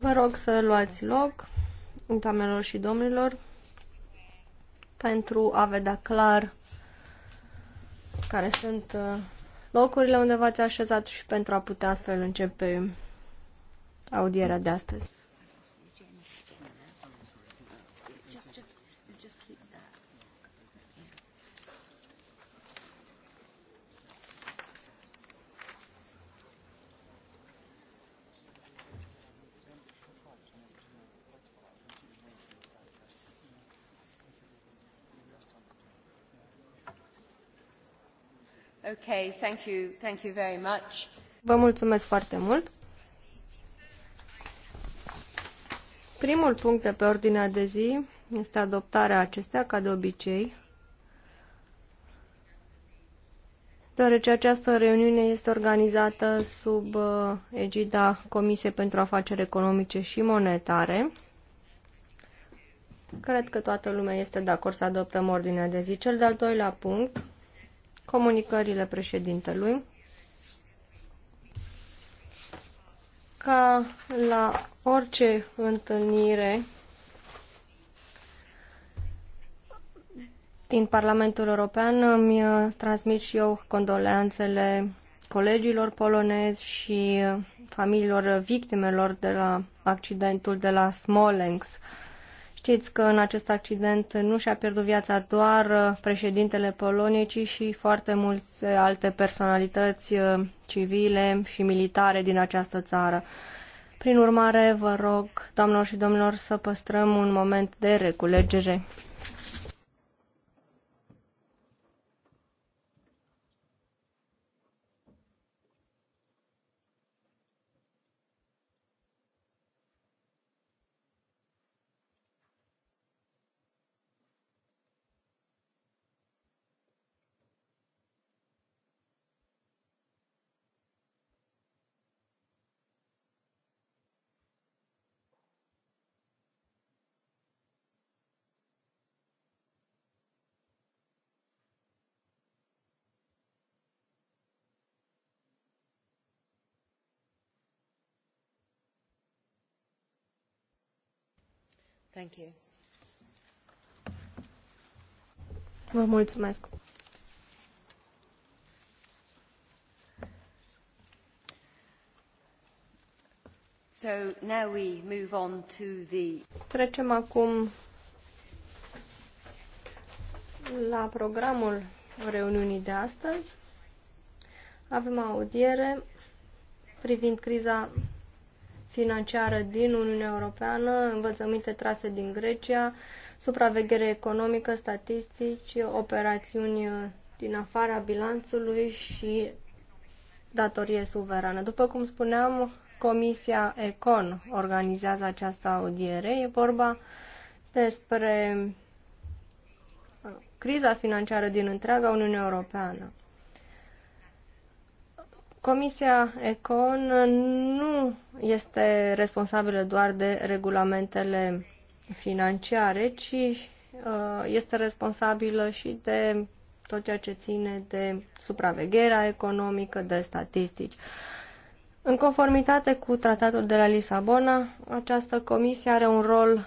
Vă rog să luați loc, doamnelor și domnilor, pentru a vedea clar care sunt uh, locurile unde v-ați așezat și pentru a putea astfel începe audierea de astăzi. Vă mulțumesc foarte mult. Primul punct de pe ordinea de zi este adoptarea acestea, ca de obicei, deoarece această reuniune este organizată sub uh, egida Comisiei pentru Afaceri Economice și Monetare. Cred că toată lumea este de acord să adoptăm ordinea de zi. Cel de-al doilea punct comunicările președintelui ca la orice întâlnire din Parlamentul European îmi transmit și eu condoleanțele colegilor polonezi și familiilor victimelor de la accidentul de la Smolensk. Știți că în acest accident nu și-a pierdut viața doar uh, președintele Poloniei, ci și foarte multe uh, alte personalități uh, civile și militare din această țară. Prin urmare, vă rog, doamnelor și domnilor, să păstrăm un moment de reculegere. Vă mulțumesc. So now we move on to the... Trecem acum la programul reuniunii de astăzi. Avem audiere privind criza financiară din Uniunea Europeană, învățăminte trase din Grecia, supraveghere economică, statistici, operațiuni din afara bilanțului și datorie suverană. După cum spuneam, Comisia Econ organizează această audiere. E vorba despre criza financiară din întreaga Uniunea Europeană. Comisia Econ nu este responsabilă doar de regulamentele financiare, ci uh, este responsabilă și de tot ceea ce ține de supravegherea economică, de statistici. În conformitate cu tratatul de la Lisabona, această comisie are un rol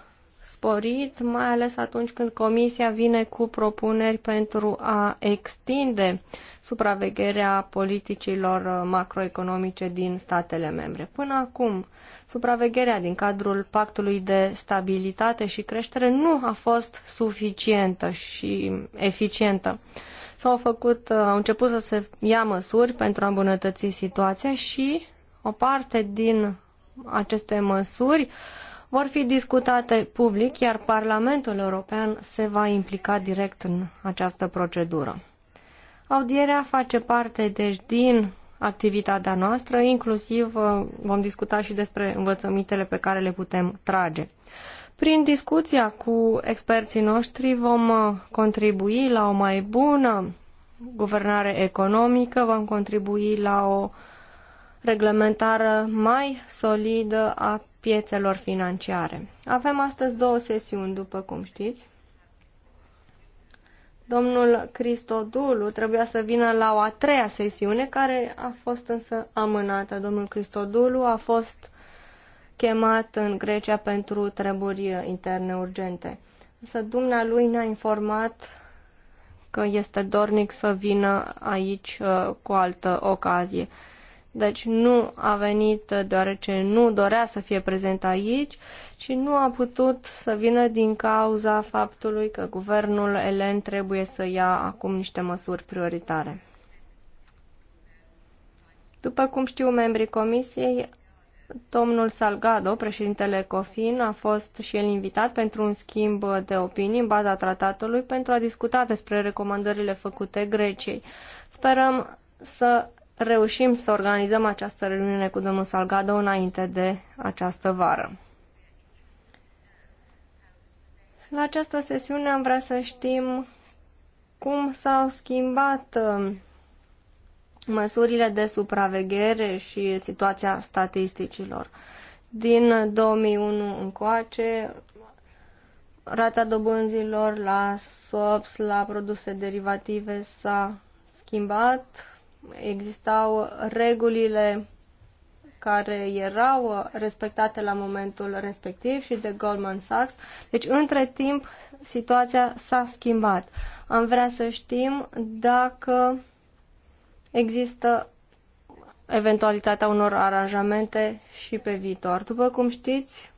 sporit, mai ales atunci când Comisia vine cu propuneri pentru a extinde supravegherea politicilor uh, macroeconomice din statele membre. Până acum, supravegherea din cadrul Pactului de Stabilitate și Creștere nu a fost suficientă și eficientă s-au făcut, uh, au început să se ia măsuri pentru a îmbunătăți situația și o parte din aceste măsuri vor fi discutate public, iar Parlamentul European se va implica direct în această procedură. Audierea face parte, deci, din activitatea noastră, inclusiv uh, vom discuta și despre învățămintele pe care le putem trage. Prin discuția cu experții noștri vom uh, contribui la o mai bună guvernare economică, vom contribui la o reglementare mai solidă a piețelor financiare. Avem astăzi două sesiuni, după cum știți. Domnul Cristodulu trebuia să vină la o a treia sesiune, care a fost însă amânată. Domnul Cristodulu a fost chemat în Grecia pentru treburi interne urgente. Însă dumnealui ne-a informat că este dornic să vină aici uh, cu altă ocazie. Deci nu a venit deoarece nu dorea să fie prezent aici și nu a putut să vină din cauza faptului că guvernul elen trebuie să ia acum niște măsuri prioritare. După cum știu membrii comisiei, domnul Salgado, președintele COFIN, a fost și el invitat pentru un schimb de opinii în baza tratatului pentru a discuta despre recomandările făcute Greciei. Sperăm să reușim să organizăm această reuniune cu domnul Salgado înainte de această vară. La această sesiune am vrea să știm cum s-au schimbat uh, măsurile de supraveghere și situația statisticilor. Din 2001 încoace, rata dobânzilor la swaps, la produse derivative s-a schimbat, existau regulile care erau respectate la momentul respectiv și de Goldman Sachs. Deci, între timp, situația s-a schimbat. Am vrea să știm dacă există eventualitatea unor aranjamente și pe viitor. După cum știți,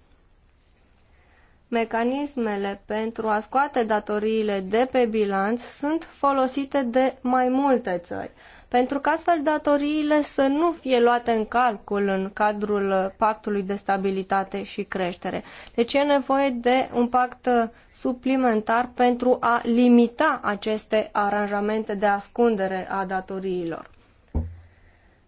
mecanismele pentru a scoate datoriile de pe bilanț sunt folosite de mai multe țări pentru că astfel datoriile să nu fie luate în calcul în cadrul pactului de stabilitate și creștere. Deci e nevoie de un pact suplimentar pentru a limita aceste aranjamente de ascundere a datoriilor.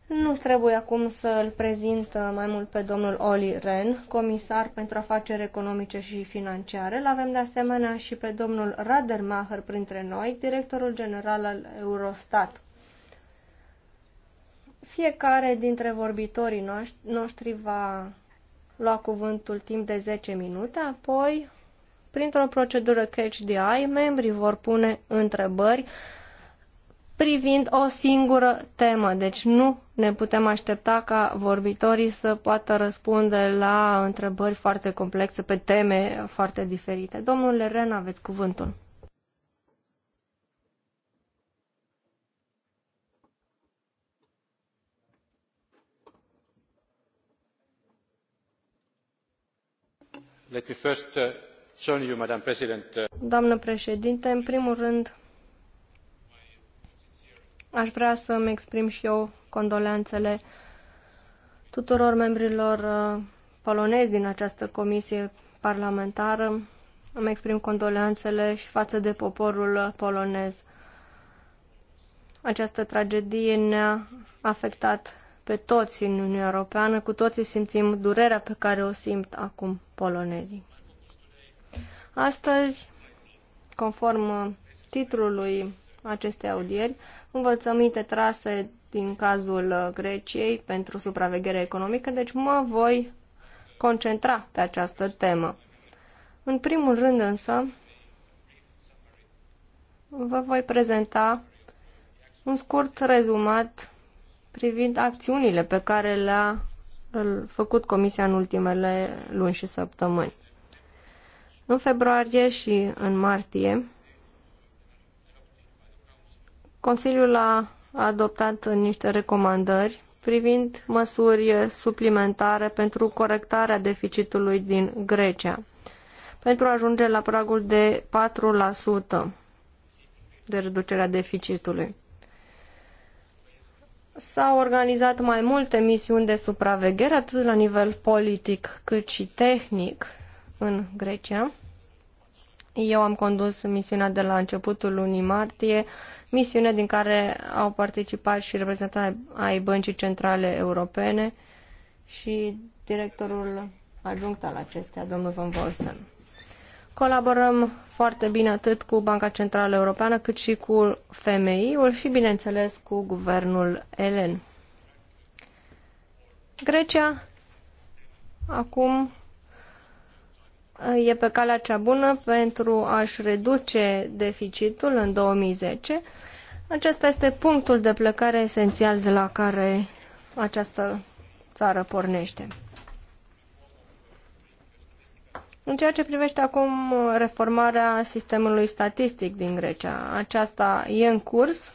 Nu trebuie acum să-l prezint mai mult pe domnul Oli Ren, comisar pentru afaceri economice și financiare. L-avem de asemenea și pe domnul Radermacher printre noi, directorul general al Eurostat. Fiecare dintre vorbitorii noștri, noștri va lua cuvântul timp de 10 minute, apoi, printr-o procedură catch the eye, membrii vor pune întrebări privind o singură temă. Deci nu ne putem aștepta ca vorbitorii să poată răspunde la întrebări foarte complexe pe teme foarte diferite. Domnule Ren, aveți cuvântul. Uh, uh, Doamnă președinte, în primul rând aș vrea să îmi exprim și eu condoleanțele tuturor membrilor uh, polonezi din această comisie parlamentară. Îmi exprim condoleanțele și față de poporul polonez. Această tragedie ne-a afectat pe toți în Uniunea Europeană, cu toții simțim durerea pe care o simt acum polonezii. Astăzi, conform titlului acestei audieri, învățăminte trase din cazul Greciei pentru supraveghere economică, deci mă voi concentra pe această temă. În primul rând însă, vă voi prezenta un scurt rezumat privind acțiunile pe care le-a făcut Comisia în ultimele luni și săptămâni. În februarie și în martie, Consiliul a adoptat niște recomandări privind măsuri suplimentare pentru corectarea deficitului din Grecia, pentru a ajunge la pragul de 4% de reducerea deficitului s-au organizat mai multe misiuni de supraveghere, atât la nivel politic cât și tehnic în Grecia. Eu am condus misiunea de la începutul lunii martie, misiune din care au participat și reprezentanții ai Băncii Centrale Europene și directorul adjunct al acestea, domnul Van Volsen. Colaborăm foarte bine atât cu Banca Centrală Europeană cât și cu FMI-ul și, bineînțeles, cu guvernul elen. Grecia acum e pe calea cea bună pentru a-și reduce deficitul în 2010. Acesta este punctul de plecare esențial de la care această țară pornește. În ceea ce privește acum reformarea sistemului statistic din Grecia, aceasta e în curs.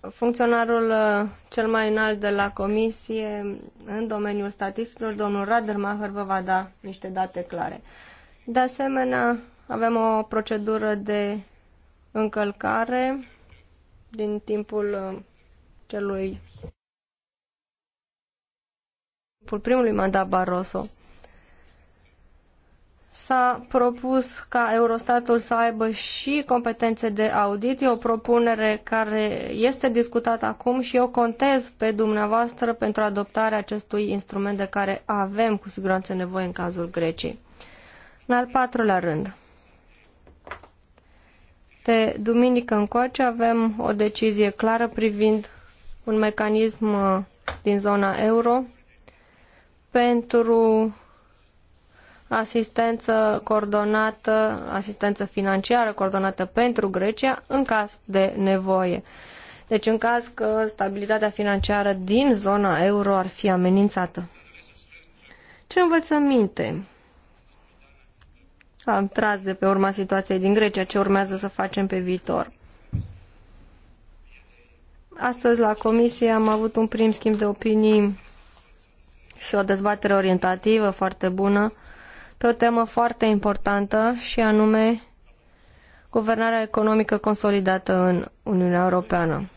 Funcționarul uh, cel mai înalt de la comisie în domeniul statisticilor, domnul Maher, vă va da niște date clare. De asemenea, avem o procedură de încălcare din timpul uh, celui primului mandat Barroso, s-a propus ca Eurostatul să aibă și competențe de audit. E o propunere care este discutată acum și eu contez pe dumneavoastră pentru adoptarea acestui instrument de care avem cu siguranță nevoie în cazul Greciei. În al patrulea rând, de duminică încoace avem o decizie clară privind un mecanism uh, din zona euro pentru asistență coordonată, asistență financiară coordonată pentru Grecia în caz de nevoie. Deci în caz că stabilitatea financiară din zona euro ar fi amenințată. Ce învățăminte am tras de pe urma situației din Grecia, ce urmează să facem pe viitor? Astăzi la comisie am avut un prim schimb de opinii și o dezbatere orientativă foarte bună pe o temă foarte importantă și anume guvernarea economică consolidată în Uniunea Europeană.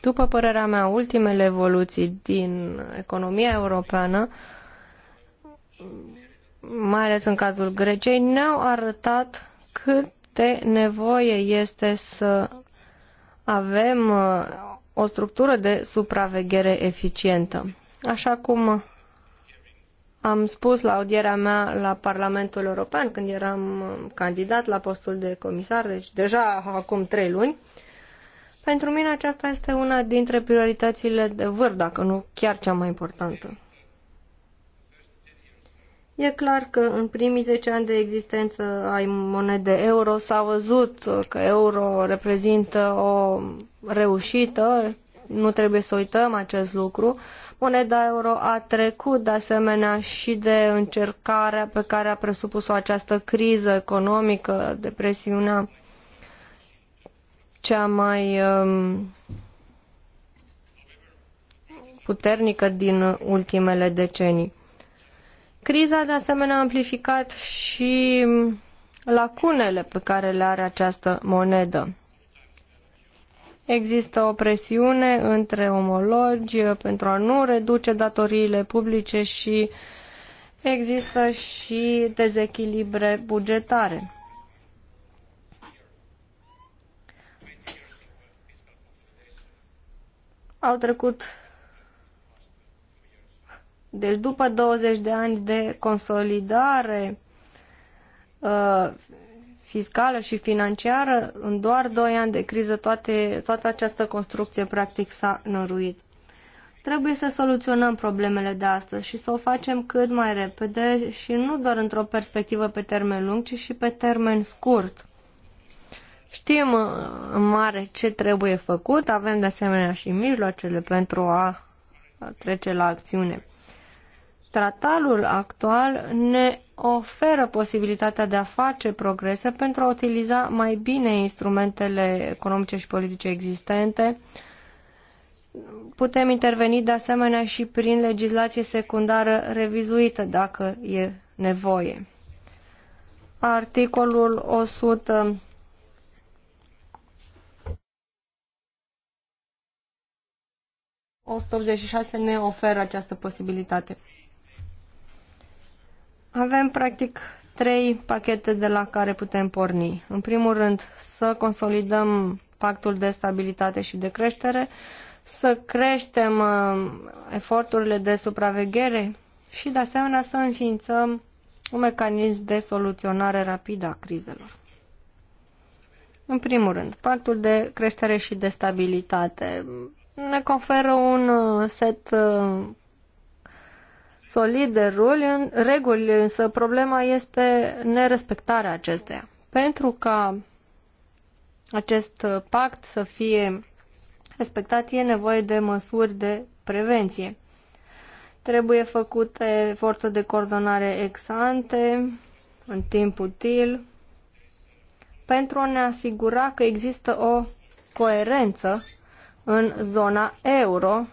După părerea mea, ultimele evoluții din economia europeană, mai ales în cazul Greciei, ne-au arătat cât de nevoie este să avem uh, o structură de supraveghere eficientă. Așa cum am spus la audierea mea la Parlamentul European, când eram candidat la postul de comisar, deci deja acum trei luni, pentru mine aceasta este una dintre prioritățile de vârf, dacă nu chiar cea mai importantă. E clar că în primii 10 ani de existență ai monede euro s-a văzut că euro reprezintă o reușită, nu trebuie să uităm acest lucru, Moneda euro a trecut de asemenea și de încercarea pe care a presupus-o această criză economică, depresiunea cea mai um, puternică din ultimele decenii. Criza de asemenea a amplificat și um, lacunele pe care le are această monedă. Există o presiune între omologi pentru a nu reduce datoriile publice și există și dezechilibre bugetare. Au trecut deci după 20 de ani de consolidare uh, fiscală și financiară, în doar doi ani de criză, toate, toată această construcție practic s-a năruit. Trebuie să soluționăm problemele de astăzi și să o facem cât mai repede și nu doar într-o perspectivă pe termen lung, ci și pe termen scurt. Știm uh, în mare ce trebuie făcut, avem de asemenea și mijloacele pentru a trece la acțiune. Tratatul actual ne oferă posibilitatea de a face progrese pentru a utiliza mai bine instrumentele economice și politice existente. Putem interveni de asemenea și prin legislație secundară revizuită dacă e nevoie. Articolul 100 186 ne oferă această posibilitate. Avem, practic, trei pachete de la care putem porni. În primul rând, să consolidăm pactul de stabilitate și de creștere, să creștem uh, eforturile de supraveghere și, de asemenea, să înființăm un mecanism de soluționare rapidă a crizelor. În primul rând, pactul de creștere și de stabilitate ne conferă un uh, set uh, solide ruli, reguli, însă problema este nerespectarea acesteia. Pentru ca acest pact să fie respectat, e nevoie de măsuri de prevenție. Trebuie făcute eforturi de coordonare ex ante, în timp util, pentru a ne asigura că există o coerență în zona euro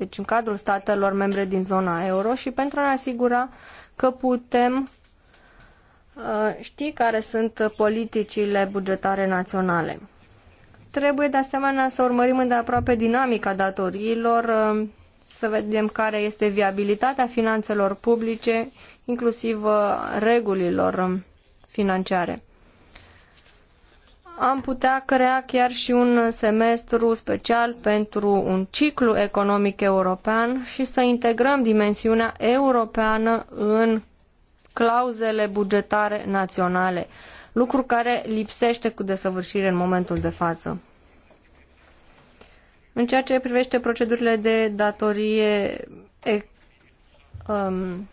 deci în cadrul statelor membre din zona euro și pentru a ne asigura că putem uh, ști care sunt politicile bugetare naționale. Trebuie de asemenea să urmărim îndeaproape dinamica datoriilor, uh, să vedem care este viabilitatea finanțelor publice, inclusiv uh, regulilor financiare am putea crea chiar și un semestru special pentru un ciclu economic european și să integrăm dimensiunea europeană în clauzele bugetare naționale, lucru care lipsește cu desăvârșire în momentul de față. În ceea ce privește procedurile de datorie um,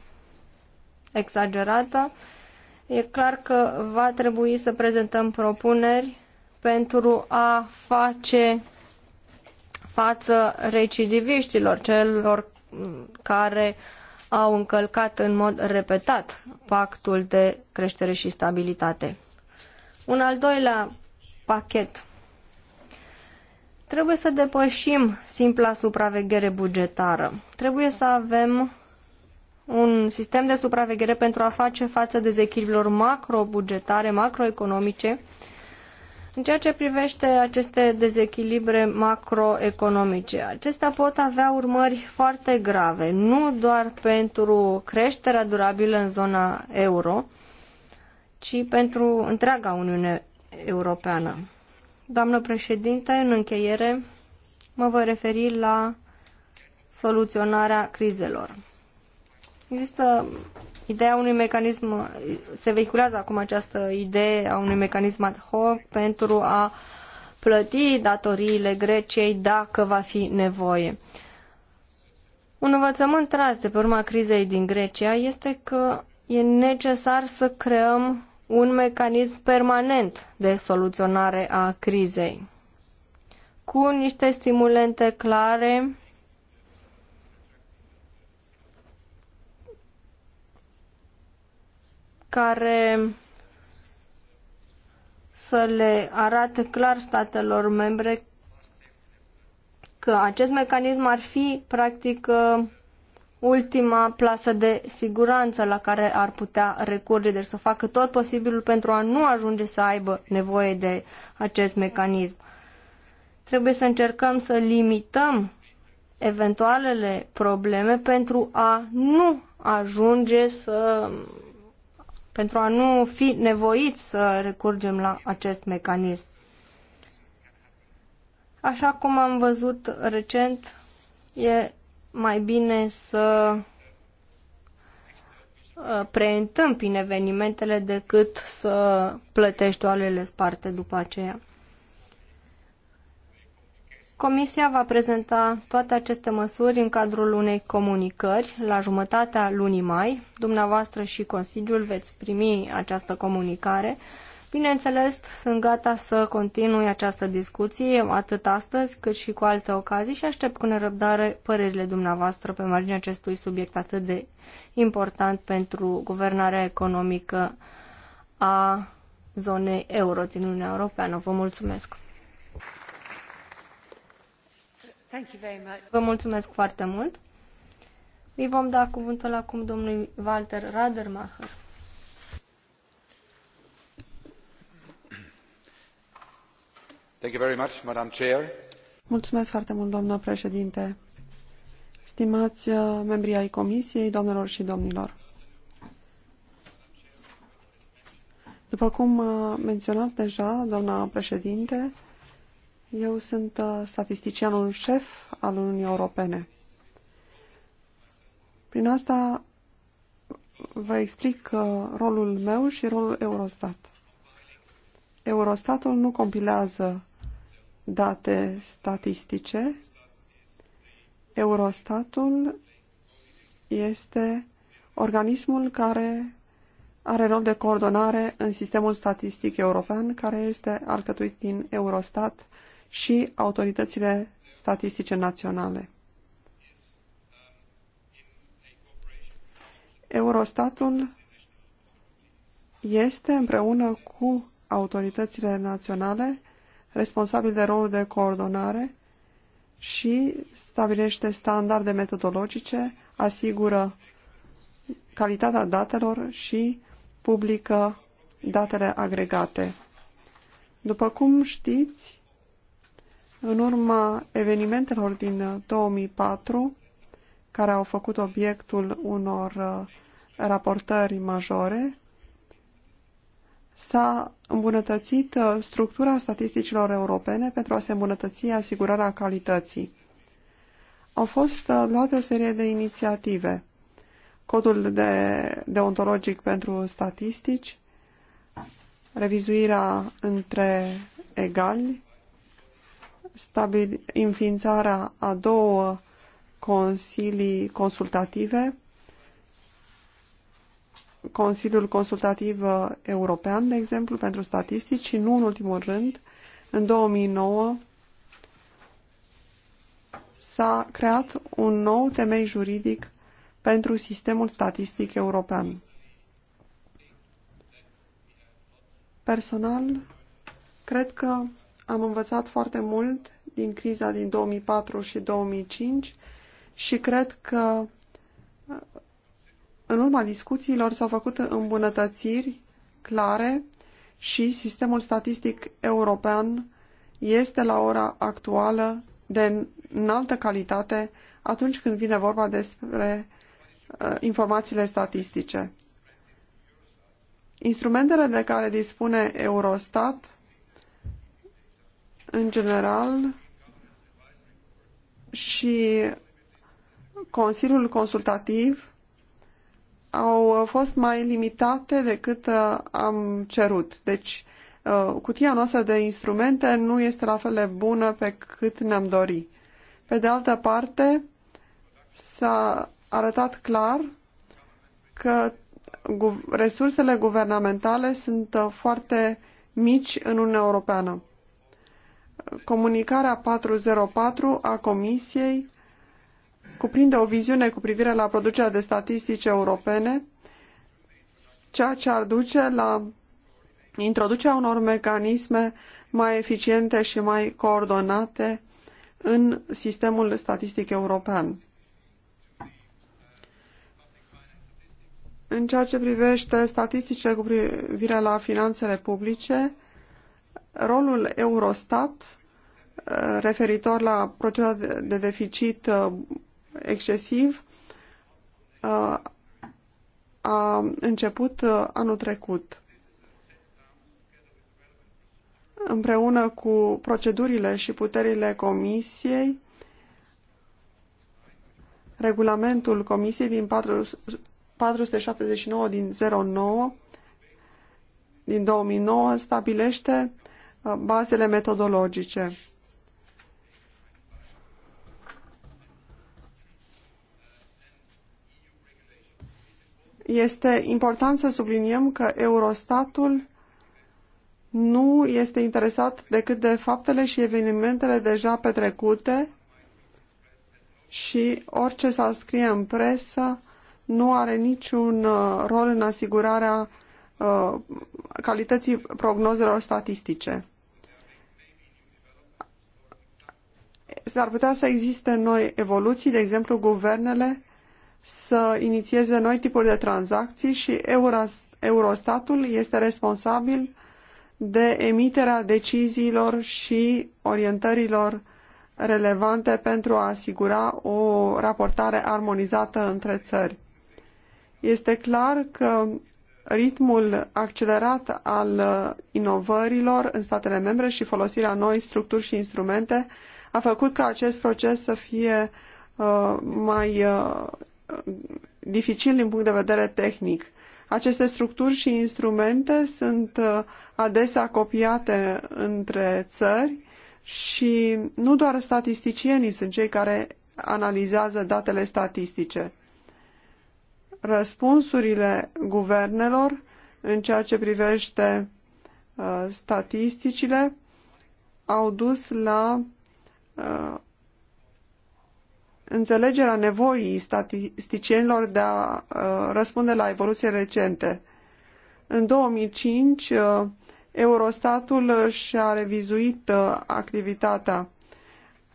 exagerată, E clar că va trebui să prezentăm propuneri pentru a face față recidiviștilor, celor care au încălcat în mod repetat pactul de creștere și stabilitate. Un al doilea pachet. Trebuie să depășim simpla supraveghere bugetară. Trebuie să avem un sistem de supraveghere pentru a face față dezechilibrilor macro-bugetare, macroeconomice, în ceea ce privește aceste dezechilibre macroeconomice, acestea pot avea urmări foarte grave, nu doar pentru creșterea durabilă în zona euro, ci pentru întreaga Uniune Europeană. Doamnă președinte, în încheiere mă voi referi la soluționarea crizelor. Există ideea unui mecanism, se vehiculează acum această idee a unui mecanism ad hoc pentru a plăti datoriile Greciei dacă va fi nevoie. Un învățământ tras de pe urma crizei din Grecia este că e necesar să creăm un mecanism permanent de soluționare a crizei cu niște stimulente clare care să le arate clar statelor membre că acest mecanism ar fi practic ultima plasă de siguranță la care ar putea recurge, deci să facă tot posibilul pentru a nu ajunge să aibă nevoie de acest mecanism. Trebuie să încercăm să limităm eventualele probleme pentru a nu ajunge să pentru a nu fi nevoiți să recurgem la acest mecanism. Așa cum am văzut recent, e mai bine să uh, preîntâmpin evenimentele decât să plătești oalele sparte după aceea. Comisia va prezenta toate aceste măsuri în cadrul unei comunicări la jumătatea lunii mai. Dumneavoastră și Consiliul veți primi această comunicare. Bineînțeles, sunt gata să continui această discuție atât astăzi cât și cu alte ocazii și aștept cu nerăbdare părerile dumneavoastră pe marginea acestui subiect atât de important pentru guvernarea economică a zonei euro din Uniunea Europeană. Vă mulțumesc! Vă mulțumesc foarte mult. Îi vom da cuvântul acum domnului Walter Radermacher. Thank you very much, Madam Chair. Mulțumesc foarte mult, doamnă președinte. Stimați uh, membrii ai Comisiei, doamnelor și domnilor. După cum a menționat deja doamna președinte, eu sunt uh, statisticianul șef al Uniunii Europene. Prin asta vă explic uh, rolul meu și rolul Eurostat. Eurostatul nu compilează date statistice. Eurostatul este organismul care are rol de coordonare în sistemul statistic european, care este alcătuit din Eurostat și autoritățile statistice naționale. Eurostatul este împreună cu autoritățile naționale responsabil de rolul de coordonare și stabilește standarde metodologice, asigură calitatea datelor și publică datele agregate. După cum știți, în urma evenimentelor din 2004, uh, care au făcut obiectul unor uh, raportări majore, s-a îmbunătățit uh, structura statisticilor europene pentru a se îmbunătăți asigurarea calității. Au fost luate o serie de inițiative. Codul de deontologic pentru statistici, revizuirea între egali, stabil, înființarea a două consilii consultative, Consiliul Consultativ European, de exemplu, pentru statistici și nu în ultimul rând, în 2009 s-a creat un nou temei juridic pentru sistemul statistic european. Personal, cred că am învățat foarte mult din criza din 2004 și 2005 și cred că în urma discuțiilor s-au făcut îmbunătățiri clare și sistemul statistic european este la ora actuală de înaltă calitate atunci când vine vorba despre uh, informațiile statistice. Instrumentele de care dispune Eurostat în general și Consiliul Consultativ au fost mai limitate decât uh, am cerut. Deci, uh, cutia noastră de instrumente nu este la fel de bună pe cât ne-am dorit. Pe de altă parte, s-a arătat clar că resursele guvernamentale sunt uh, foarte mici în Uniunea Europeană comunicarea 404 a Comisiei cuprinde o viziune cu privire la producerea de statistici europene, ceea ce ar duce la introducerea unor mecanisme mai eficiente și mai coordonate în sistemul statistic european. În ceea ce privește statisticile cu privire la finanțele publice, rolul Eurostat referitor la procedura de deficit uh, excesiv uh, a început uh, anul trecut. Împreună cu procedurile și puterile Comisiei, regulamentul Comisiei din 479 din 09 din 2009 stabilește bazele metodologice. Este important să subliniem că Eurostatul nu este interesat decât de faptele și evenimentele deja petrecute și orice s a scrie în presă nu are niciun uh, rol în asigurarea uh, calității prognozelor statistice. S-ar putea să existe noi evoluții, de exemplu, guvernele să inițieze noi tipuri de tranzacții și Eurostatul este responsabil de emiterea deciziilor și orientărilor relevante pentru a asigura o raportare armonizată între țări. Este clar că ritmul accelerat al inovărilor în statele membre și folosirea noi structuri și instrumente a făcut ca acest proces să fie uh, mai uh, dificil din punct de vedere tehnic. Aceste structuri și instrumente sunt uh, adesea copiate între țări și nu doar statisticienii sunt cei care analizează datele statistice. Răspunsurile guvernelor în ceea ce privește uh, statisticile au dus la uh, înțelegerea nevoii statisticienilor de a uh, răspunde la evoluții recente. În 2005, uh, Eurostatul și-a revizuit uh, activitatea.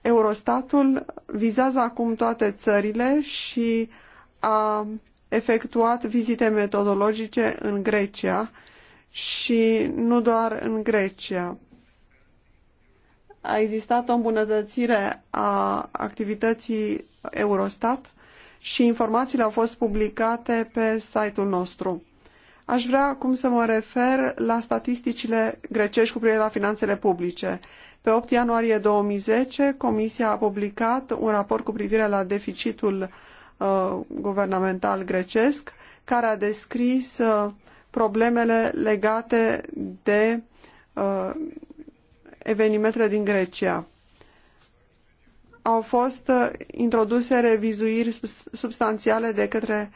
Eurostatul vizează acum toate țările și a efectuat vizite metodologice în Grecia și nu doar în Grecia a existat o îmbunătățire a activității Eurostat și informațiile au fost publicate pe site-ul nostru. Aș vrea acum să mă refer la statisticile grecești cu privire la finanțele publice. Pe 8 ianuarie 2010, Comisia a publicat un raport cu privire la deficitul uh, guvernamental grecesc, care a descris uh, problemele legate de uh, evenimentele din Grecia. Au fost uh, introduse revizuiri substanțiale de către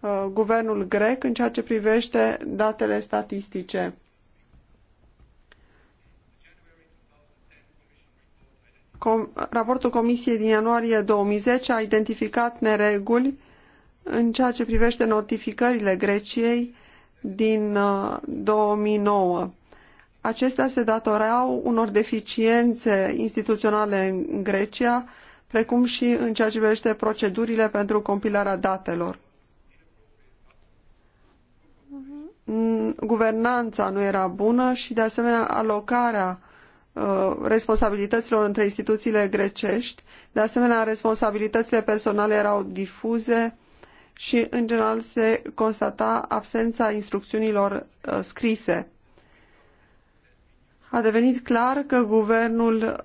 uh, guvernul grec în ceea ce privește datele statistice. Com raportul Comisiei din ianuarie 2010 a identificat nereguli în ceea ce privește notificările Greciei din 2009. Uh, Acestea se datoreau unor deficiențe instituționale în Grecia, precum și în ceea ce privește procedurile pentru compilarea datelor. Guvernanța nu era bună și, de asemenea, alocarea uh, responsabilităților între instituțiile grecești. De asemenea, responsabilitățile personale erau difuze și, în general, se constata absența instrucțiunilor uh, scrise a devenit clar că guvernul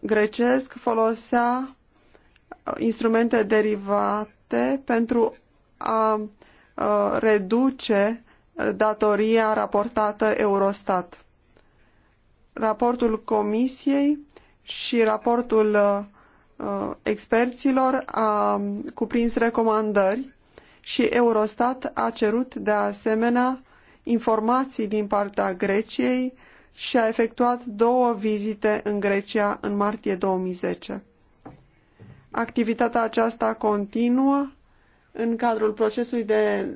grecesc folosea uh, instrumente derivate pentru a uh, reduce uh, datoria raportată Eurostat. Raportul Comisiei și raportul experților a cuprins recomandări și Eurostat a cerut de asemenea informații din partea Greciei și a efectuat două vizite în Grecia în martie 2010. Activitatea aceasta continuă în cadrul procesului de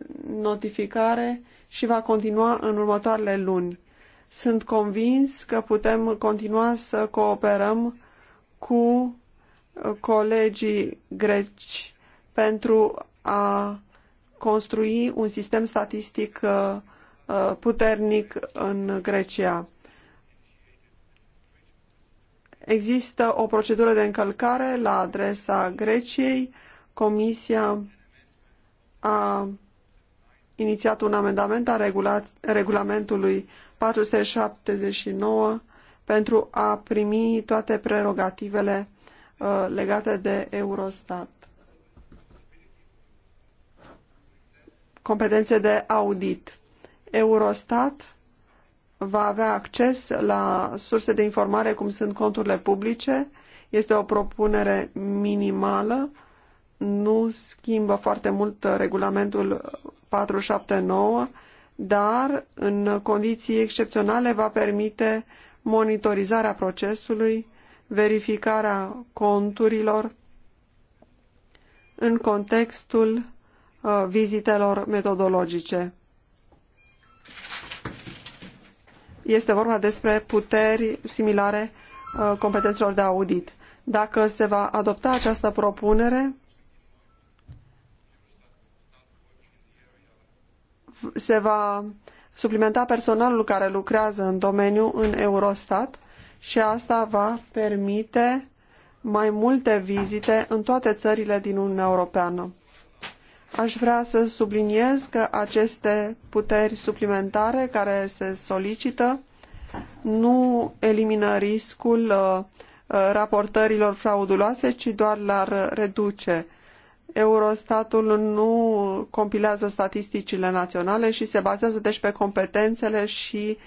notificare și va continua în următoarele luni. Sunt convins că putem continua să cooperăm cu uh, colegii greci pentru a construi un sistem statistic uh, uh, puternic în Grecia. Există o procedură de încălcare la adresa Greciei. Comisia a inițiat un amendament a regulamentului 479 pentru a primi toate prerogativele uh, legate de Eurostat. Competențe de audit. Eurostat va avea acces la surse de informare cum sunt conturile publice. Este o propunere minimală, nu schimbă foarte mult regulamentul 479, dar în condiții excepționale va permite monitorizarea procesului, verificarea conturilor în contextul uh, vizitelor metodologice. este vorba despre puteri similare uh, competențelor de audit. Dacă se va adopta această propunere, se va suplimenta personalul care lucrează în domeniu în Eurostat și asta va permite mai multe vizite în toate țările din Uniunea Europeană. Aș vrea să subliniez că aceste puteri suplimentare care se solicită nu elimină riscul uh, uh, raportărilor frauduloase, ci doar le reduce. Eurostatul nu compilează statisticile naționale și se bazează deci pe competențele și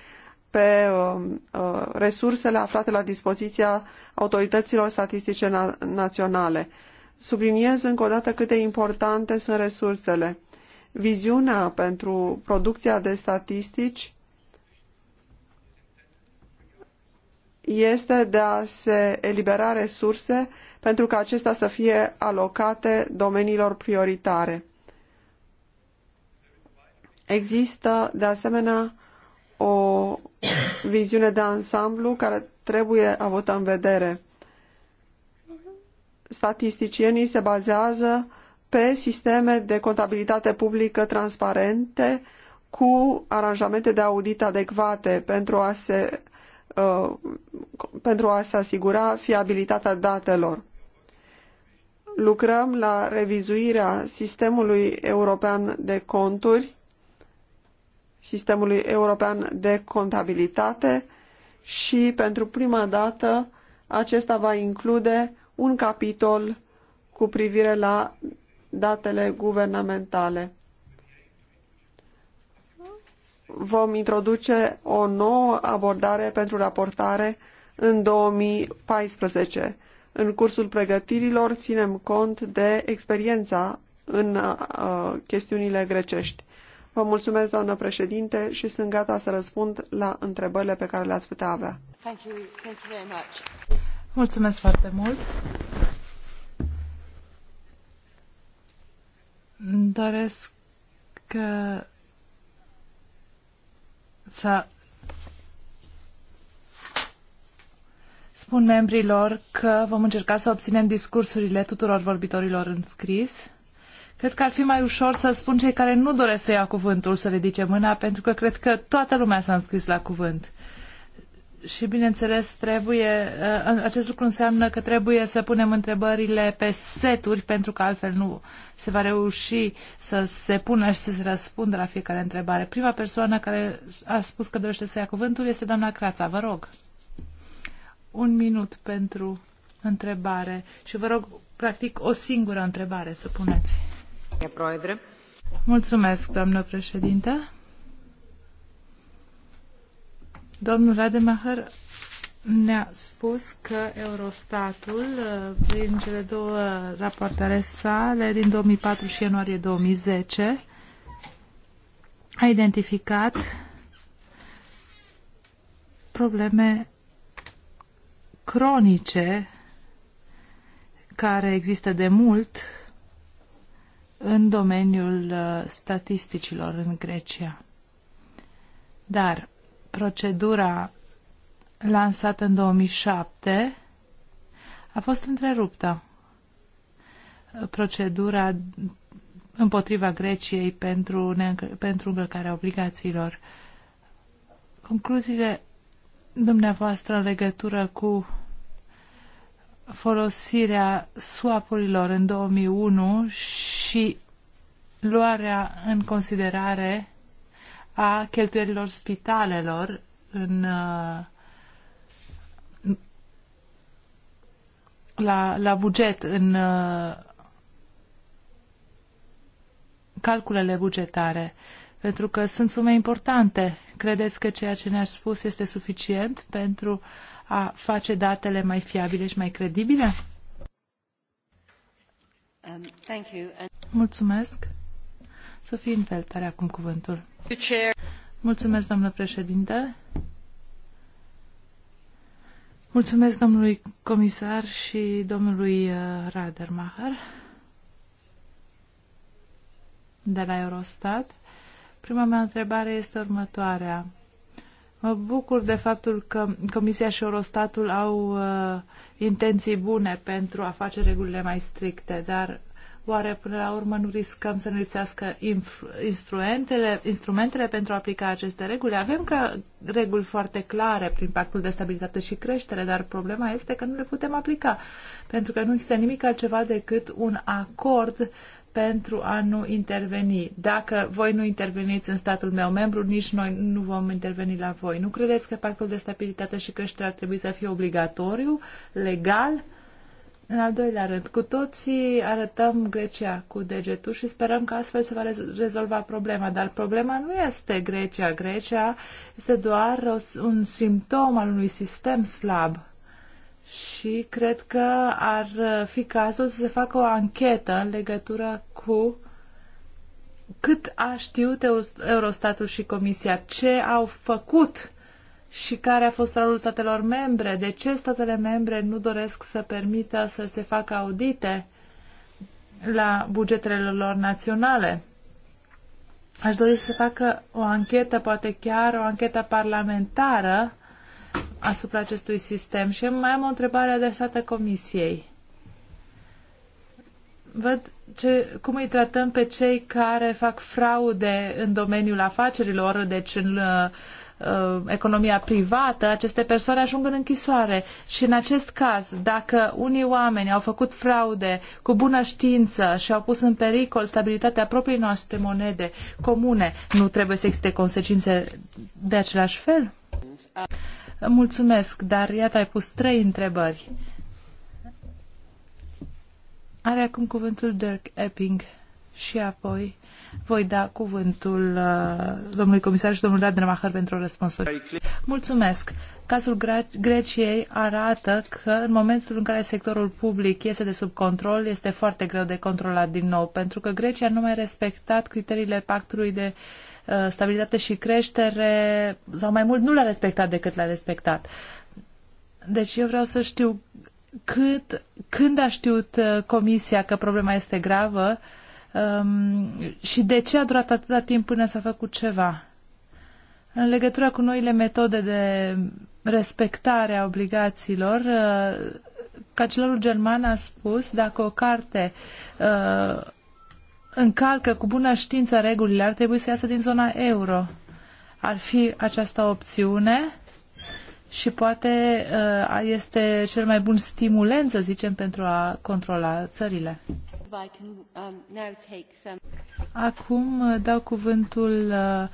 pe uh, resursele aflate la dispoziția autorităților statistice na naționale. Subliniez încă o dată cât de importante sunt resursele. Viziunea pentru producția de statistici este de a se elibera resurse pentru ca acestea să fie alocate domeniilor prioritare. Există, de asemenea, o viziune de ansamblu care trebuie avută în vedere statisticienii se bazează pe sisteme de contabilitate publică transparente cu aranjamente de audit adecvate pentru a se, uh, pentru a se asigura fiabilitatea datelor. Lucrăm la revizuirea sistemului european de conturi, sistemului european de contabilitate și pentru prima dată acesta va include un capitol cu privire la datele guvernamentale. Vom introduce o nouă abordare pentru raportare în 2014. În cursul pregătirilor ținem cont de experiența în uh, chestiunile grecești. Vă mulțumesc, doamnă președinte, și sunt gata să răspund la întrebările pe care le-ați putea avea. Thank you. Thank you Mulțumesc foarte mult. Doresc că să spun membrilor că vom încerca să obținem discursurile tuturor vorbitorilor înscris. Cred că ar fi mai ușor să spun cei care nu doresc să ia cuvântul să ridice mâna, pentru că cred că toată lumea s-a înscris la cuvânt și bineînțeles trebuie, uh, acest lucru înseamnă că trebuie să punem întrebările pe seturi pentru că altfel nu se va reuși să se pună și să se răspundă la fiecare întrebare. Prima persoană care a spus că dorește să ia cuvântul este doamna Crața, vă rog. Un minut pentru întrebare și vă rog practic o singură întrebare să puneți. Mulțumesc, doamnă președinte. Domnul Rademacher ne-a spus că Eurostatul, uh, prin cele două rapoartele sale din 2004 și ianuarie 2010, a identificat probleme cronice care există de mult în domeniul uh, statisticilor în Grecia. Dar procedura lansată în 2007 a fost întreruptă. Procedura împotriva Greciei pentru, pentru încălcarea obligațiilor. Concluziile dumneavoastră în legătură cu folosirea swapurilor în 2001 și luarea în considerare a cheltuielilor spitalelor în, uh, la, la buget, în uh, calculele bugetare, pentru că sunt sume importante. Credeți că ceea ce ne a spus este suficient pentru a face datele mai fiabile și mai credibile? Um, Mulțumesc. Sofie Infelt are acum cuvântul. Mulțumesc, domnule președinte. Mulțumesc domnului comisar și domnului uh, Radermacher de la Eurostat. Prima mea întrebare este următoarea. Mă bucur de faptul că Comisia și Eurostatul au uh, intenții bune pentru a face regulile mai stricte, dar Oare până la urmă nu riscăm să ne lipsească instrumentele, instrumentele pentru a aplica aceste reguli? Avem că reguli foarte clare prin pactul de stabilitate și creștere, dar problema este că nu le putem aplica, pentru că nu există nimic altceva decât un acord pentru a nu interveni. Dacă voi nu interveniți în statul meu membru, nici noi nu vom interveni la voi. Nu credeți că pactul de stabilitate și creștere ar trebui să fie obligatoriu, legal? În al doilea rând, cu toții arătăm Grecia cu degetul și sperăm că astfel se va rezolva problema, dar problema nu este Grecia. Grecia este doar un simptom al unui sistem slab. Și cred că ar fi cazul să se facă o anchetă în legătură cu cât a știut Eurostatul și Comisia, ce au făcut și care a fost rolul statelor membre? De ce statele membre nu doresc să permită să se facă audite la bugetele lor naționale? Aș dori să facă o anchetă, poate chiar o anchetă parlamentară asupra acestui sistem. Și mai am o întrebare adresată Comisiei. Văd ce, cum îi tratăm pe cei care fac fraude în domeniul afacerilor, deci în uh, Uh, economia privată, aceste persoane ajung în închisoare. Și în acest caz, dacă unii oameni au făcut fraude cu bună știință și au pus în pericol stabilitatea propriei noastre monede comune, nu trebuie să existe consecințe de același fel? Mulțumesc, dar iată ai pus trei întrebări. Are acum cuvântul Dirk Epping și apoi voi da cuvântul uh, domnului comisar și domnului Rademacher pentru răspunsuri. Mulțumesc. Cazul Greciei arată că în momentul în care sectorul public iese de sub control, este foarte greu de controlat din nou, pentru că Grecia nu mai respectat criteriile pactului de uh, stabilitate și creștere, sau mai mult nu l-a respectat decât l-a respectat. Deci eu vreau să știu cât, când a știut uh, Comisia că problema este gravă, uh, Um, și de ce a durat atâta timp până s-a făcut ceva? În legătură cu noile metode de respectare a obligațiilor, uh, cancelarul german a spus dacă o carte uh, încalcă cu bună știință regulile, ar trebui să iasă din zona euro. Ar fi această opțiune și poate uh, este cel mai bun stimulent, să zicem, pentru a controla țările. Um, Acum uh, dau cuvântul uh,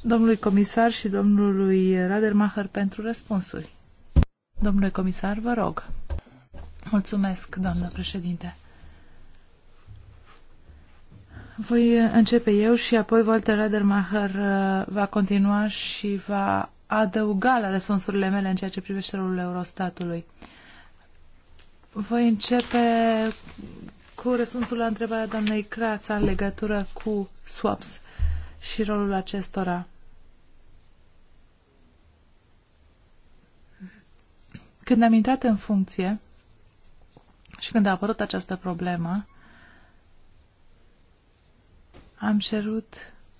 domnului comisar și domnului Radermacher pentru răspunsuri. Domnule comisar, vă rog. Mulțumesc, doamnă președinte. Voi începe eu și apoi Walter Radermacher uh, va continua și va adăuga la răspunsurile mele în ceea ce privește rolul Eurostatului. Uh, voi începe cu răspunsul la întrebarea doamnei Crața în legătură cu swaps și rolul acestora. Când am intrat în funcție și când a apărut această problemă, am cerut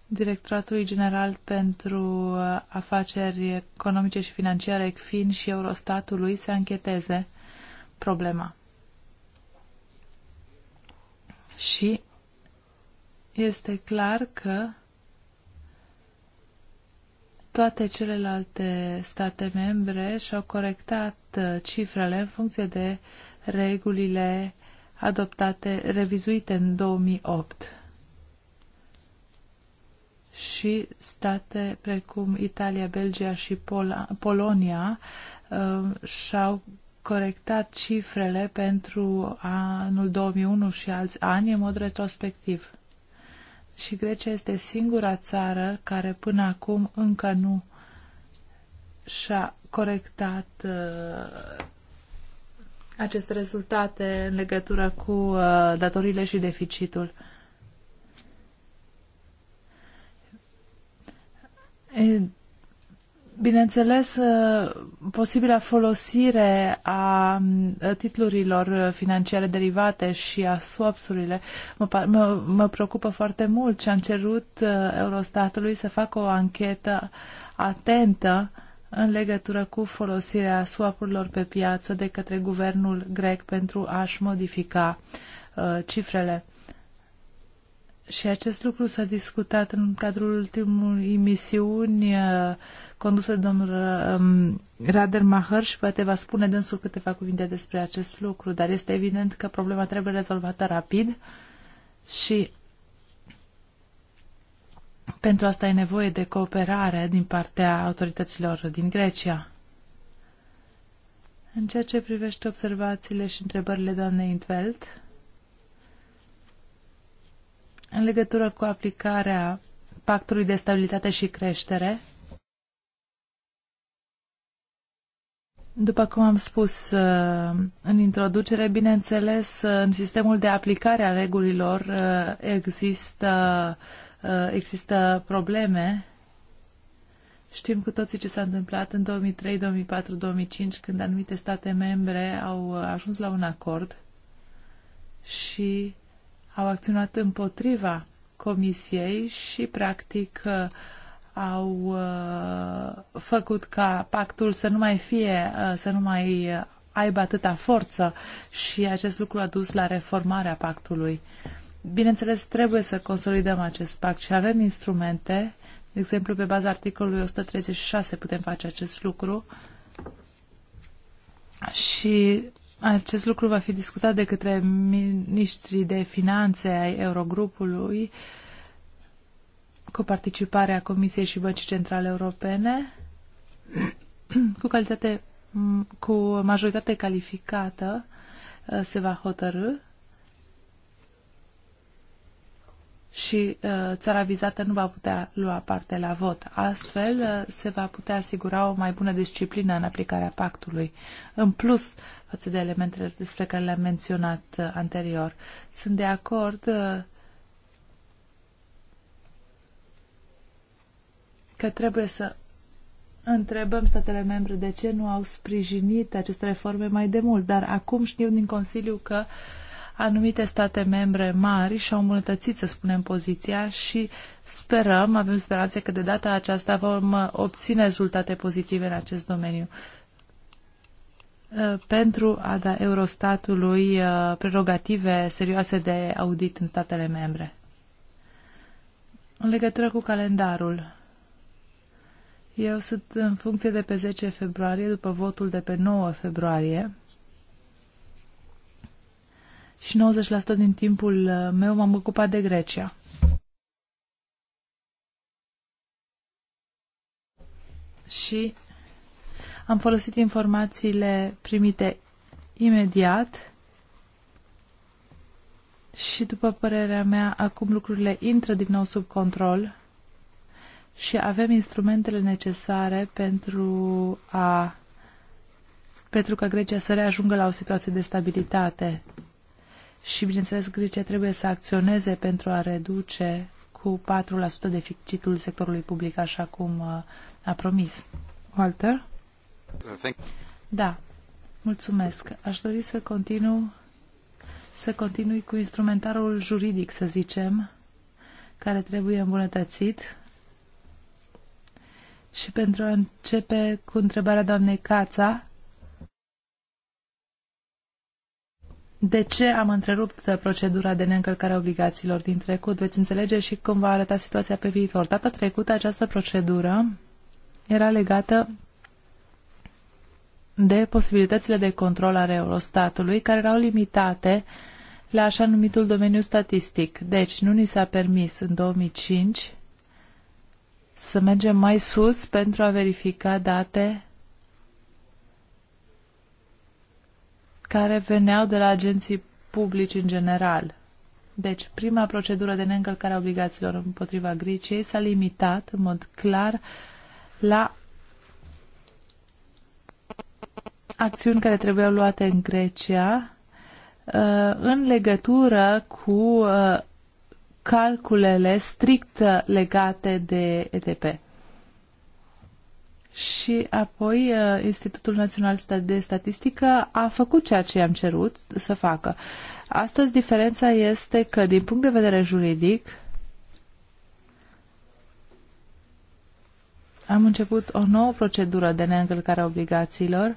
Directoratului General pentru Afaceri Economice și Financiare ECFIN și Eurostatului să ancheteze problema. Și este clar că toate celelalte state membre și-au corectat uh, cifrele în funcție de regulile adoptate, revizuite în 2008. Și state precum Italia, Belgia și Pol Polonia uh, și-au corectat cifrele pentru anul 2001 și alți ani în mod retrospectiv. Și Grecia este singura țară care până acum încă nu și-a corectat uh, aceste rezultate în legătură cu uh, datorile și deficitul. E, Bineînțeles, uh, posibila folosire a uh, titlurilor financiare derivate și a swapsurile mă, mă, mă preocupă foarte mult și am cerut uh, Eurostatului să facă o anchetă atentă în legătură cu folosirea swapurilor pe piață de către guvernul grec pentru a-și modifica uh, cifrele. Și acest lucru s-a discutat în cadrul ultimului misiuni uh, condusă de domnul um, Rader Maher și poate va spune dânsul câteva cuvinte despre acest lucru, dar este evident că problema trebuie rezolvată rapid și pentru asta e nevoie de cooperare din partea autorităților din Grecia. În ceea ce privește observațiile și întrebările doamnei Intveld, în legătură cu aplicarea Pactului de Stabilitate și Creștere, După cum am spus uh, în introducere, bineînțeles, uh, în sistemul de aplicare a regulilor uh, există, există probleme. Știm cu toții ce s-a întâmplat în 2003, 2004, 2005, când anumite state membre au ajuns la un acord și au acționat împotriva Comisiei și, practic, au uh, făcut ca pactul să nu mai fie, uh, să nu mai aibă atâta forță și acest lucru a dus la reformarea pactului. Bineînțeles, trebuie să consolidăm acest pact și avem instrumente, de exemplu, pe baza articolului 136 putem face acest lucru și acest lucru va fi discutat de către ministrii de finanțe ai Eurogrupului uh, cu participarea Comisiei și Băncii Centrale Europene, cu calitate, cu majoritate calificată, uh, se va hotărâ și uh, țara vizată nu va putea lua parte la vot. Astfel, uh, se va putea asigura o mai bună disciplină în aplicarea pactului, în plus față de elementele despre care le-am menționat anterior. Sunt de acord că trebuie să întrebăm statele membre de ce nu au sprijinit aceste reforme mai de mult, dar acum știu din Consiliu că anumite state membre mari și-au îmbunătățit, să spunem, poziția și sperăm, avem speranțe că de data aceasta vom obține rezultate pozitive în acest domeniu uh, pentru a da Eurostatului uh, prerogative serioase de audit în statele membre. În legătură cu calendarul, eu sunt în funcție de pe 10 februarie, după votul de pe 9 februarie. Și 90% din timpul uh, meu m-am ocupat de Grecia. Și am folosit informațiile primite imediat și, după părerea mea, acum lucrurile intră din nou sub control și avem instrumentele necesare pentru a pentru ca Grecia să reajungă la o situație de stabilitate. Și, bineînțeles, Grecia trebuie să acționeze pentru a reduce cu 4% deficitul sectorului public, așa cum uh, a promis. Walter? Da, mulțumesc. Aș dori să continu să continui cu instrumentarul juridic, să zicem, care trebuie îmbunătățit și pentru a începe cu întrebarea doamnei Cața, de ce am întrerupt procedura de neîncălcare a obligațiilor din trecut? Veți înțelege și cum va arăta situația pe viitor. Data trecută, această procedură era legată de posibilitățile de control a Eurostatului, care erau limitate la așa numitul domeniu statistic. Deci, nu ni s-a permis în 2005 să mergem mai sus pentru a verifica date care veneau de la agenții publici în general. Deci, prima procedură de neîncălcare a obligațiilor împotriva Greciei s-a limitat în mod clar la acțiuni care trebuiau luate în Grecia uh, în legătură cu uh, calculele strict legate de ETP. Și apoi uh, Institutul Național de Statistică a făcut ceea ce i-am cerut să facă. Astăzi diferența este că din punct de vedere juridic am început o nouă procedură de neîncălcare a obligațiilor uh,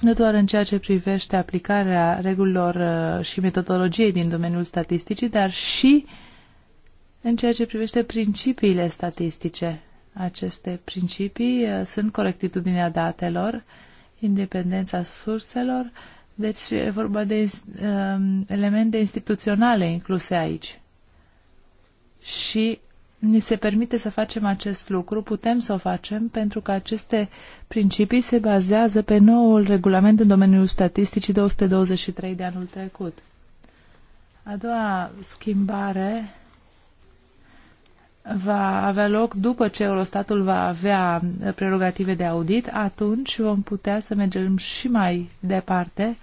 nu doar în ceea ce privește aplicarea regulilor uh, și metodologiei din domeniul statisticii, dar și în ceea ce privește principiile statistice. Aceste principii uh, sunt corectitudinea datelor, independența surselor, deci e vorba de um, elemente instituționale incluse aici. Și ni se permite să facem acest lucru, putem să o facem, pentru că aceste principii se bazează pe noul regulament în domeniul statisticii 223 de anul trecut. A doua schimbare va avea loc după ce Eurostatul va avea prerogative de audit, atunci vom putea să mergem și mai departe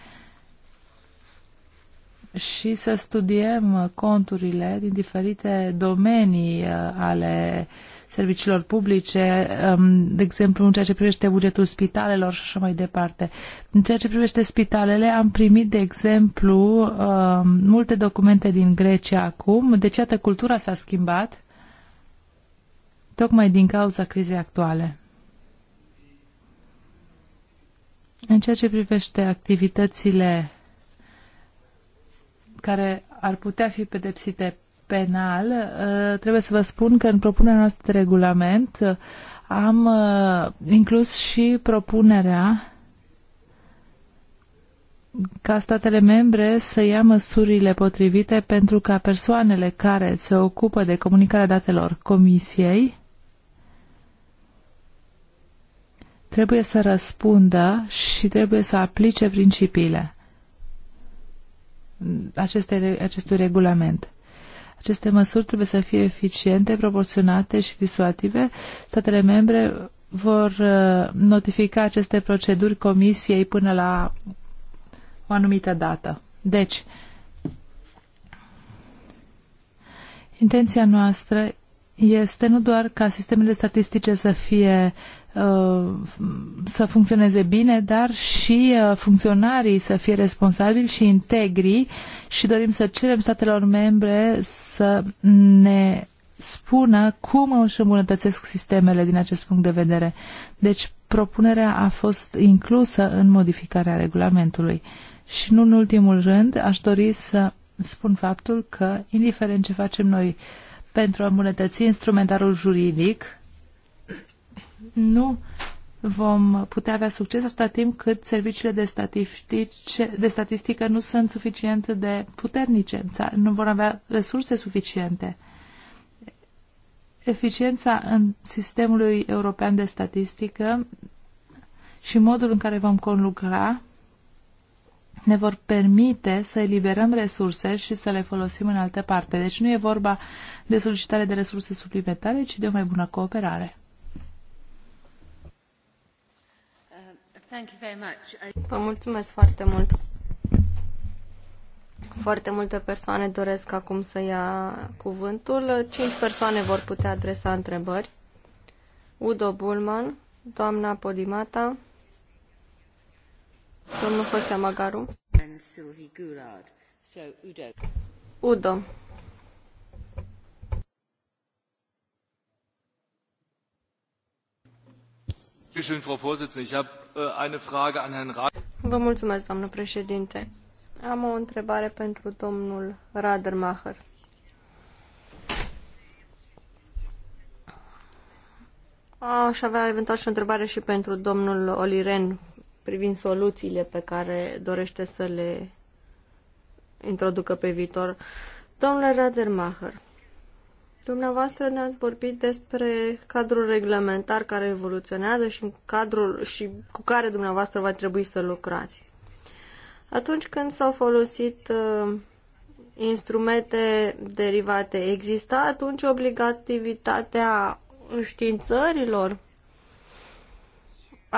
și să studiem conturile din diferite domenii uh, ale serviciilor publice, um, de exemplu în ceea ce privește bugetul spitalelor și așa mai departe. În ceea ce privește spitalele, am primit, de exemplu, um, multe documente din Grecia acum, deci iată cultura s-a schimbat tocmai din cauza crizei actuale. În ceea ce privește activitățile care ar putea fi pedepsite penal, uh, trebuie să vă spun că în propunerea noastră de regulament uh, am uh, inclus și propunerea ca statele membre să ia măsurile potrivite pentru ca persoanele care se ocupă de comunicarea datelor Comisiei trebuie să răspundă și trebuie să aplice principiile aceste, acestui regulament. Aceste măsuri trebuie să fie eficiente, proporționate și disuative. Statele membre vor uh, notifica aceste proceduri comisiei până la o anumită dată. Deci, intenția noastră este nu doar ca sistemele statistice să fie Uh, să funcționeze bine, dar și uh, funcționarii să fie responsabili și integri și dorim să cerem statelor membre să ne spună cum își îmbunătățesc sistemele din acest punct de vedere. Deci propunerea a fost inclusă în modificarea regulamentului. Și nu în ultimul rând aș dori să spun faptul că, indiferent ce facem noi pentru a îmbunătăți instrumentarul juridic, nu vom putea avea succes atâta timp cât serviciile de, statistice, de statistică nu sunt suficient de puternice, nu vor avea resurse suficiente. Eficiența în sistemului european de statistică și modul în care vom conlucra ne vor permite să eliberăm resurse și să le folosim în alte parte. Deci nu e vorba de solicitare de resurse suplimentare, ci de o mai bună cooperare. mulțumesc foarte mult. Foarte multe persoane doresc acum să ia cuvântul. Cinci persoane vor putea adresa întrebări. Udo Bulman, doamna Podimata, domnul Hosea Magaru. Udo. Frau Vorsitzende, președinte. Äh, Vă mulțumesc, doamnă președinte. Am o întrebare pentru domnul Radermacher. Aș avea eventual și o întrebare și pentru domnul Oliren privind soluțiile pe care dorește să le introducă pe viitor. Domnule Radermacher, Dumneavoastră ne-ați vorbit despre cadrul reglementar care evoluționează și, în cadrul, și cu care dumneavoastră va trebui să lucrați. Atunci când s-au folosit uh, instrumente derivate, exista atunci obligativitatea științărilor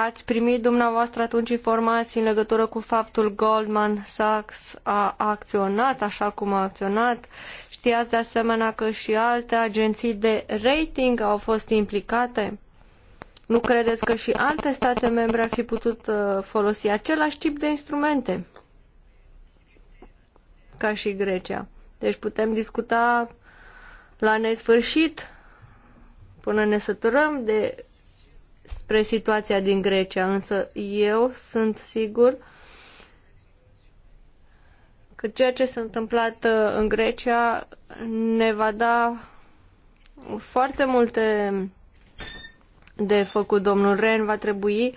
Ați primit dumneavoastră atunci informații în legătură cu faptul Goldman Sachs a acționat așa cum a acționat? Știați de asemenea că și alte agenții de rating au fost implicate? Nu credeți că și alte state membre ar fi putut uh, folosi același tip de instrumente ca și Grecia? Deci putem discuta la nesfârșit până ne săturăm de spre situația din Grecia, însă eu sunt sigur că ceea ce s-a întâmplat uh, în Grecia ne va da foarte multe de făcut. Domnul Ren va trebui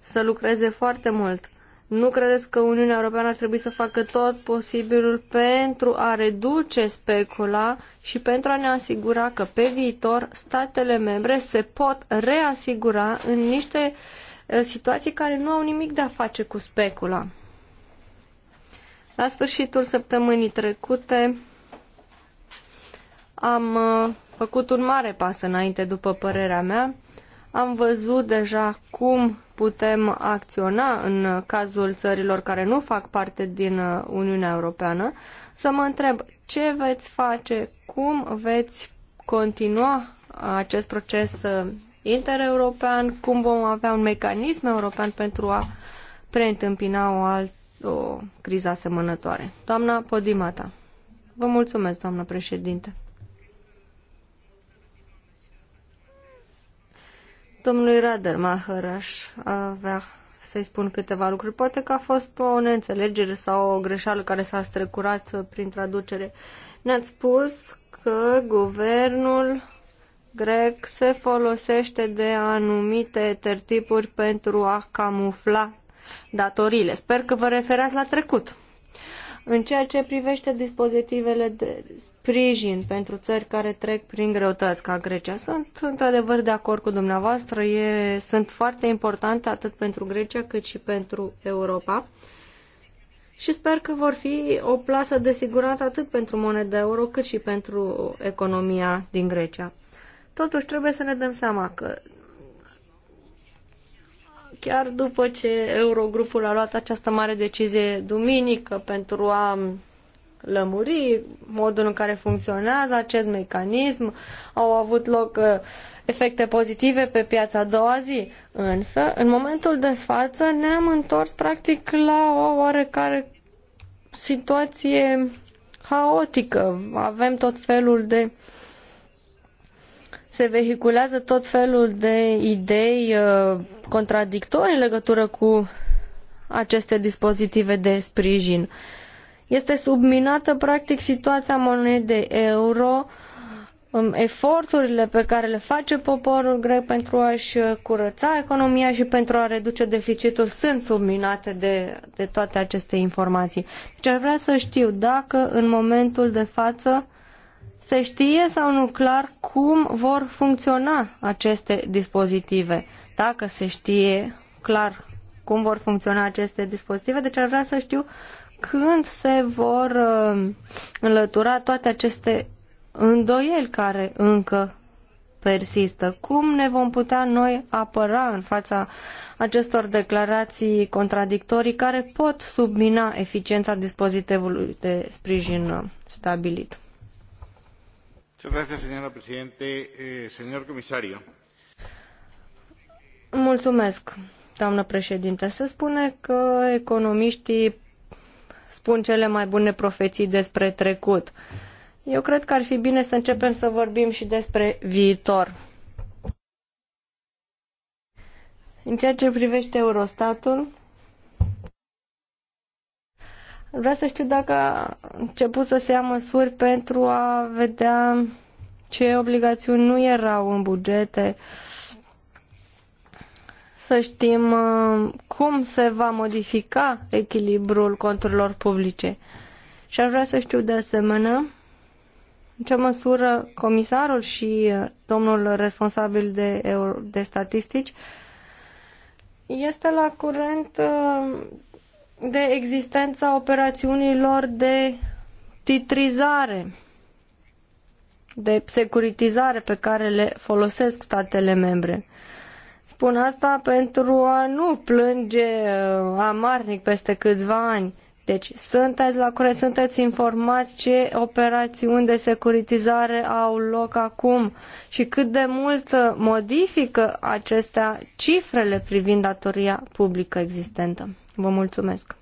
să lucreze foarte mult. Nu credeți că Uniunea Europeană ar trebui să facă tot posibilul pentru a reduce specula și pentru a ne asigura că pe viitor statele membre se pot reasigura în niște situații care nu au nimic de a face cu specula. La sfârșitul săptămânii trecute am făcut un mare pas înainte, după părerea mea. Am văzut deja cum putem acționa în cazul țărilor care nu fac parte din Uniunea Europeană, să mă întreb ce veți face, cum veți continua acest proces intereuropean, cum vom avea un mecanism european pentru a preîntâmpina o, alt, o criză asemănătoare. Doamna Podimata. Vă mulțumesc, doamnă președinte. Domnului Radermacher aș avea să-i spun câteva lucruri. Poate că a fost o neînțelegere sau o greșeală care s-a strecurat prin traducere. Ne-ați spus că guvernul grec se folosește de anumite tertipuri pentru a camufla datoriile. Sper că vă referați la trecut. În ceea ce privește dispozitivele de sprijin pentru țări care trec prin greutăți ca Grecia, sunt într-adevăr de acord cu dumneavoastră, e, sunt foarte importante atât pentru Grecia cât și pentru Europa și sper că vor fi o plasă de siguranță atât pentru moneda euro cât și pentru economia din Grecia. Totuși trebuie să ne dăm seama că chiar după ce Eurogrupul a luat această mare decizie duminică pentru a lămuri modul în care funcționează acest mecanism, au avut loc uh, efecte pozitive pe piața a doua zi, însă în momentul de față ne-am întors practic la o oarecare situație haotică. Avem tot felul de uh, se vehiculează tot felul de idei uh, contradictorii în legătură cu aceste dispozitive de sprijin. Este subminată practic situația monedei euro, um, eforturile pe care le face poporul grec pentru a-și uh, curăța economia și pentru a reduce deficitul sunt subminate de, de toate aceste informații. Deci ar vrea să știu dacă în momentul de față se știe sau nu clar cum vor funcționa aceste dispozitive. Dacă se știe clar cum vor funcționa aceste dispozitive, deci ar vrea să știu când se vor uh, înlătura toate aceste îndoieli care încă persistă. Cum ne vom putea noi apăra în fața acestor declarații contradictorii care pot submina eficiența dispozitivului de sprijin stabilit? Señora eh, señor comisario. Mulțumesc, doamnă președinte. Se spune că economiștii spun cele mai bune profeții despre trecut. Eu cred că ar fi bine să începem să vorbim și despre viitor. În ceea ce privește Eurostatul, Vreau să știu dacă a început să se ia măsuri pentru a vedea ce obligațiuni nu erau în bugete, să știm uh, cum se va modifica echilibrul conturilor publice. Și aș vrea să știu de asemenea în ce măsură comisarul și uh, domnul responsabil de, de statistici este la curent uh, de existența operațiunilor de titrizare, de securitizare pe care le folosesc statele membre. Spun asta pentru a nu plânge uh, amarnic peste câțiva ani. Deci sunteți la curent, sunteți informați ce operațiuni de securitizare au loc acum și cât de mult uh, modifică acestea cifrele privind datoria publică existentă. Vă mulțumesc.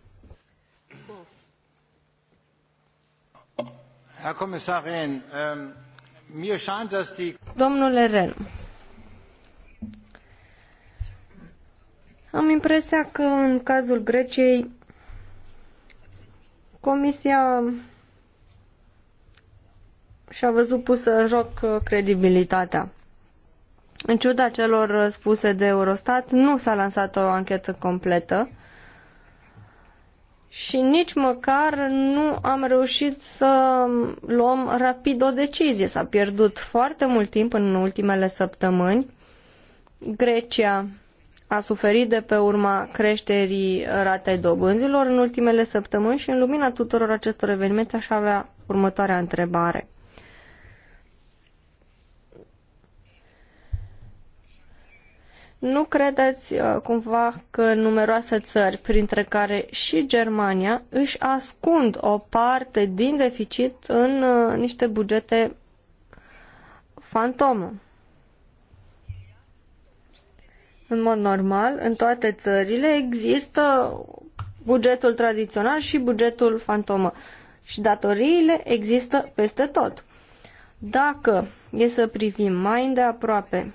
Ähm, Domnule Ren, am impresia că în cazul Greciei Comisia și-a văzut pusă în joc uh, credibilitatea. În ciuda celor spuse de Eurostat, nu s-a lansat o anchetă completă și nici măcar nu am reușit să luăm rapid o decizie. S-a pierdut foarte mult timp în ultimele săptămâni. Grecia a suferit de pe urma creșterii ratei dobânzilor în ultimele săptămâni și în lumina tuturor acestor evenimente aș avea următoarea întrebare. Nu credeți uh, cumva că numeroase țări, printre care și Germania, își ascund o parte din deficit în uh, niște bugete fantomă? În mod normal, în toate țările există bugetul tradițional și bugetul fantomă. Și datoriile există peste tot. Dacă e să privim mai îndeaproape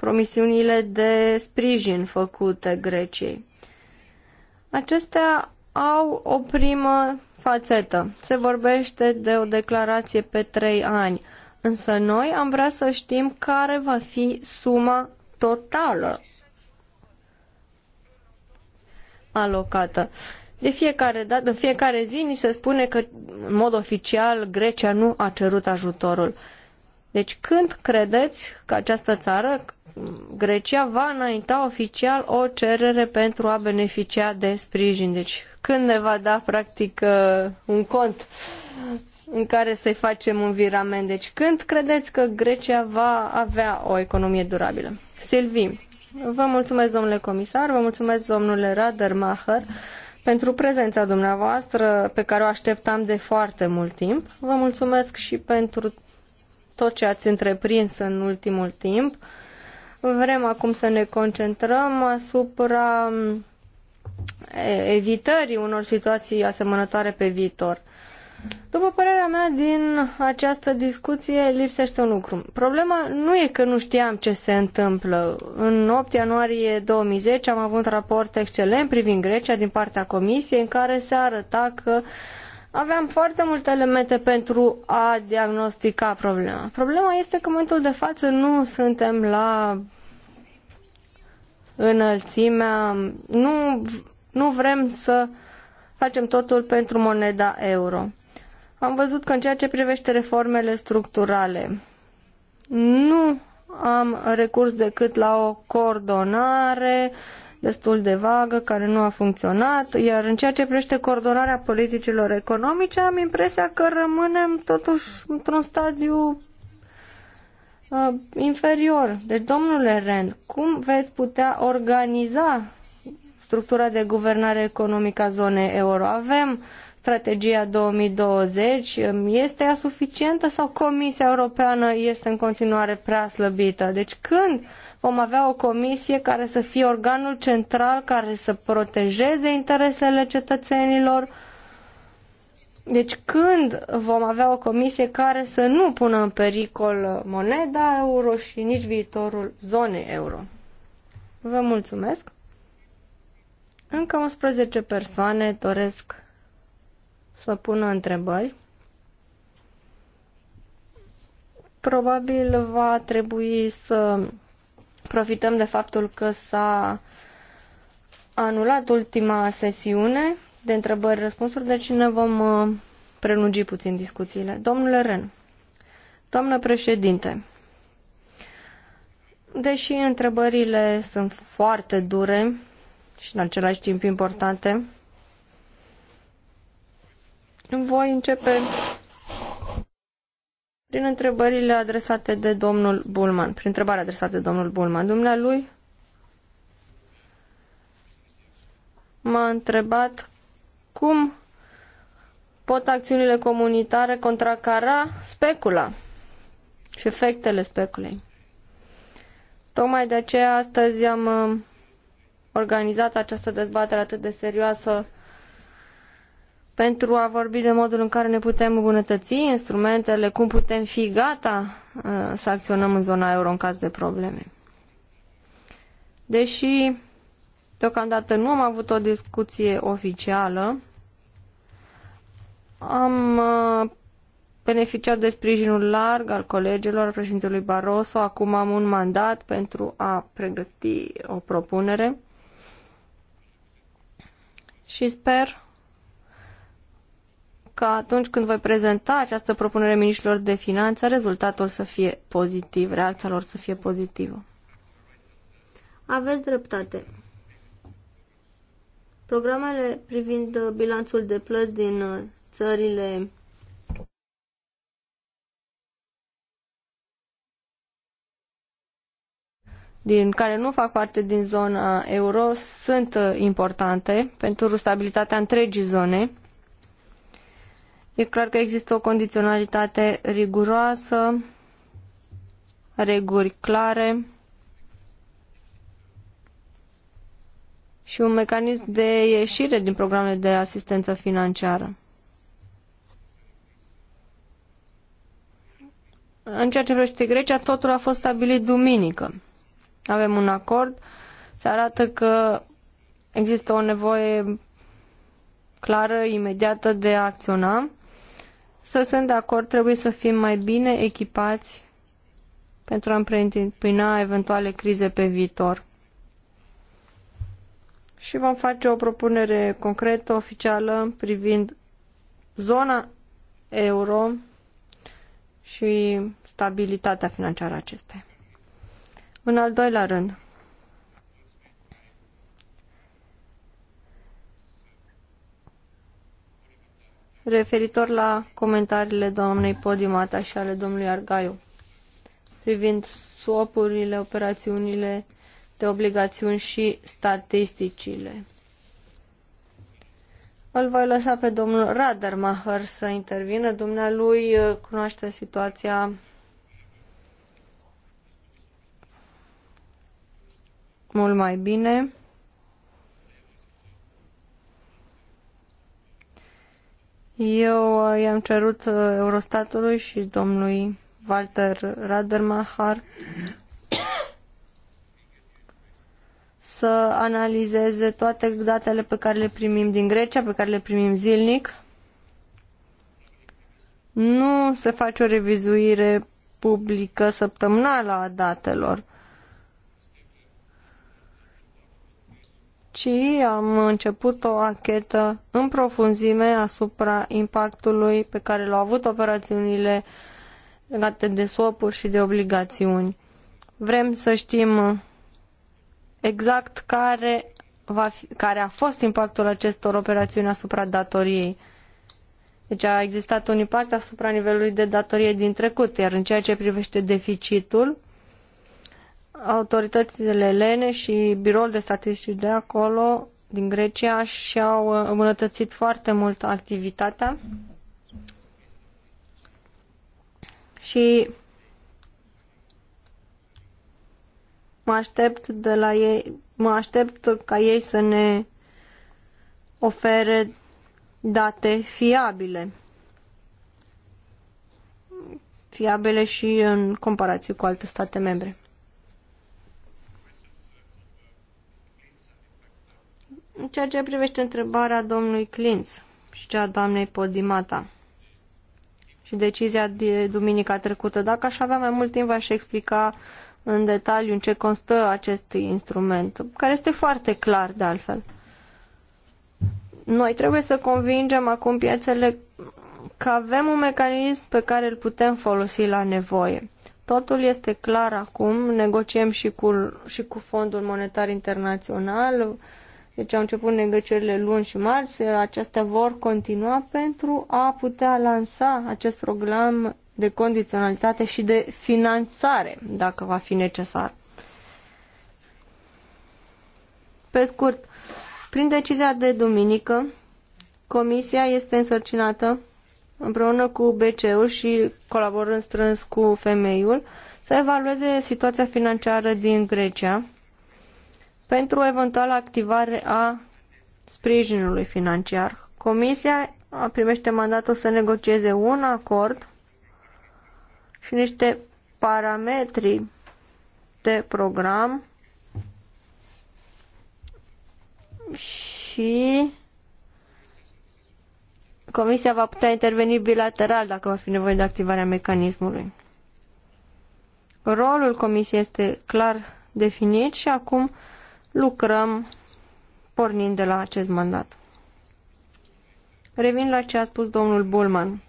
promisiunile de sprijin făcute Greciei. Acestea au o primă fațetă. Se vorbește de o declarație pe trei ani, însă noi am vrea să știm care va fi suma totală alocată. De fiecare dată, de fiecare zi ni se spune că, în mod oficial, Grecia nu a cerut ajutorul. Deci când credeți că această țară, Grecia va înainta oficial o cerere pentru a beneficia de sprijin. Deci când ne va da practic uh, un cont în care să-i facem un virament. Deci când credeți că Grecia va avea o economie durabilă? Silvi, vă mulțumesc domnule comisar, vă mulțumesc domnule Radermacher pentru prezența dumneavoastră pe care o așteptam de foarte mult timp. Vă mulțumesc și pentru tot ce ați întreprins în ultimul timp Vrem acum să ne concentrăm asupra mm, evitării unor situații asemănătoare pe viitor. După părerea mea, din această discuție lipsește un lucru. Problema nu e că nu știam ce se întâmplă. În 8 ianuarie 2010 am avut un raport excelent privind Grecia din partea Comisiei în care se arăta că uh, aveam foarte multe elemente pentru a diagnostica problema. Problema este că în momentul de față nu suntem la înălțimea, nu, nu vrem să facem totul pentru moneda euro. Am văzut că în ceea ce privește reformele structurale, nu am recurs decât la o coordonare, uh, destul de vagă, care nu a funcționat, iar în ceea ce privește coordonarea politicilor economice, am impresia că rămânem totuși într-un stadiu uh, inferior. Deci, domnule Ren, cum veți putea organiza structura de guvernare economică a zonei euro? Avem strategia 2020, um, este ea suficientă sau Comisia Europeană este în continuare prea slăbită? Deci când uh, vom avea o comisie care să fie organul central care să protejeze interesele cetățenilor. Deci când vom avea o comisie care să nu pună în pericol moneda euro și nici viitorul zonei euro? Vă mulțumesc! Încă 11 persoane doresc să pună întrebări. Probabil va trebui să Profităm de faptul că s-a anulat ultima sesiune de întrebări-răspunsuri, deci ne vom uh, prelungi puțin discuțiile. Domnule Ren, doamnă președinte, deși întrebările sunt foarte dure și în același timp importante, voi începe prin întrebările adresate de domnul Bulman, prin întrebarea adresată de domnul Bulman. Dumnealui m-a întrebat cum pot acțiunile comunitare contracara specula și efectele speculei. Tocmai de aceea astăzi am uh, organizat această dezbatere atât de serioasă pentru a vorbi de modul în care ne putem îmbunătăți instrumentele, cum putem fi gata uh, să acționăm în zona euro în caz de probleme. Deși deocamdată nu am avut o discuție oficială, am uh, beneficiat de sprijinul larg al colegilor, al președintelui Barroso. Acum am un mandat pentru a pregăti o propunere și sper ca atunci când voi prezenta această propunere ministrilor de finanță, rezultatul să fie pozitiv, reacția lor să fie pozitivă. Aveți dreptate. Programele privind bilanțul de plăți din uh, țările din care nu fac parte din zona euro sunt uh, importante pentru stabilitatea întregii zone E clar că există o condiționalitate riguroasă, reguli clare și un mecanism de ieșire din programele de asistență financiară. În ceea ce privește Grecia, totul a fost stabilit duminică. Avem un acord, se arată că există o nevoie clară, imediată de a acționa să sunt de acord, trebuie să fim mai bine echipați pentru a împreîntâmpina eventuale crize pe viitor. Și vom face o propunere concretă, oficială, privind zona euro și stabilitatea financiară acestei. În al doilea rând, referitor la comentariile doamnei Podimata și ale domnului Argaiu privind suopurile, operațiunile de obligațiuni și statisticile. Îl voi lăsa pe domnul Radermacher să intervină. Dumnealui uh, cunoaște situația mult mai bine Eu uh, i-am cerut uh, Eurostatului și domnului Walter Radermahar să analizeze toate datele pe care le primim din Grecia, pe care le primim zilnic. Nu se face o revizuire publică săptămânală a datelor. ci am început o achetă în profunzime asupra impactului pe care l-au avut operațiunile legate de swap-uri și de obligațiuni. Vrem să știm exact care, va fi, care a fost impactul acestor operațiuni asupra datoriei. Deci a existat un impact asupra nivelului de datorie din trecut, iar în ceea ce privește deficitul, autoritățile elene și biroul de statistici de acolo, din Grecia, și-au uh, îmbunătățit foarte mult activitatea. Și mă aștept de la ei, mă aștept ca ei să ne ofere date fiabile. Fiabile și în comparație cu alte state membre. În ceea ce privește întrebarea domnului Clinț și cea a doamnei Podimata și decizia de duminica trecută, dacă aș avea mai mult timp, aș explica în detaliu în ce constă acest instrument, care este foarte clar de altfel. Noi trebuie să convingem acum piețele că avem un mecanism pe care îl putem folosi la nevoie. Totul este clar acum, negociem și cu, și cu Fondul Monetar Internațional, deci au început negocierile luni și marți, acestea vor continua pentru a putea lansa acest program de condiționalitate și de finanțare, dacă va fi necesar. Pe scurt, prin decizia de duminică, Comisia este însărcinată împreună cu BCE-ul și colaborând strâns cu femeiul, să evalueze situația financiară din Grecia pentru eventuală activare a sprijinului financiar. Comisia primește mandatul să negocieze un acord și niște parametri de program și Comisia va putea interveni bilateral dacă va fi nevoie de activarea mecanismului. Rolul Comisiei este clar definit și acum lucrăm pornind de la acest mandat. Revin la ce a spus domnul Bulman.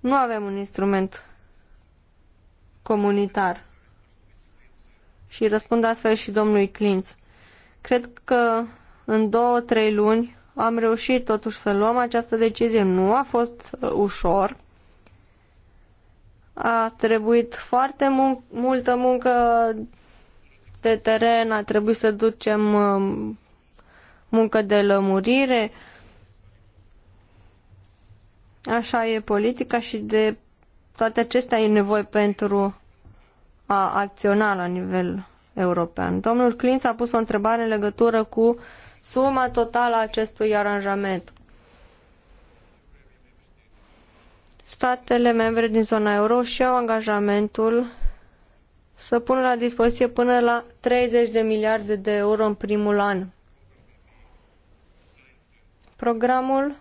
Nu avem un instrument comunitar. Și răspund astfel și domnului Clinț. Cred că în două, trei luni am reușit totuși să luăm această decizie. Nu a fost uh, ușor. A trebuit foarte mun- multă muncă pe teren, a trebuit să ducem um, muncă de lămurire. Așa e politica și de toate acestea e nevoie pentru a acționa la nivel european. Domnul Clinț a pus o întrebare în legătură cu suma totală a acestui aranjament. Statele membre din zona euro și au angajamentul să pună la dispoziție până la 30 de miliarde de euro în primul an. Programul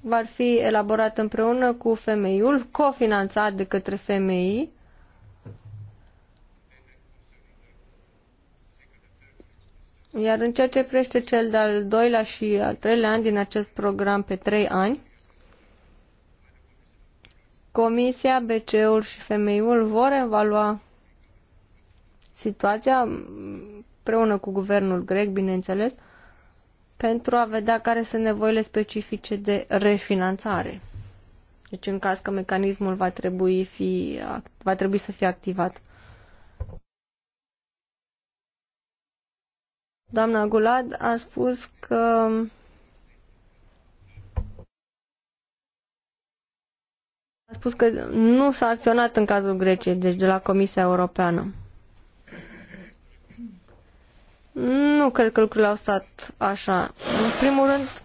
va fi elaborat împreună cu femeiul, cofinanțat de către femei. Iar în ceea ce prește cel de-al doilea și al treilea an din acest program pe trei ani, Comisia, BCE-ul și femeiul vor evalua situația împreună cu guvernul grec, bineînțeles, pentru a vedea care sunt nevoile specifice de refinanțare. Deci în caz că mecanismul va trebui, fi, va trebui să fie activat. Doamna Gulad a spus că a spus că nu s-a acționat în cazul Greciei, deci de la Comisia Europeană. Nu cred că lucrurile au stat așa. În primul rând,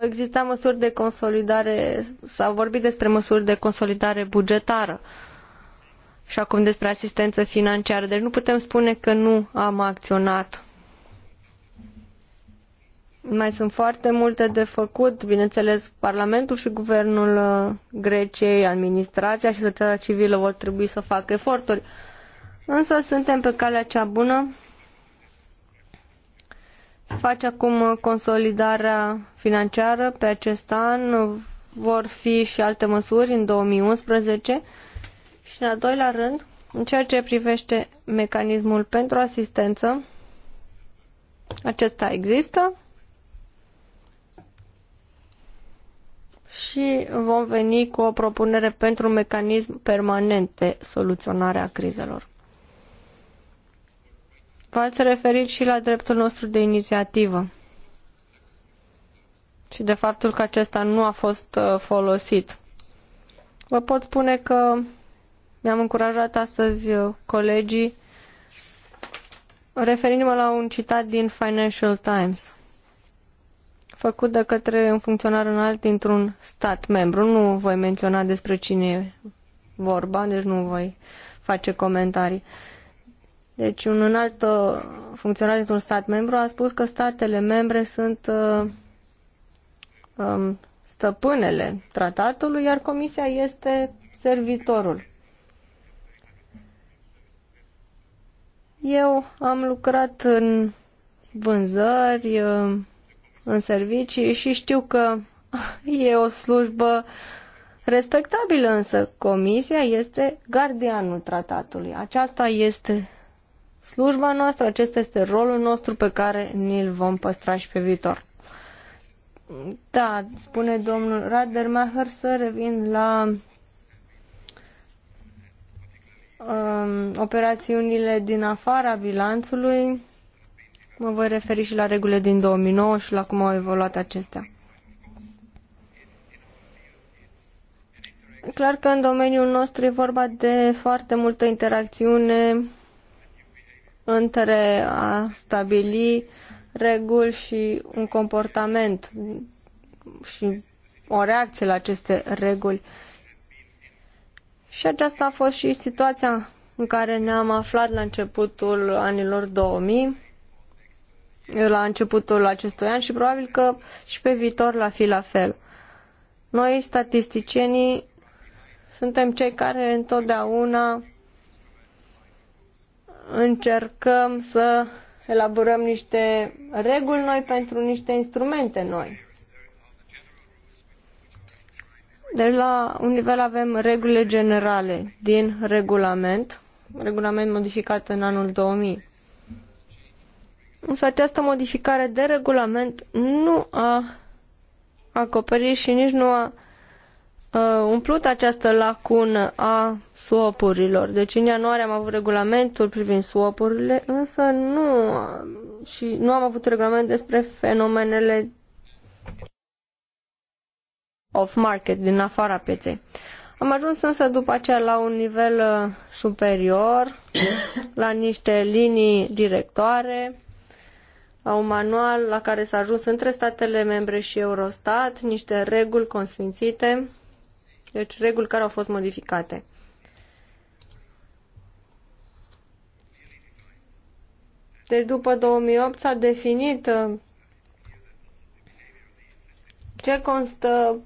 exista măsuri de consolidare, s-a vorbit despre măsuri de consolidare bugetară și acum despre asistență financiară. Deci nu putem spune că nu am acționat. Mai sunt foarte multe de făcut, bineînțeles, Parlamentul și Guvernul uh, Greciei, administrația și societatea civilă vor trebui să facă eforturi. Însă suntem pe calea cea bună. Se face acum consolidarea financiară pe acest an. Vor fi și alte măsuri în 2011. Și în al doilea rând, în ceea ce privește mecanismul pentru asistență, acesta există și vom veni cu o propunere pentru un mecanism permanent de soluționare a crizelor. V-ați referit și la dreptul nostru de inițiativă și de faptul că acesta nu a fost uh, folosit. Vă pot spune că mi-am încurajat astăzi uh, colegii referindu-mă la un citat din Financial Times făcut de către un funcționar înalt dintr-un stat membru. Nu voi menționa despre cine e vorba, deci nu voi face comentarii. Uh, deci un înalt uh, funcționar dintr-un stat membru a spus că statele membre sunt uh, um, stăpânele tratatului, iar comisia este servitorul. Eu am lucrat în vânzări, uh, în servicii și știu că e o slujbă respectabilă, însă comisia este gardianul tratatului. Aceasta este slujba noastră, acesta este rolul nostru pe care ni-l vom păstra și pe viitor. Da, spune domnul Radermacher să revin la um, operațiunile din afara bilanțului. Mă voi referi și la regulile din 2009 și la cum au evoluat acestea. Clar că în domeniul nostru e vorba de foarte multă interacțiune între a stabili reguli și un comportament și o reacție la aceste reguli. Și aceasta a fost și situația în care ne-am aflat la începutul anilor 2000, la începutul acestui an și probabil că și pe viitor la fi la fel. Noi, statisticienii, suntem cei care întotdeauna încercăm să elaborăm niște reguli noi pentru niște instrumente noi. Deci la un nivel avem regulile generale din regulament, regulament modificat în anul 2000. Însă această modificare de regulament nu a acoperit și nici nu a Uh, umplut această lacună a suopurilor. Deci în ianuarie am avut regulamentul privind suopurile, însă nu și nu am avut regulament despre fenomenele off market din afara pieței. Am ajuns însă după aceea la un nivel uh, superior, la niște linii directoare, la un manual la care s-a ajuns între statele membre și Eurostat, niște reguli consfințite deci reguli care au fost modificate. Deci după 2008 s-a definit uh, ce constă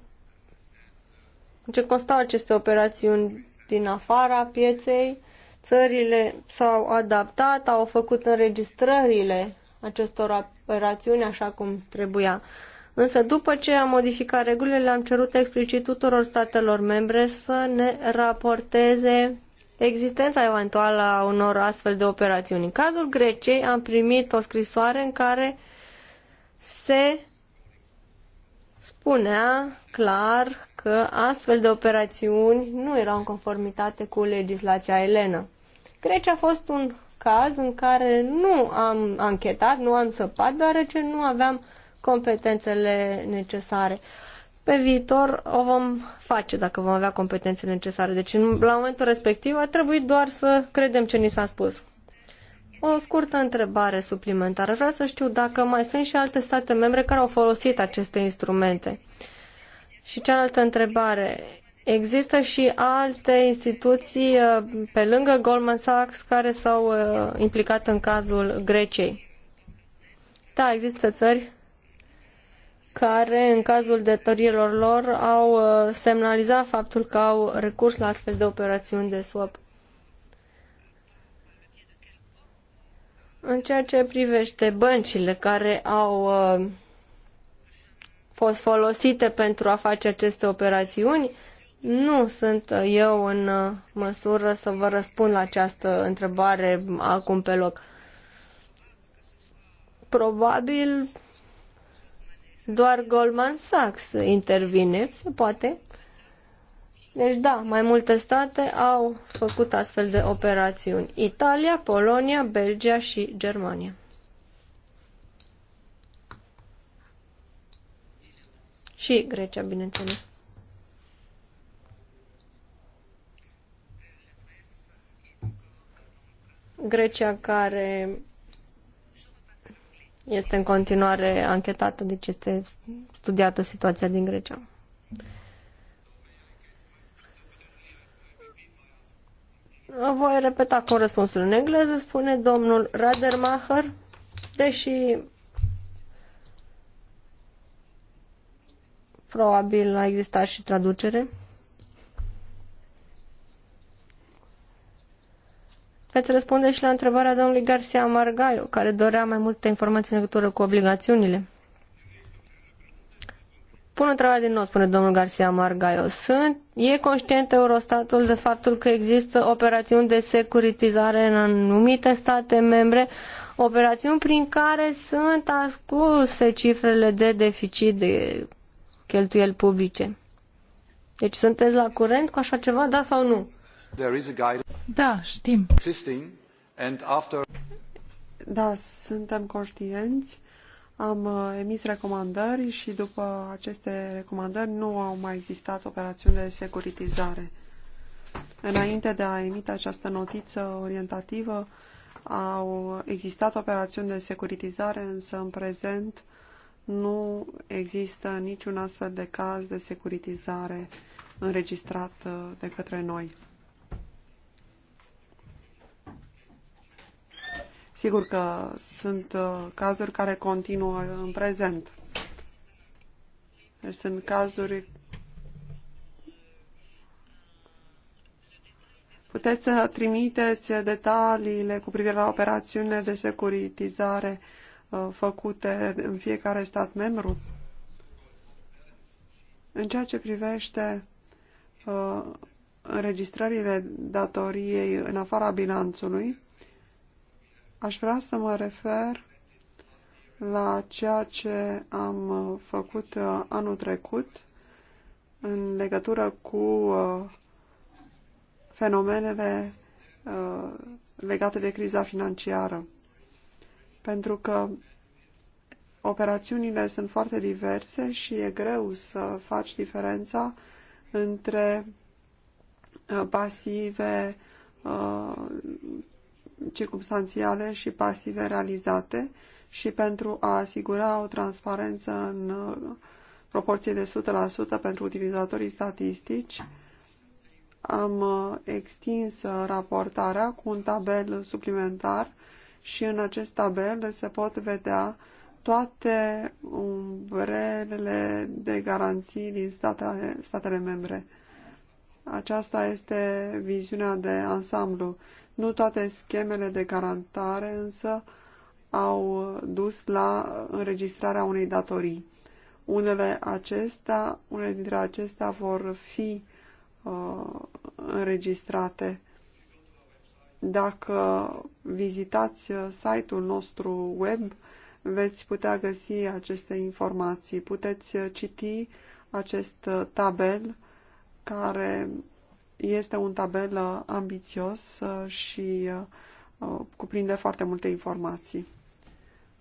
ce constau aceste operațiuni din afara pieței. Țările s-au adaptat, au făcut înregistrările acestor operațiuni așa cum trebuia. Însă după ce am modificat regulile, le-am cerut explicit tuturor statelor membre să ne raporteze existența eventuală a unor astfel de operațiuni. În cazul Greciei am primit o scrisoare în care se spunea clar că astfel de operațiuni nu erau în conformitate cu legislația elenă. Grecia a fost un caz în care nu am anchetat, nu am săpat, deoarece nu aveam uh, competențele necesare. Pe viitor o vom face dacă vom avea competențele necesare. Deci, la momentul respectiv, a trebuit doar să credem ce ni s-a spus. O scurtă întrebare suplimentară. Vreau să știu dacă mai sunt și alte state membre care au folosit aceste instrumente. Și cealaltă întrebare. Există și alte instituții uh, pe lângă Goldman Sachs care s-au uh, implicat în cazul Greciei. Da, există țări care, în cazul datoriilor lor, au uh, semnalizat faptul că au recurs la astfel de operațiuni de swap. În ceea ce privește băncile care au uh, fost folosite pentru a face aceste operațiuni, nu sunt uh, eu în măsură să vă răspund la această întrebare acum pe loc. Probabil doar Goldman Sachs intervine, se poate. Deci da, mai multe state au făcut astfel de operațiuni. Italia, Polonia, Belgia și Germania. Și Grecia, bineînțeles. Grecia care este în continuare anchetată, deci este studiată situația din Grecia. Voi repeta cu răspunsul în engleză, spune domnul Radermacher, deși probabil a existat și traducere. veți răspunde și la întrebarea domnului Garcia Margaio, care dorea mai multe informații în legătură cu obligațiunile. Pun întrebarea din nou, spune domnul Garcia Margaio. Sunt, e conștient Eurostatul de faptul că există operațiuni de securitizare în anumite state membre, operațiuni prin care sunt ascuse cifrele de deficit de cheltuieli publice. Deci sunteți la curent cu așa ceva, da sau nu? Da, știm. Da, suntem conștienți. Am uh, emis recomandări și după aceste recomandări nu au mai existat operațiuni de securitizare. Înainte de a emite această notiță orientativă, au existat operațiuni de securitizare, însă în prezent nu există niciun astfel de caz de securitizare înregistrat uh, de către noi. Sigur că sunt uh, cazuri care continuă în prezent. Deci sunt cazuri Puteți să trimiteți detaliile cu privire la operațiunile de securitizare uh, făcute în fiecare stat membru? În ceea ce privește uh, înregistrările datoriei în afara bilanțului, Aș vrea să mă refer la ceea ce am făcut uh, anul trecut în legătură cu uh, fenomenele uh, legate de criza financiară. Pentru că operațiunile sunt foarte diverse și e greu să faci diferența între pasive, circumstanțiale și pasive realizate și pentru a asigura o transparență în uh, proporție de 100% pentru utilizatorii statistici, am uh, extins uh, raportarea cu un tabel suplimentar și în acest tabel se pot vedea toate umbrelele de garanții din statele, statele membre. Aceasta este viziunea de ansamblu. Nu toate schemele de garantare însă au dus la înregistrarea unei datorii. Unele acestea, unele dintre acestea vor fi uh, înregistrate. Dacă vizitați site-ul nostru web, veți putea găsi aceste informații. Puteți uh, citi acest uh, tabel care este un tabel uh, ambițios uh, și uh, cuprinde foarte multe informații.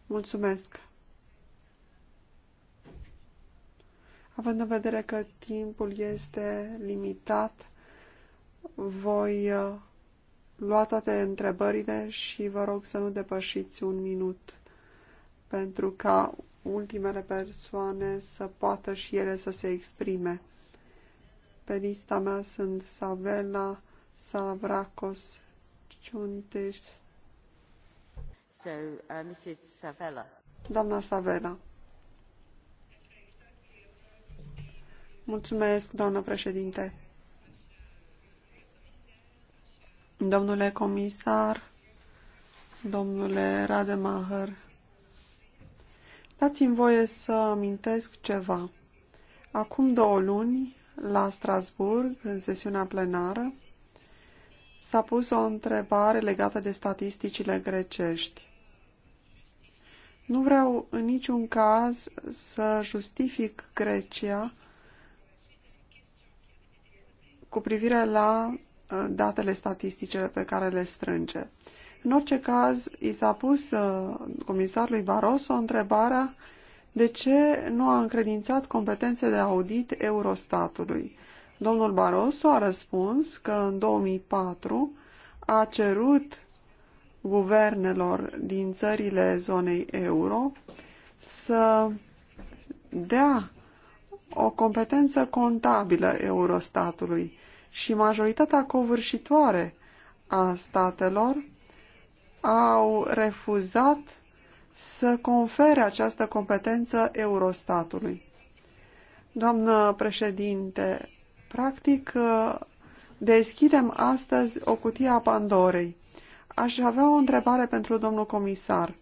Mulțumesc! Având în vedere că timpul este limitat, voi lua toate întrebările și vă rog să nu depășiți un minut pentru ca ultimele persoane să poată și ele să se exprime. Pe lista mea sunt Savela, Salavracos, Ciuntis. So, uh, Mrs. Savela. Doamna Savela. Mulțumesc, doamnă președinte. Domnule comisar, domnule Rademacher, dați-mi voie să amintesc ceva. Acum două luni la Strasburg, în sesiunea plenară, s-a pus o întrebare legată de statisticile grecești. Nu vreau în niciun caz să justific Grecia cu privire la uh, datele statistice pe care le strânge. În orice caz, i s-a pus uh, comisarului Barroso întrebarea de ce nu a încredințat competențe de audit Eurostatului. Domnul Barroso a răspuns că în 2004 a cerut guvernelor din țările zonei euro să dea o competență contabilă Eurostatului și majoritatea covârșitoare a statelor au refuzat să confere această competență Eurostatului. Doamnă președinte, practic deschidem astăzi o cutie a Pandorei. Aș avea o întrebare pentru domnul comisar.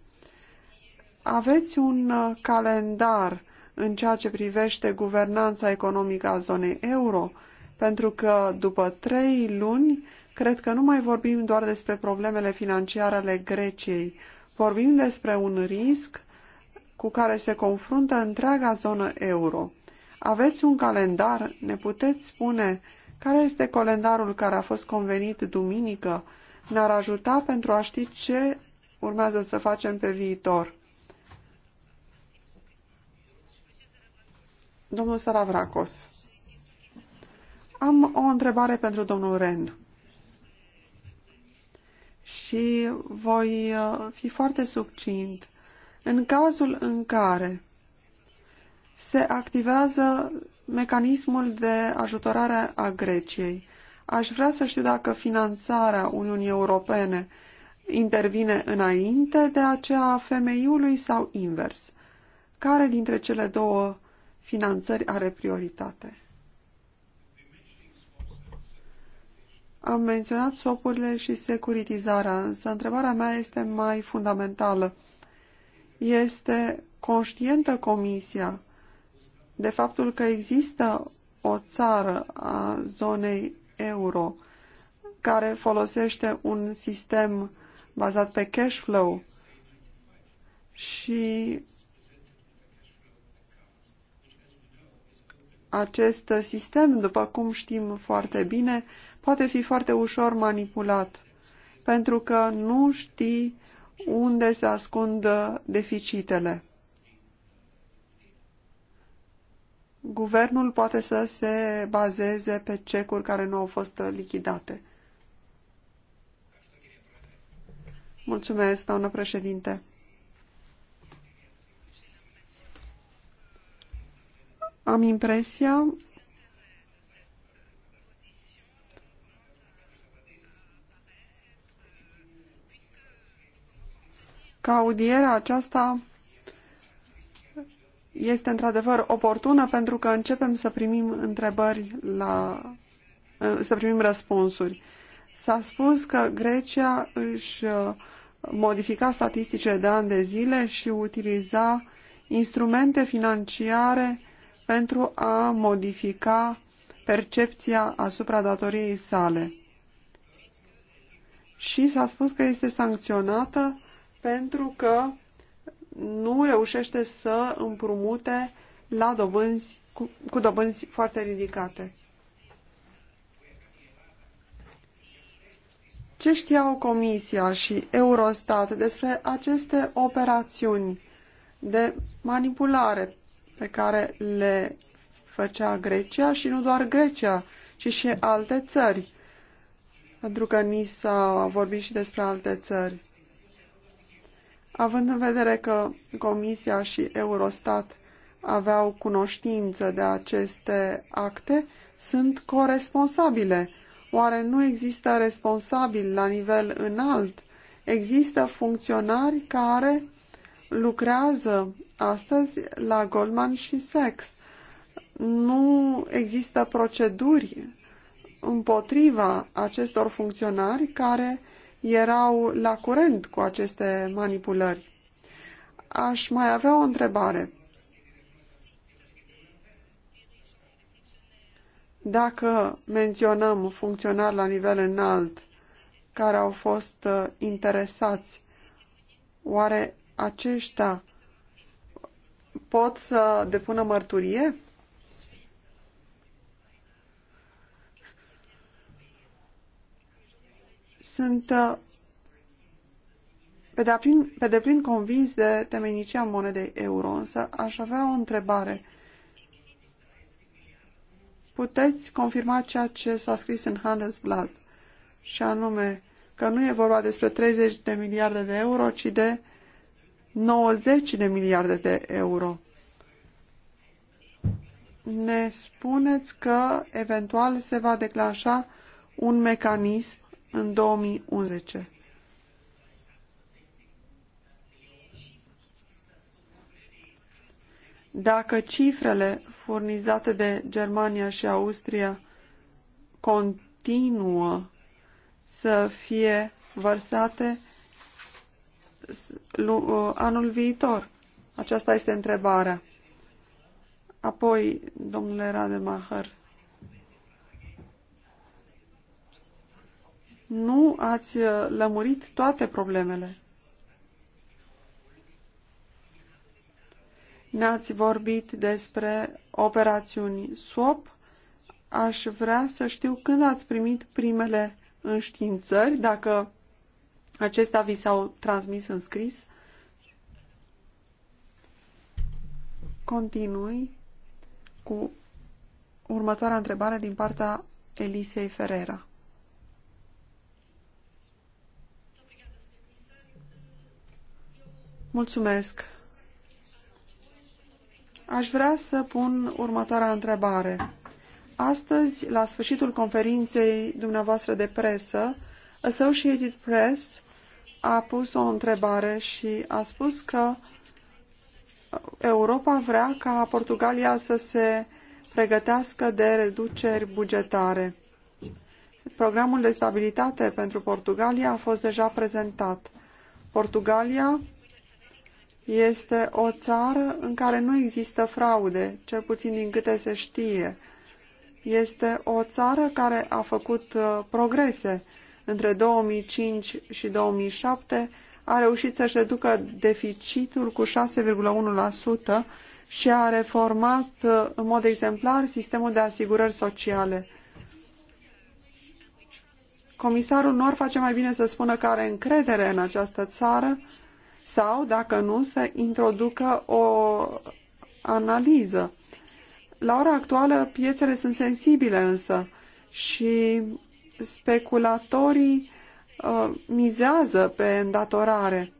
Aveți un uh, calendar în ceea ce privește guvernanța economică a zonei euro? Pentru că după trei luni, cred că nu mai vorbim doar despre problemele financiare ale Greciei, Vorbim despre un risc cu care se confruntă întreaga zonă euro. Aveți un calendar? Ne puteți spune care este calendarul care a fost convenit duminică? Ne-ar ajuta pentru a ști ce urmează să facem pe viitor. Domnul Saravracos. Am o întrebare pentru domnul Ren și voi uh, fi foarte succint. În cazul în care se activează mecanismul de ajutorare a Greciei, aș vrea să știu dacă finanțarea Uniunii Europene intervine înainte de aceea femeiului sau invers. Care dintre cele două finanțări are prioritate? Am menționat sopurile și securitizarea, însă întrebarea mea este mai fundamentală. Este conștientă Comisia de faptul că există o țară a zonei euro care folosește un sistem bazat pe cash flow și acest sistem, după cum știm foarte bine, poate fi foarte ușor manipulat, pentru că nu știi unde se ascund deficitele. Guvernul poate să se bazeze pe cecuri care nu au fost lichidate. Mulțumesc, doamnă președinte. Am impresia că audierea aceasta este într-adevăr oportună pentru că începem să primim întrebări la să primim răspunsuri. S-a spus că Grecia își uh, modifica statisticile de ani de zile și utiliza instrumente financiare pentru a modifica percepția asupra datoriei sale. Și s-a spus că este sancționată pentru că nu reușește să împrumute la dobânzi, cu, cu dobânzi foarte ridicate. Ce știau Comisia și Eurostat despre aceste operațiuni de manipulare pe care le făcea Grecia și nu doar Grecia, ci și alte țări? Pentru că ni s-a vorbit și despre alte țări. Având în vedere că Comisia și Eurostat aveau cunoștință de aceste acte, sunt coresponsabile. Oare nu există responsabil la nivel înalt? Există funcționari care lucrează astăzi la Goldman și Sex. Nu există proceduri împotriva acestor funcționari care erau la curent cu aceste manipulări. Aș mai avea o întrebare. Dacă menționăm funcționari la nivel înalt care au fost uh, interesați, oare aceștia pot să depună mărturie? sunt uh, pe deplin, pe deplin convins de temenicia monedei euro, însă aș avea o întrebare. Puteți confirma ceea ce s-a scris în Handelsblad, și anume că nu e vorba despre 30 de miliarde de euro, ci de 90 de miliarde de euro. Ne spuneți că eventual se va declanșa un mecanism în 2011. Dacă cifrele furnizate de Germania și Austria continuă să fie vărsate uh, anul viitor? Aceasta este întrebarea. Apoi, domnule Rademacher, nu ați uh, lămurit toate problemele. Ne-ați vorbit despre operațiuni SWAP. Aș vrea să știu când ați primit primele înștiințări, dacă acestea vi s-au transmis în scris. Continui cu următoarea întrebare din partea Elisei Ferreira. Mulțumesc. Aș vrea să pun următoarea întrebare. Astăzi, la sfârșitul conferinței dumneavoastră de presă, Associated Press a pus o întrebare și a spus că Europa vrea ca Portugalia să se pregătească de reduceri bugetare. Programul de stabilitate pentru Portugalia a fost deja prezentat. Portugalia este o țară în care nu există fraude, cel puțin din câte se știe. Este o țară care a făcut uh, progrese. Între 2005 și 2007 a reușit să-și reducă deficitul cu 6,1% și a reformat uh, în mod exemplar sistemul de asigurări sociale. Comisarul nu ar face mai bine să spună că are încredere în această țară sau, dacă nu, să introducă o analiză. La ora actuală, piețele sunt sensibile însă și speculatorii uh, mizează pe îndatorare.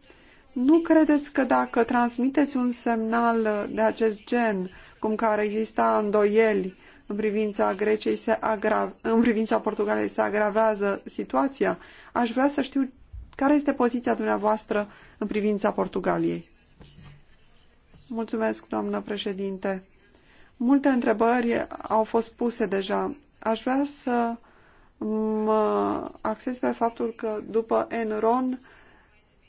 Nu credeți că dacă transmiteți un semnal de acest gen, cum că ar exista îndoieli în privința Greciei, se agra... în privința Portugalei, se agravează situația? Aș vrea să știu care este poziția dumneavoastră în privința Portugaliei? Mulțumesc, doamnă președinte. Multe întrebări au fost puse deja. Aș vrea să mă acces pe faptul că după Enron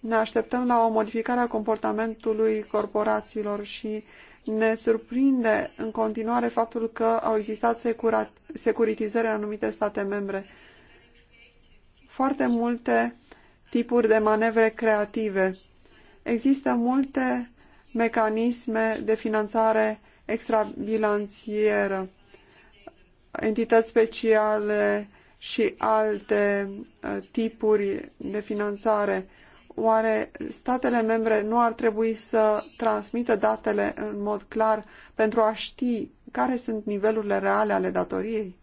ne așteptăm la o modificare a comportamentului corporațiilor și ne surprinde în continuare faptul că au existat securitizări în anumite state membre. Foarte multe tipuri de manevre creative. Există multe mecanisme de finanțare extrabilanțieră, entități speciale și alte uh, tipuri de finanțare. Oare statele membre nu ar trebui să transmită datele în mod clar pentru a ști care sunt nivelurile reale ale datoriei?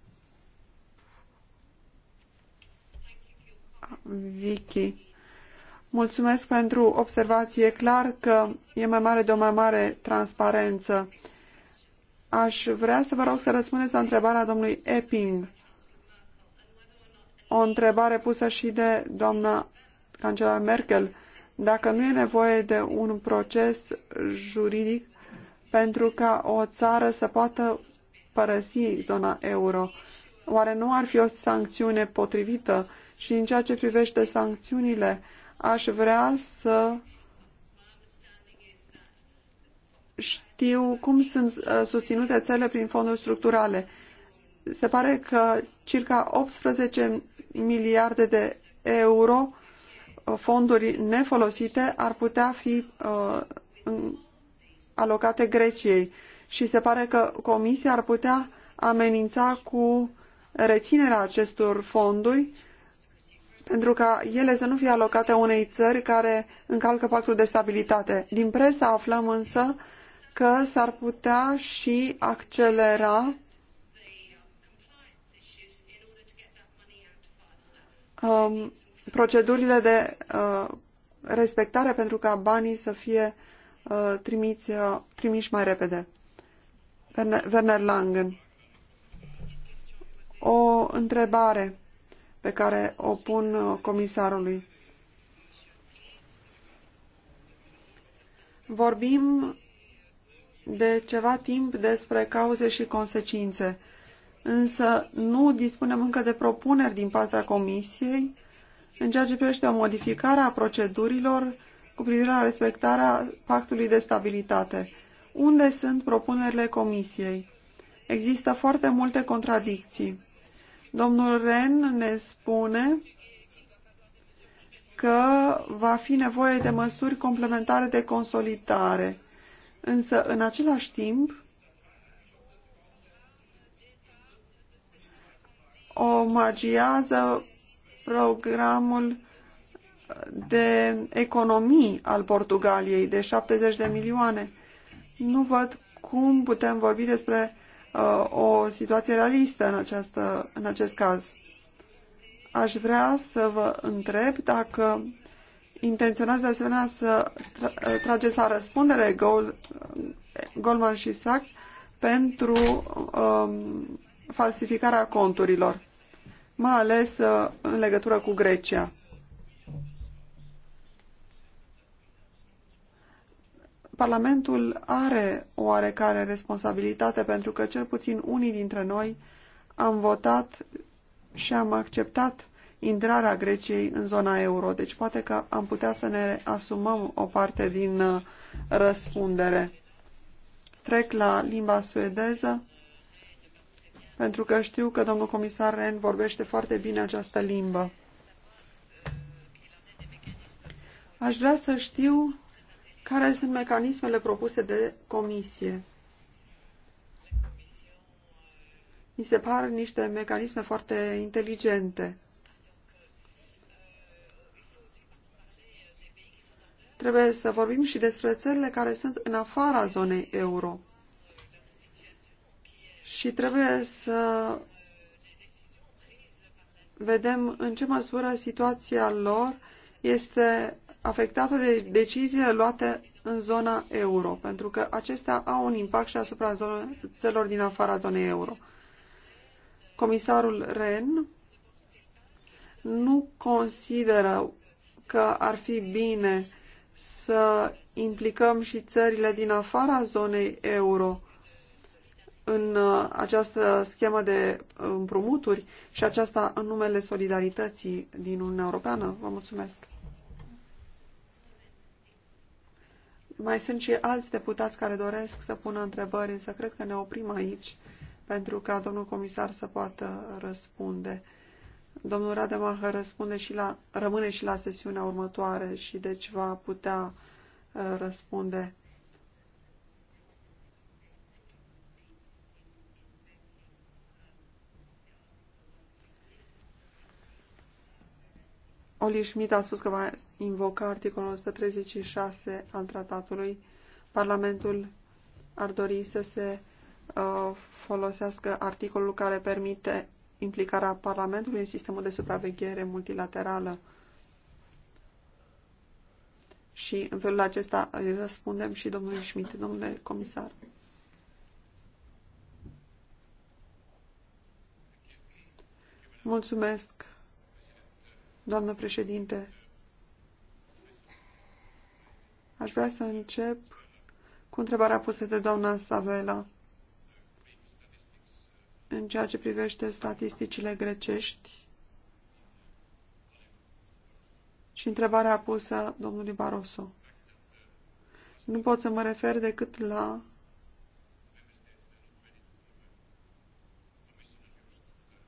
Vicky. Mulțumesc pentru observație. E clar că e mai mare de o mai mare transparență. Aș vrea să vă rog să răspundeți la întrebarea domnului Epping. O întrebare pusă și de doamna cancelar Merkel. Dacă nu e nevoie de un proces juridic pentru ca o țară să poată părăsi zona euro, oare nu ar fi o sancțiune potrivită și în ceea ce privește sancțiunile, aș vrea să știu cum sunt uh, susținute țele prin fonduri structurale. Se pare că circa 18 miliarde de euro uh, fonduri nefolosite ar putea fi uh, alocate Greciei și se pare că Comisia ar putea amenința cu reținerea acestor fonduri pentru ca ele să nu fie alocate unei țări care încalcă pactul de stabilitate. Din presă aflăm însă că s-ar putea și accelera um, procedurile de uh, respectare pentru ca banii să fie uh, trimiți, uh, trimiși mai repede. Werner Langen. O întrebare pe care o pun uh, comisarului. Vorbim de ceva timp despre cauze și consecințe, însă nu dispunem încă de propuneri din partea Comisiei în ceea ce privește o modificare a procedurilor cu privire la respectarea pactului de stabilitate. Unde sunt propunerile Comisiei? Există foarte multe contradicții. Domnul Ren ne spune că va fi nevoie de măsuri complementare de consolidare, însă în același timp omagiază programul de economii al Portugaliei de 70 de milioane. Nu văd cum putem vorbi despre Uh, o situație realistă în, această, în acest caz. Aș vrea să vă întreb dacă intenționați de asemenea să uh, trageți la răspundere Gold, Goldman și Sachs pentru um, falsificarea conturilor, mai ales uh, în legătură cu Grecia. Parlamentul are oarecare responsabilitate pentru că cel puțin unii dintre noi am votat și am acceptat intrarea Greciei în zona euro. Deci poate că am putea să ne asumăm o parte din uh, răspundere. Trec la limba suedeză pentru că știu că domnul comisar Ren vorbește foarte bine această limbă. Aș vrea să știu care sunt mecanismele propuse de comisie. Mi se par niște mecanisme foarte inteligente. Trebuie să vorbim și despre țările care sunt în afara zonei euro. Și trebuie să vedem în ce măsură situația lor este afectată de deciziile luate în zona euro, pentru că acestea au un impact și asupra țelor din afara zonei euro. Comisarul Ren nu consideră că ar fi bine să implicăm și țările din afara zonei euro în uh, această schemă de uh, împrumuturi și aceasta în numele solidarității din Uniunea Europeană. Vă mulțumesc! Mai sunt și alți deputați care doresc să pună întrebări, însă cred că ne oprim aici pentru ca domnul comisar să poată răspunde. Domnul Rademacher răspunde și la, rămâne și la sesiunea următoare și deci va putea uh, răspunde. Oli Schmidt a spus că va invoca articolul 136 al tratatului. Parlamentul ar dori să se uh, folosească articolul care permite implicarea Parlamentului în sistemul de supraveghere multilaterală. Și în felul acesta îi răspundem și domnului Schmidt, domnule comisar. Mulțumesc Doamnă președinte, aș vrea să încep cu întrebarea pusă de doamna Savela în ceea ce privește statisticile grecești și întrebarea pusă domnului Barroso. Nu pot să mă refer decât la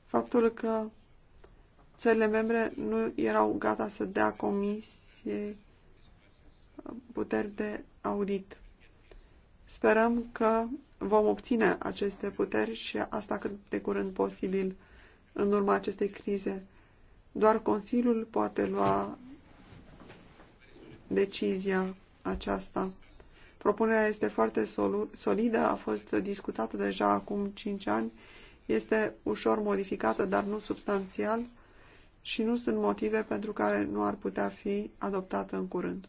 faptul că țările membre nu erau gata să dea comisiei puteri de audit. Sperăm că vom obține aceste puteri și asta cât de curând posibil în urma acestei crize. Doar Consiliul poate lua decizia aceasta. Propunerea este foarte solidă, a fost discutată deja acum 5 ani, este ușor modificată, dar nu substanțial și nu sunt motive pentru care nu ar putea fi adoptată în curând.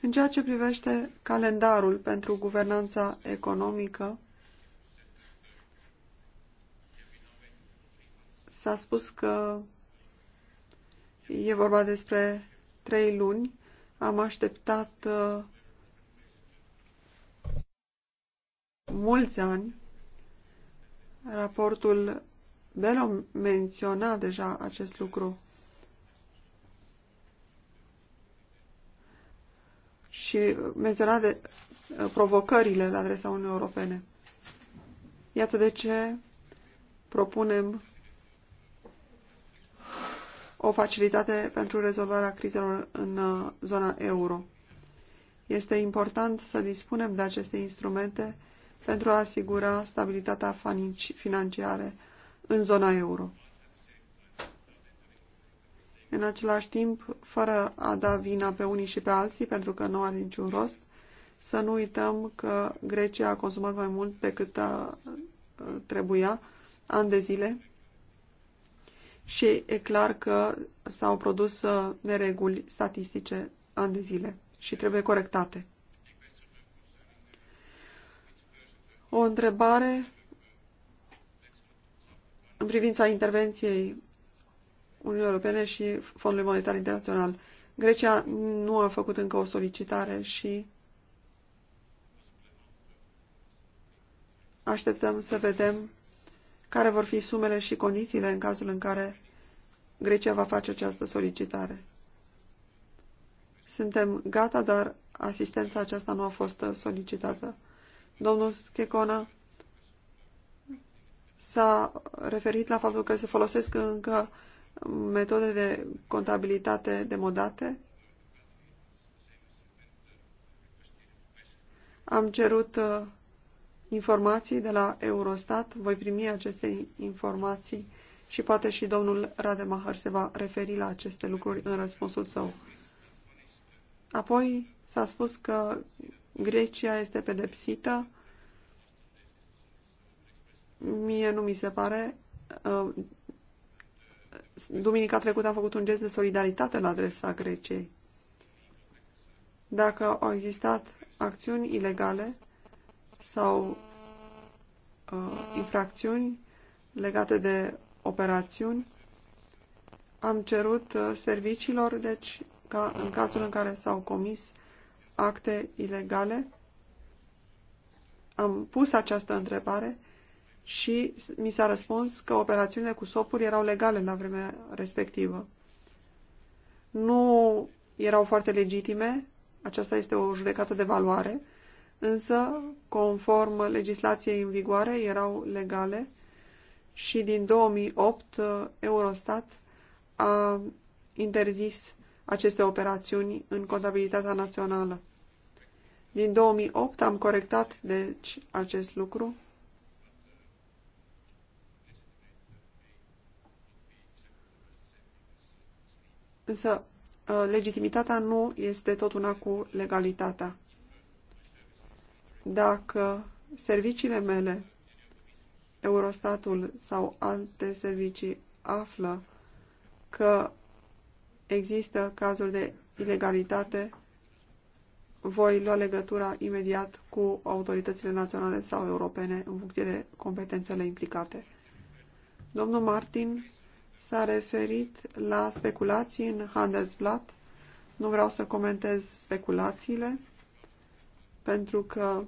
În ceea ce privește calendarul pentru guvernanța economică, s-a spus că e vorba despre trei luni. Am așteptat uh, mulți ani Raportul Belom menționa deja acest lucru. Și menționa de uh, provocările la adresa Uniunii Europene. Iată de ce propunem o facilitate pentru rezolvarea crizelor în uh, zona euro. Este important să dispunem de aceste instrumente pentru a asigura stabilitatea financiară în zona euro. În același timp, fără a da vina pe unii și pe alții, pentru că nu are niciun rost, să nu uităm că Grecia a consumat mai mult decât a, trebuia ani de zile și e clar că s-au produs uh, nereguli statistice ani de zile și trebuie corectate. o întrebare în privința intervenției Uniunii Europene și Fondului Monetar Internațional. Grecia nu a făcut încă o solicitare și așteptăm să vedem care vor fi sumele și condițiile în cazul în care Grecia va face această solicitare. Suntem gata, dar asistența aceasta nu a fost solicitată. Domnul Schecona s-a referit la faptul că se folosesc încă metode de contabilitate demodate. Am cerut uh, informații de la Eurostat, voi primi aceste informații și poate și domnul Rademacher se va referi la aceste lucruri în răspunsul său. Apoi s-a spus că Grecia este pedepsită Mie nu mi se pare. Uh, duminica trecută a făcut un gest de solidaritate la adresa Greciei. Dacă au existat acțiuni ilegale sau uh, infracțiuni legate de operațiuni, am cerut uh, serviciilor, deci, ca în cazul în care s-au comis acte ilegale, am pus această întrebare și mi s-a răspuns că operațiunile cu sopuri erau legale la vremea respectivă. Nu erau foarte legitime, aceasta este o judecată de valoare, însă, conform legislației în vigoare, erau legale și din 2008 Eurostat a interzis aceste operațiuni în contabilitatea națională. Din 2008 am corectat, deci, acest lucru Însă uh, legitimitatea nu este tot una cu legalitatea. Dacă serviciile mele, Eurostatul sau alte servicii află că există cazuri de ilegalitate, voi lua legătura imediat cu autoritățile naționale sau europene în funcție de competențele implicate. Domnul Martin s-a referit la speculații în Handelsblatt. Nu vreau să comentez speculațiile, pentru că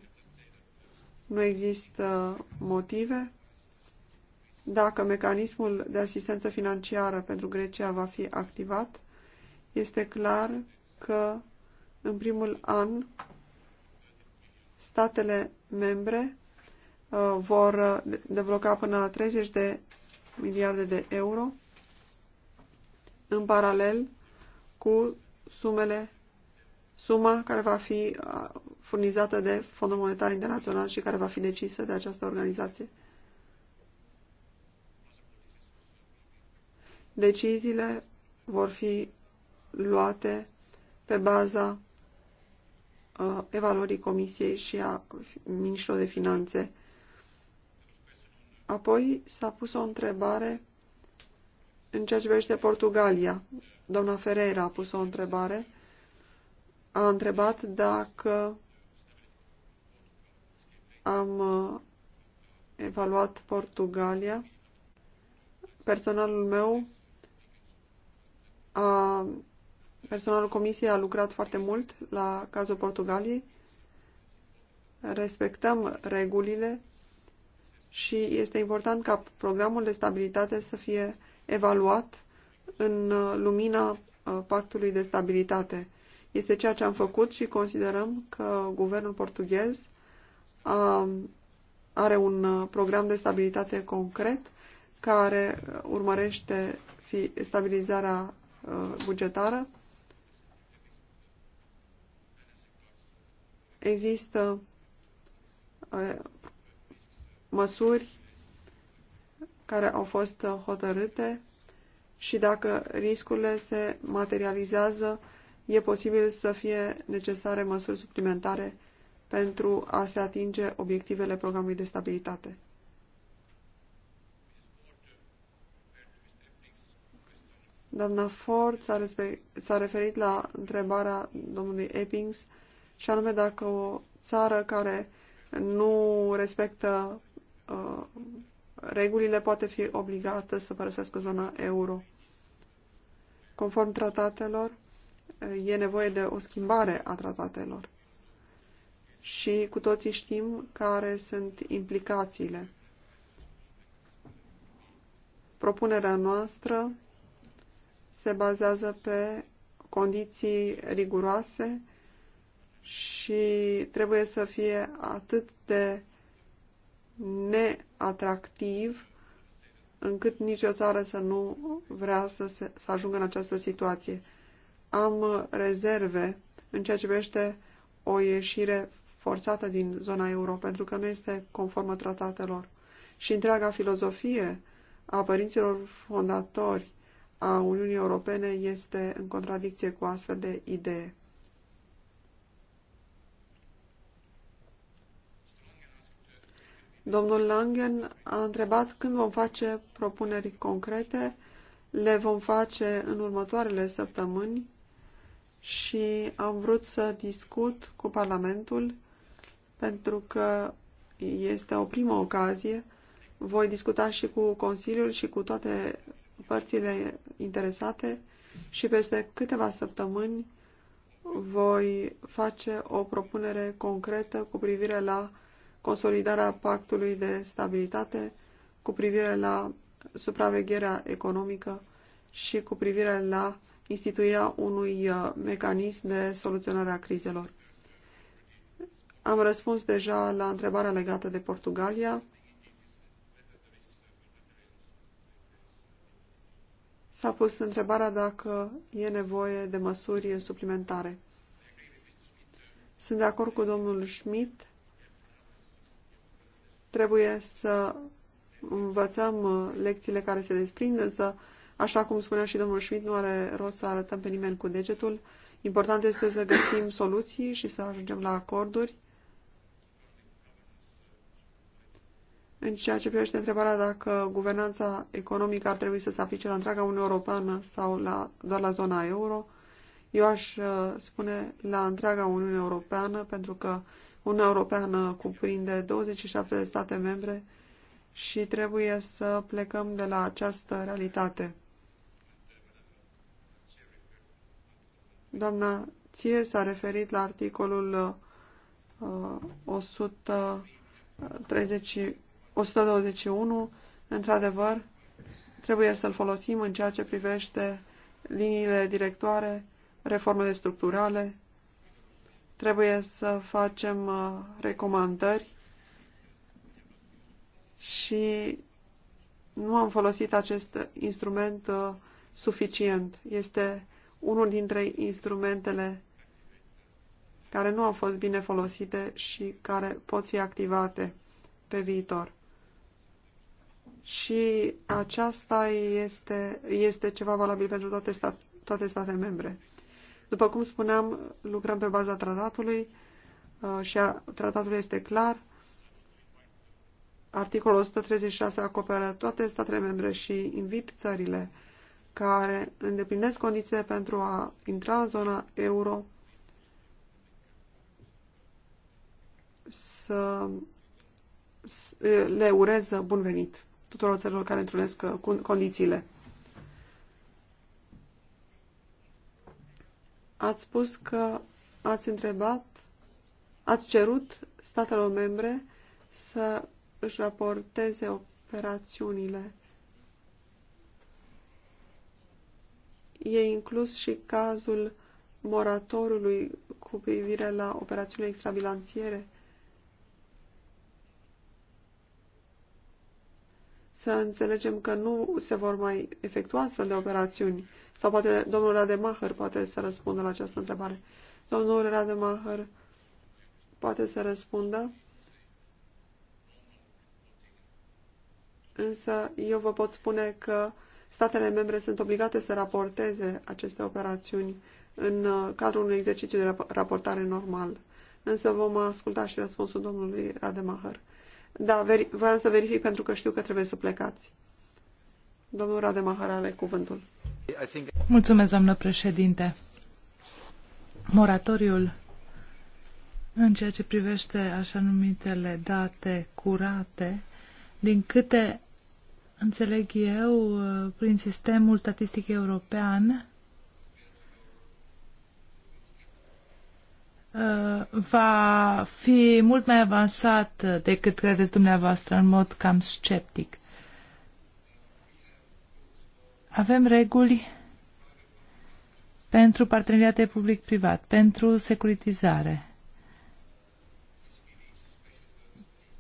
nu există motive. Dacă mecanismul de asistență financiară pentru Grecia va fi activat, este clar că în primul an statele membre uh, vor debloca până la 30 de miliarde de euro în paralel cu sumele, suma care va fi furnizată de Fondul Monetar Internațional și care va fi decisă de această organizație. Deciziile vor fi luate pe baza uh, evaluării Comisiei și a Ministrului de Finanțe. Apoi s-a pus o întrebare în ceea ce vește Portugalia, doamna Ferreira a pus o întrebare. A întrebat dacă am uh, evaluat Portugalia. Personalul meu, a, personalul comisiei a lucrat foarte mult la cazul Portugaliei. Respectăm regulile și este important ca programul de stabilitate să fie evaluat în uh, lumina uh, pactului de stabilitate. Este ceea ce am făcut și considerăm că guvernul portughez a, are un uh, program de stabilitate concret care urmărește fi stabilizarea bugetară. Există măsuri care au fost uh, hotărâte și dacă riscurile se materializează, e posibil să fie necesare măsuri suplimentare pentru a se atinge obiectivele programului de stabilitate. Doamna Ford s-a referit la întrebarea domnului Eppings și anume dacă o țară care nu respectă uh, regulile poate fi obligată să părăsească zona euro. Conform tratatelor, e nevoie de o schimbare a tratatelor. Și cu toții știm care sunt implicațiile. Propunerea noastră se bazează pe condiții riguroase și trebuie să fie atât de neatractiv încât nicio țară să nu vrea să, se, să ajungă în această situație. Am uh, rezerve în ceea ce privește o ieșire forțată din zona euro, pentru că nu este conformă tratatelor. Și întreaga filozofie a părinților fondatori a Uniunii Europene este în contradicție cu astfel de idee. Domnul Langen a întrebat când vom face propuneri concrete. Le vom face în următoarele săptămâni și am vrut să discut cu Parlamentul pentru că este o primă ocazie. Voi discuta și cu Consiliul și cu toate părțile interesate și peste câteva săptămâni voi face o propunere concretă cu privire la consolidarea pactului de stabilitate cu privire la supravegherea economică și cu privire la instituirea unui uh, mecanism de soluționare a crizelor. Am răspuns deja la întrebarea legată de Portugalia. S-a pus întrebarea dacă e nevoie de măsuri suplimentare. Sunt de acord cu domnul Schmidt Trebuie să învățăm uh, lecțiile care se desprind, însă, așa cum spunea și domnul Schmidt, nu are rost să arătăm pe nimeni cu degetul. Important este să găsim soluții și să ajungem la acorduri. În ceea ce privește întrebarea dacă guvernanța economică ar trebui să se aplice la întreaga Uniune Europeană sau la, doar la zona euro, eu aș uh, spune la întreaga Uniune Europeană, pentru că Uniunea Europeană cuprinde 27 de state membre și trebuie să plecăm de la această realitate. Doamna Ție s-a referit la articolul 130, uh, 121. Într-adevăr, trebuie să-l folosim în ceea ce privește liniile directoare, reformele structurale, Trebuie să facem uh, recomandări și nu am folosit acest instrument uh, suficient. Este unul dintre instrumentele care nu au fost bine folosite și care pot fi activate pe viitor. Și aceasta este, este ceva valabil pentru toate, stat, toate statele membre. După cum spuneam, lucrăm pe baza tratatului uh, și tratatul este clar. Articolul 136 acoperă toate statele membre și invit țările care îndeplinesc condițiile pentru a intra în zona euro să le urez bun venit tuturor țărilor care întrunesc uh, condițiile. ați spus că ați întrebat, ați cerut statelor membre să își raporteze operațiunile. E inclus și cazul moratorului cu privire la operațiunile extrabilanțiere. să înțelegem că nu se vor mai efectua astfel de operațiuni? Sau poate domnul Rademacher poate să răspundă la această întrebare. Domnul Rademacher poate să răspundă. Însă eu vă pot spune că statele membre sunt obligate să raporteze aceste operațiuni în uh, cadrul unui exercițiu de raportare normal. Însă vom asculta și răspunsul domnului Rademacher. Da, vreau să verific pentru că știu că trebuie să plecați. Domnul Rade Maharale, cuvântul. Mulțumesc, doamnă președinte. Moratoriul în ceea ce privește așa numitele date curate, din câte înțeleg eu, prin sistemul statistic european, Uh, va fi mult mai avansat decât credeți dumneavoastră, în mod cam sceptic. Avem reguli pentru parteneriate public-privat, pentru securitizare,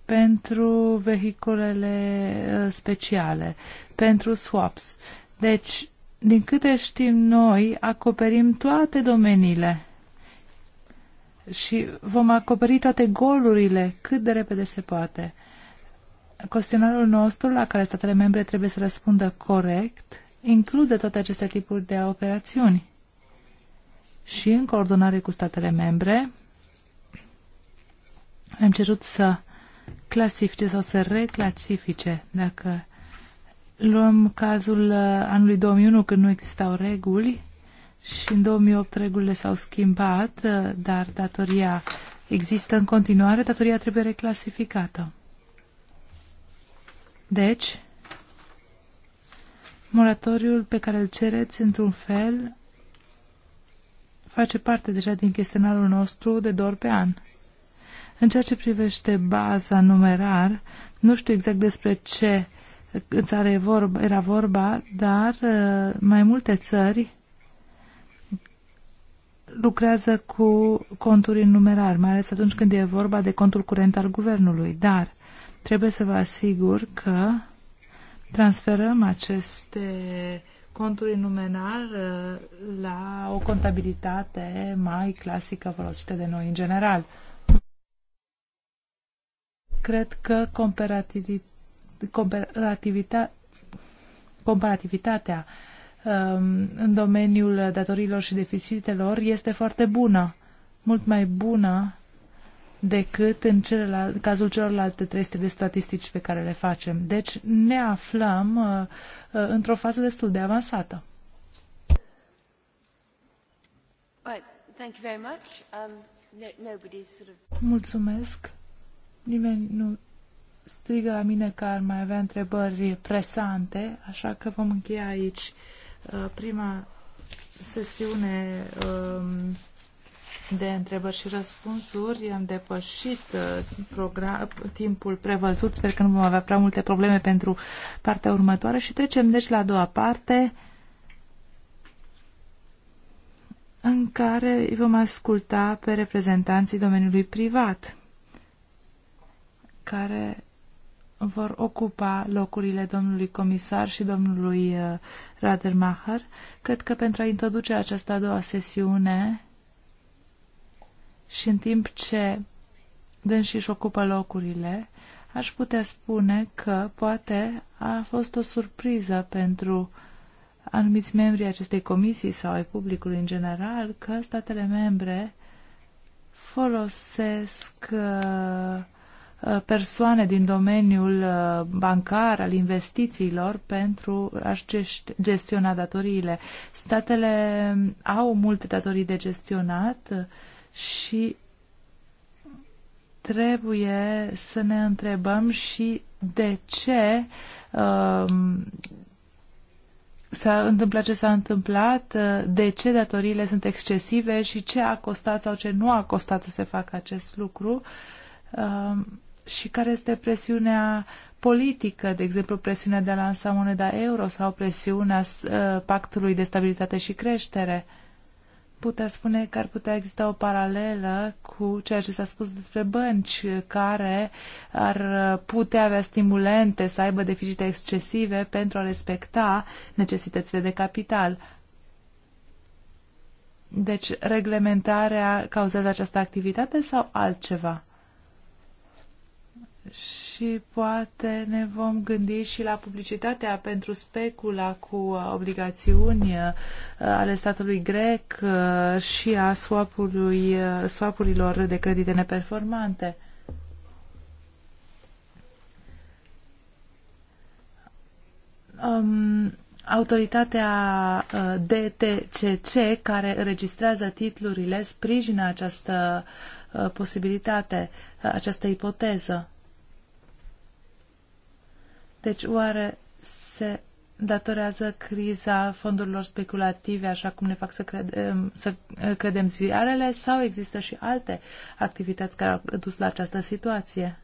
pentru vehiculele uh, speciale, pentru swaps. Deci, din câte știm noi, acoperim toate domeniile și vom acoperi toate golurile cât de repede se poate. Costionarul nostru, la care statele membre trebuie să răspundă corect, include toate aceste tipuri de operațiuni. Și în coordonare cu statele membre, am cerut să clasifice sau să reclasifice, dacă luăm cazul uh, anului 2001 când nu existau reguli, și în 2008 regulile s-au schimbat, uh, dar datoria există în continuare, datoria trebuie reclasificată. Deci, moratoriul pe care îl cereți, într-un fel, face parte deja din chestionarul nostru de doar pe an. În ceea ce privește baza numerar, nu știu exact despre ce țară era vorba, dar uh, mai multe țări lucrează cu conturi în numerar, mai ales atunci când e vorba de contul curent al guvernului, dar trebuie să vă asigur că transferăm aceste conturi în numerar uh, la o contabilitate mai clasică folosită de noi în general. Cred că comparativita, comparativitatea Um, în domeniul datorilor și deficitelor este foarte bună, mult mai bună decât în celălalt, cazul celorlalte 300 de statistici pe care le facem. Deci ne aflăm uh, uh, într-o fază destul de avansată. Um, Mulțumesc. Nimeni nu strigă la mine că ar mai avea întrebări presante, așa că vom încheia aici Uh, prima sesiune um, de întrebări și răspunsuri. Am depășit uh, program, timpul prevăzut. Sper că nu vom avea prea multe probleme pentru partea următoare și trecem deci la a doua parte în care îi vom asculta pe reprezentanții domeniului privat care vor ocupa locurile domnului comisar și domnului uh, Radermacher. Cred că pentru a introduce această a doua sesiune și în timp ce dânsi își ocupă locurile, aș putea spune că poate a fost o surpriză pentru anumiți membrii acestei comisii sau ai publicului în general că statele membre folosesc uh, Uh, persoane din domeniul uh, bancar, al investițiilor, pentru a-și gestiona datoriile. Statele au multe datorii de gestionat uh, și trebuie să ne întrebăm și de ce s-a întâmplat ce s-a întâmplat, de ce datoriile sunt excesive și ce a costat sau ce nu a costat să se facă acest lucru și care este presiunea politică, de exemplu presiunea de a lansa moneda euro sau presiunea uh, pactului de stabilitate și creștere. Putea spune că ar putea exista o paralelă cu ceea ce s-a spus despre bănci care ar putea avea stimulente să aibă deficite excesive pentru a respecta necesitățile de capital. Deci, reglementarea cauzează această activitate sau altceva? și poate ne vom gândi și la publicitatea pentru specula cu uh, obligațiuni uh, ale statului grec uh, și a swapurilor de credite neperformante. Um, autoritatea DTCC care registrează titlurile sprijină această posibilitate, această ipoteză. Deci, oare se datorează criza fondurilor speculative, așa cum ne fac să credem, um, să uh, credem ziarele, sau există și alte activități care au dus la această situație?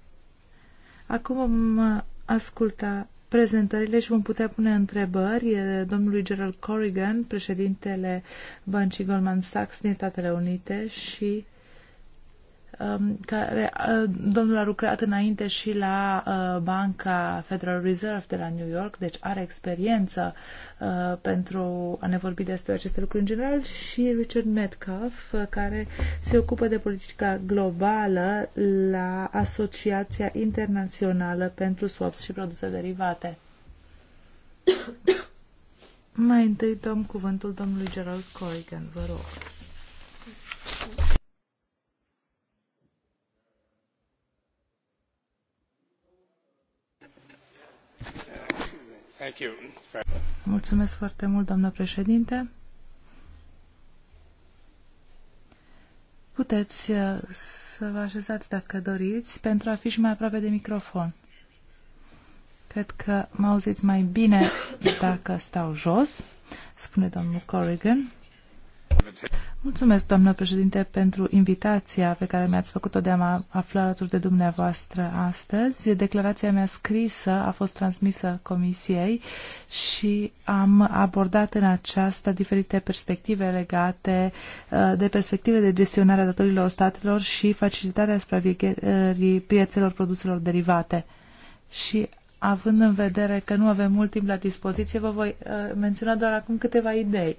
Acum vom uh, asculta prezentările și vom putea pune întrebări domnului Gerald Corrigan, președintele băncii Goldman Sachs din Statele Unite și Um, care uh, domnul a lucrat înainte și la uh, Banca Federal Reserve de la New York, deci are experiență uh, pentru a ne vorbi despre aceste lucruri în general, și Richard Metcalf, care se ocupă de politica globală la Asociația Internațională pentru Swaps și Produse Derivate. Mai întâi dăm cuvântul domnului Gerald Corrigan, vă rog. Mulțumesc foarte mult, doamnă președinte. Puteți uh, să vă așezați dacă doriți pentru a fi și mai aproape de microfon. Cred că mă auziți mai bine dacă stau jos, spune domnul Corrigan. Mulțumesc, doamnă președinte, pentru invitația pe care mi-ați făcut-o de a mă afla alături de dumneavoastră astăzi. Declarația mea scrisă a fost transmisă Comisiei și am abordat în aceasta diferite perspective legate uh, de perspective de gestionare a datorilor statelor și facilitarea supravegherii piețelor produselor derivate. Și având în vedere că nu avem mult timp la dispoziție, vă voi uh, menționa doar acum câteva idei.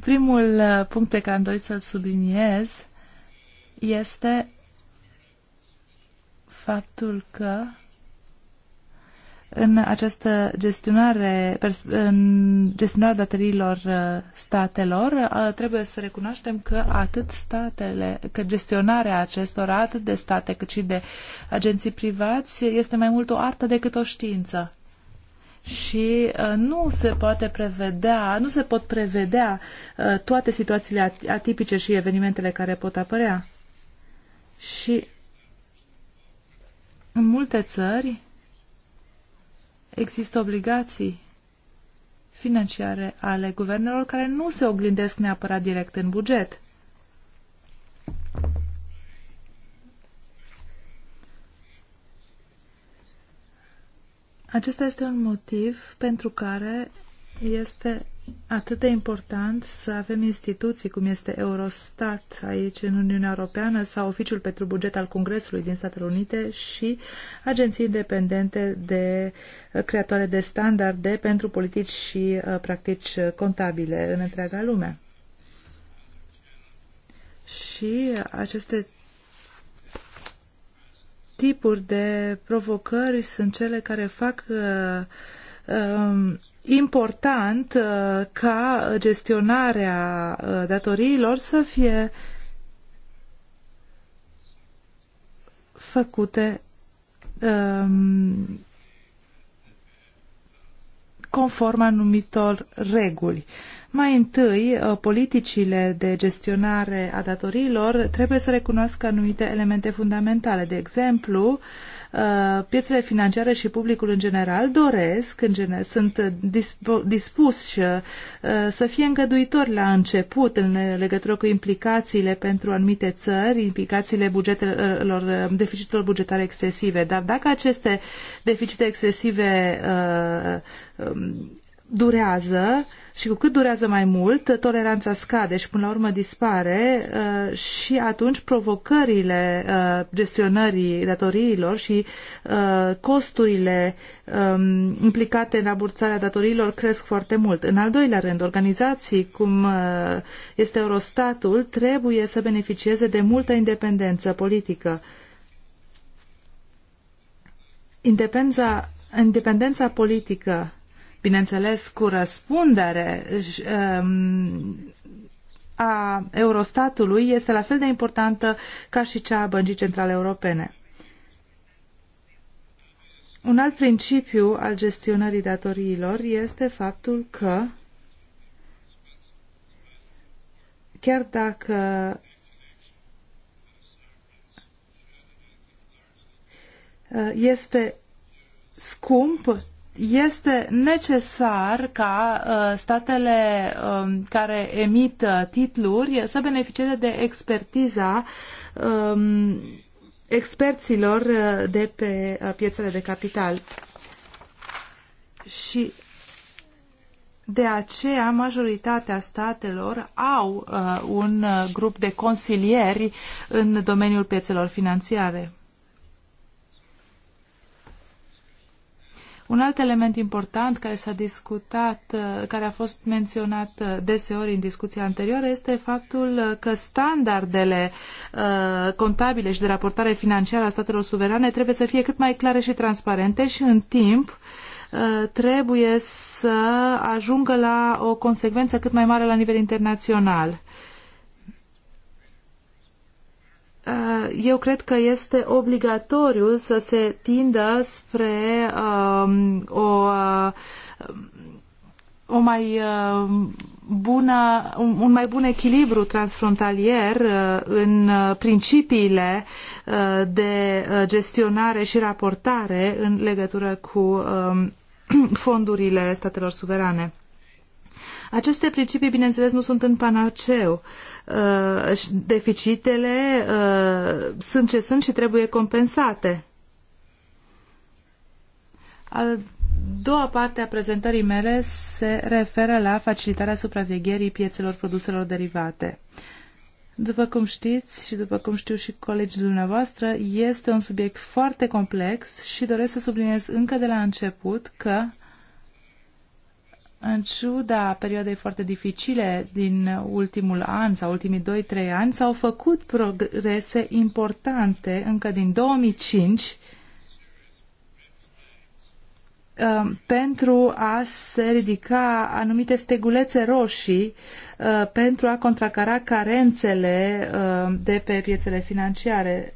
Primul uh, punct pe care am dorit să-l subliniez este faptul că în această gestionare, în gestionarea datoriilor uh, statelor, uh, trebuie să recunoaștem că atât statele, că gestionarea acestor atât de state cât și de agenții privați, este mai mult o artă decât o știință. Și uh, nu se poate prevedea, nu se pot prevedea toate situațiile atipice și evenimentele care pot apărea. Și în multe țări, Există obligații financiare ale guvernelor care nu se oglindesc neapărat direct în buget. Acesta este un motiv pentru care este atât de important să avem instituții cum este Eurostat aici în Uniunea Europeană sau Oficiul pentru Buget al Congresului din Statele Unite și agenții independente de uh, creatoare de standarde pentru politici și uh, practici uh, contabile în întreaga lume. Și aceste tipuri de provocări sunt cele care fac uh, uh, important uh, ca gestionarea uh, datoriilor să fie făcute um, conform anumitor reguli. Mai întâi, uh, politicile de gestionare a datoriilor trebuie să recunoască anumite elemente fundamentale, de exemplu, uh, Uh, piețele financiare și publicul în general doresc, în general, sunt dispuși uh, să fie îngăduitori la început în legătură cu implicațiile pentru anumite țări, implicațiile bugetelor, uh, deficitelor bugetare excesive. Dar dacă aceste deficite excesive um, durează, și cu cât durează mai mult, toleranța scade și până la urmă dispare uh, și atunci provocările uh, gestionării datoriilor și uh, costurile um, implicate în aburțarea datoriilor cresc foarte mult. În al doilea rând, organizații cum este Eurostatul trebuie să beneficieze de multă independență politică. Independența, independența politică bineînțeles cu răspundere um, a Eurostatului este la fel de importantă ca și cea a Băncii Centrale Europene. Un alt principiu al gestionării datoriilor este faptul că chiar dacă este scump este necesar ca uh, statele um, care emit uh, titluri să beneficieze de expertiza um, experților uh, de pe piețele de capital. Și de aceea, majoritatea statelor au uh, un grup de consilieri în domeniul piețelor financiare. Un alt element important care s-a discutat, uh, care a fost menționat uh, deseori în discuția anterioară, este faptul uh, că standardele contabile și de raportare financiară a statelor suverane trebuie să fie cât mai clare și transparente și în timp trebuie să ajungă la o consecvență cât mai mare la nivel internațional Eh, eu cred că este obligatoriu să se tindă spre um, o, uh, o mai uh, bună, un, un mai bun echilibru transfrontalier uh, în principiile de gestionare și raportare în legătură cu um, fondurile statelor suverane. Aceste principii, bineînțeles, nu sunt în panaceu. Uh, Uh, deficitele uh, sunt ce sunt și trebuie compensate. A doua parte a prezentării mele se referă la facilitarea supravegherii piețelor produselor derivate. După cum știți și după cum știu și colegii dumneavoastră, este un subiect foarte complex și doresc să subliniez încă de la început că în ciuda perioadei foarte dificile din ultimul an sau ultimii 2-3 ani, s-au făcut progrese importante încă din 2005 uh, pentru a se ridica anumite stegulețe roșii uh, pentru a contracara carențele uh, de pe piețele financiare.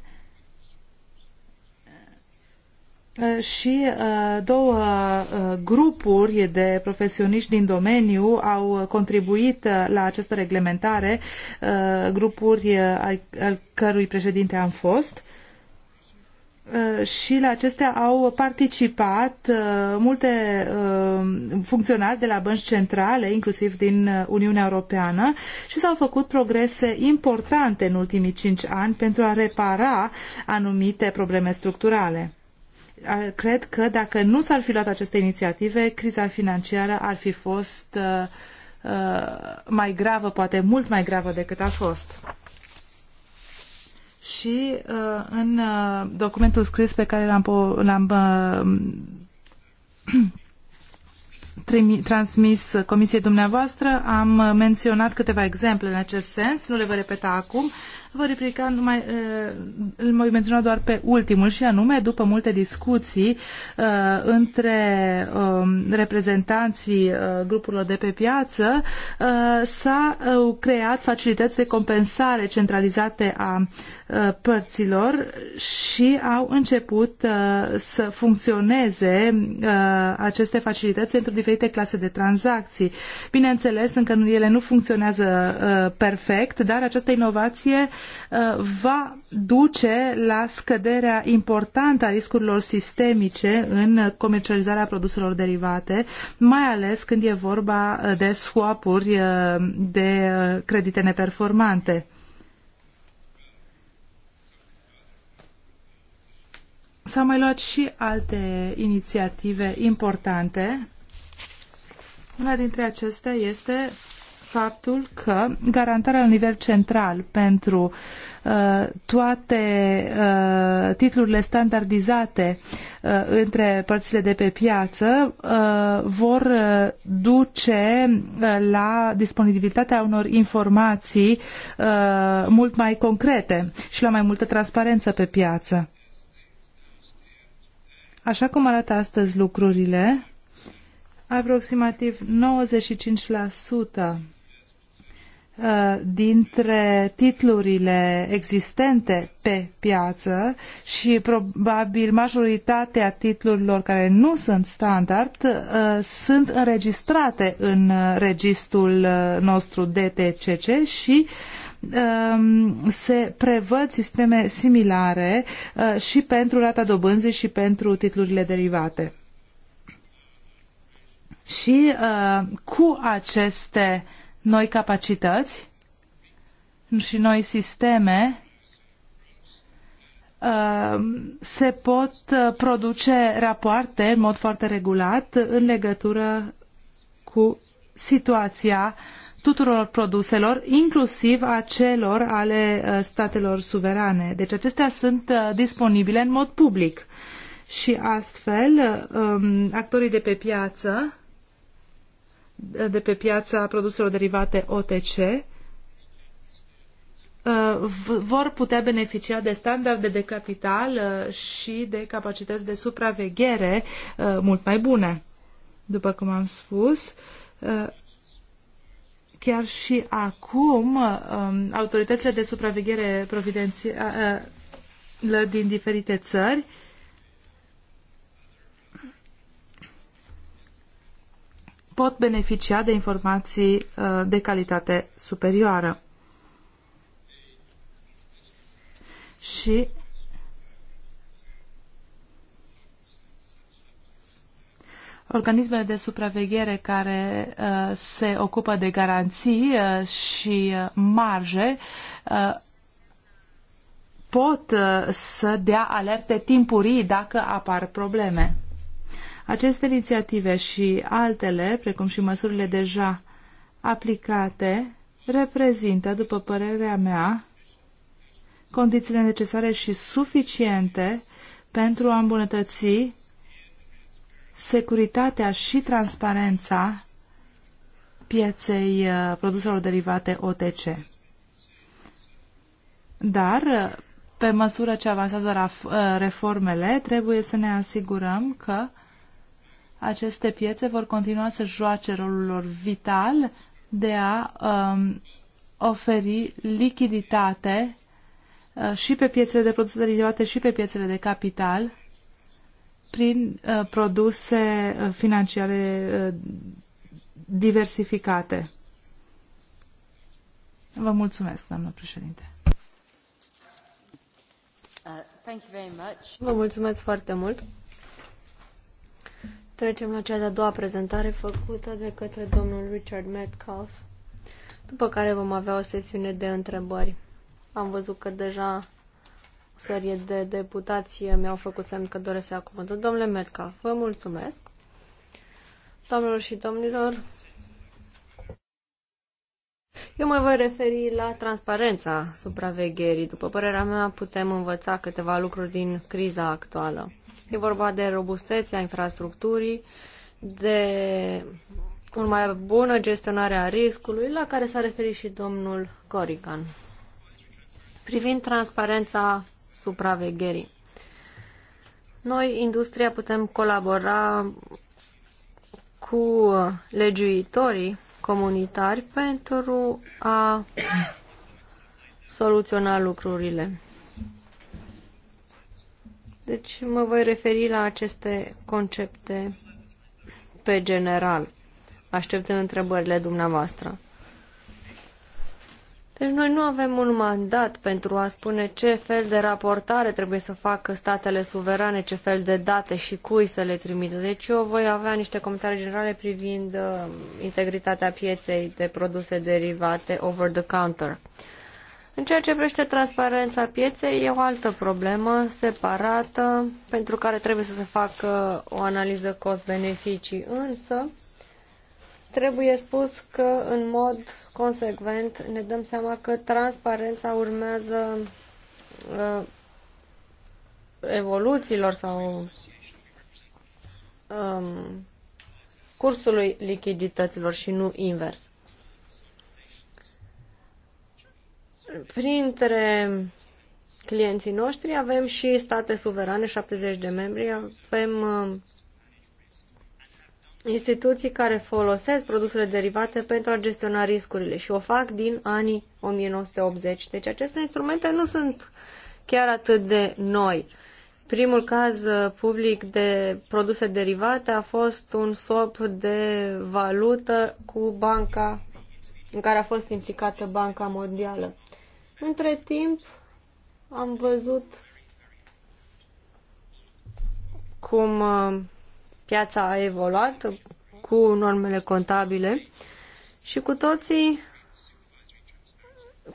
Uh, și uh, două uh, grupuri de profesioniști din domeniu au contribuit la această reglementare, grupuri al cărui președinte am fost și la acestea au participat multe funcționari de la bănci centrale, inclusiv din Uniunea Europeană, și s-au făcut progrese importante în ultimii cinci ani pentru a repara anumite probleme structurale. Cred că dacă nu s-ar fi luat aceste inițiative, criza financiară ar fi fost uh, uh, mai gravă, poate mult mai gravă decât a fost. Și uh, în documentul scris pe care l-am, l-am transmis comisiei dumneavoastră. Am menționat câteva exemple în acest sens, nu le voi repeta acum, vă replica numai, îl voi menționa doar pe ultimul și anume, după multe discuții uh, între um, reprezentanții uh, grupurilor de pe piață, uh, s-au creat facilități de compensare centralizate a părților și au început să funcționeze aceste facilități pentru diferite clase de tranzacții. Bineînțeles, încă ele nu funcționează perfect, dar această inovație Uh, va duce la scăderea importantă a riscurilor sistemice în comercializarea produselor derivate, mai ales când e vorba uh, de swap-uri uh, de credite neperformante. S-au mai luat și alte inițiative importante. Una dintre acestea este faptul că garantarea la nivel central pentru uh, toate uh, titlurile standardizate uh, între părțile de pe piață uh, vor uh, duce uh, la disponibilitatea unor informații mult mai concrete și la mai multă transparență pe piață. Așa cum arată astăzi lucrurile, aproximativ 95% Uh, dintre titlurile existente pe piață și probabil majoritatea titlurilor care nu sunt standard uh, sunt înregistrate în uh, registrul nostru DTCC și um, se prevăd sisteme similare și pentru rata dobânzii și pentru titlurile derivate. Și cu aceste noi capacități și noi sisteme uh, se pot uh, produce rapoarte în mod foarte regulat în legătură cu situația tuturor produselor, inclusiv a celor ale uh, statelor suverane. Deci acestea sunt disponibile în mod public. Și astfel, um, actorii de pe piață de pe piața produselor derivate OTC uh, vor putea beneficia de standarde de capital uh, și de capacități de supraveghere uh, mult mai bune. După cum am spus, chiar și acum um, autoritățile de supraveghere providențială din diferite țări pot beneficia de informații uh, de calitate superioară. Și organismele de supraveghere care uh, se ocupă de garanții uh, și uh, marje uh, pot uh, să dea alerte timpurii dacă apar probleme. Aceste inițiative și altele, precum și măsurile deja aplicate, reprezintă, după părerea mea, condițiile necesare și suficiente pentru a îmbunătăți securitatea și transparența pieței uh, produselor derivate OTC. Dar, uh, pe măsură ce avansează uh, reformele, trebuie să ne asigurăm că aceste piețe vor continua să joace rolul lor vital de a um, oferi lichiditate uh, și pe piețele de produse derivate și pe piețele de capital prin uh, produse uh, financiare uh, diversificate. Vă mulțumesc, doamnă președinte. Uh, Vă mulțumesc foarte mult. Trecem la cea de-a doua prezentare făcută de către domnul Richard Metcalf, după care vom avea o sesiune de întrebări. Am văzut că deja o serie de deputați mi-au făcut semn că doresc să ia cuvântul. Domnule Metcalf, vă mulțumesc. Doamnelor și domnilor, eu mă voi referi la transparența supravegherii. După părerea mea, putem învăța câteva lucruri din criza actuală. E vorba de robustețea infrastructurii, de o mai bună gestionare a riscului, la care s-a referit și domnul Corican. Privind transparența supravegherii. Noi, industria, putem colabora cu legiuitorii comunitari pentru a soluționa lucrurile. Deci mă voi referi la aceste concepte pe general. Așteptăm întrebările dumneavoastră. Deci noi nu avem un mandat pentru a spune ce fel de raportare trebuie să facă statele suverane, ce fel de date și cui să le trimită. Deci eu voi avea niște comentarii generale privind uh, integritatea pieței de produse derivate over the counter. Uh, în ceea ce privește transparența pieței, e o altă problemă separată pentru care trebuie să se facă o analiză cost-beneficii, însă trebuie spus că în mod consecvent ne dăm seama că transparența urmează uh, evoluțiilor sau um, cursului lichidităților și nu invers. Printre clienții noștri avem și state suverane, 70 de membri, avem uh, instituții care folosesc produsele derivate pentru a gestiona riscurile și o fac din anii 1980. Deci aceste instrumente nu sunt chiar atât de noi. Primul caz uh, public de produse derivate a fost un swap de valută cu banca în care a fost implicată Banca Mondială. Între timp, am văzut cum uh, piața a evoluat cu normele contabile și cu toții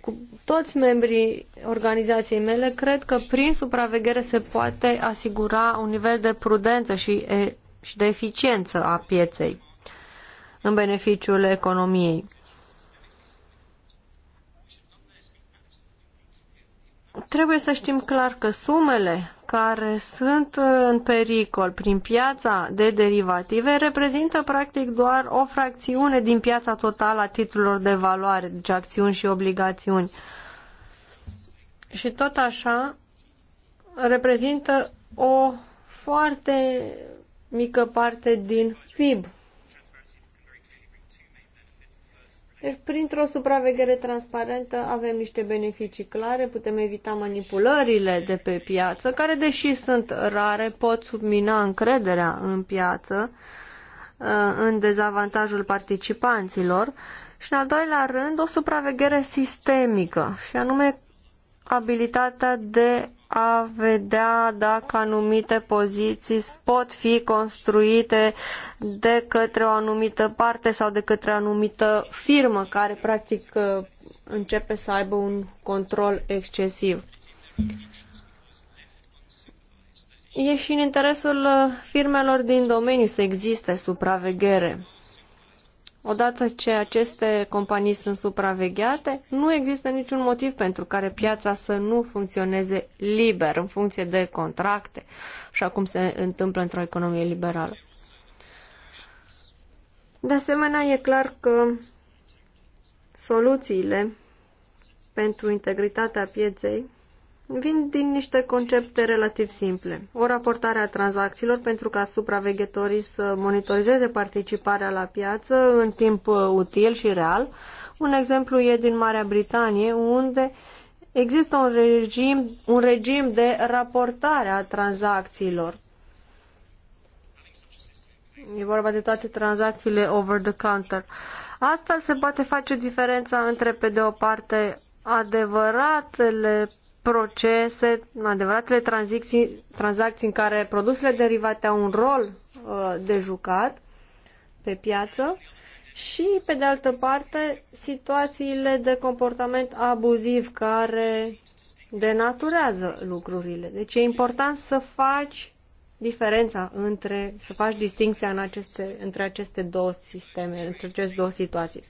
cu toți membrii organizației mele, cred că prin supraveghere se poate asigura un nivel de prudență și, e, și de eficiență a pieței în beneficiul economiei. Trebuie să știm clar că sumele care sunt în pericol prin piața de derivative reprezintă practic doar o fracțiune din piața totală a titlurilor de valoare, deci acțiuni și obligațiuni. Și tot așa reprezintă o foarte mică parte din PIB. Deci, printr-o supraveghere transparentă, avem niște beneficii clare, putem evita manipulările de pe piață, care, deși sunt rare, pot submina încrederea în piață, uh, în dezavantajul participanților. Și, în al doilea rând, o supraveghere sistemică, și anume abilitatea de a vedea dacă anumite poziții pot fi construite de către o anumită parte sau de către o anumită firmă care practic uh, începe să aibă un control excesiv. E și în interesul uh, firmelor din domeniu să existe supraveghere. Odată ce aceste companii sunt supravegheate, nu există niciun motiv pentru care piața să nu funcționeze liber în funcție de contracte, așa cum se întâmplă într-o economie liberală. De asemenea, e clar că soluțiile pentru integritatea pieței vin din niște concepte relativ simple. O raportare a tranzacțiilor pentru ca supraveghetorii să monitorizeze participarea la piață în timp util și real. Un exemplu e din Marea Britanie, unde există un regim, un regim de raportare a tranzacțiilor. E vorba de toate tranzacțiile over the counter. Asta se poate face diferența între, pe de o parte, adevăratele procese, în adevăratele tranzacții, în care produsele derivate au un rol uh, de jucat pe piață și, pe de altă parte, situațiile de comportament abuziv care denaturează lucrurile. Deci e important să faci diferența între, să faci distinția în aceste, între aceste două sisteme, între aceste două situații.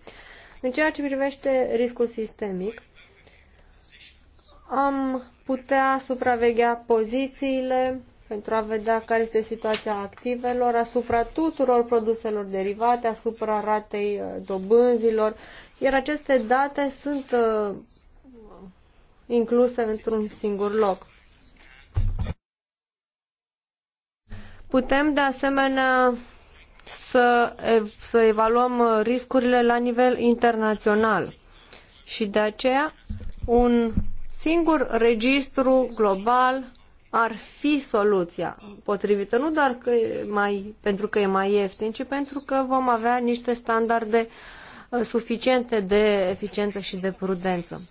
În ceea ce privește riscul sistemic, am putea supraveghea pozițiile pentru a vedea care este situația activelor asupra tuturor produselor derivate, asupra ratei uh, dobânzilor, iar aceste date sunt uh, incluse într-un singur loc. Putem de asemenea să, ev să evaluăm uh, riscurile la nivel internațional și de aceea un singur registru global ar fi soluția potrivită, nu doar că e mai, pentru că e mai ieftin, ci pentru că vom avea niște standarde uh, suficiente de eficiență și de prudență.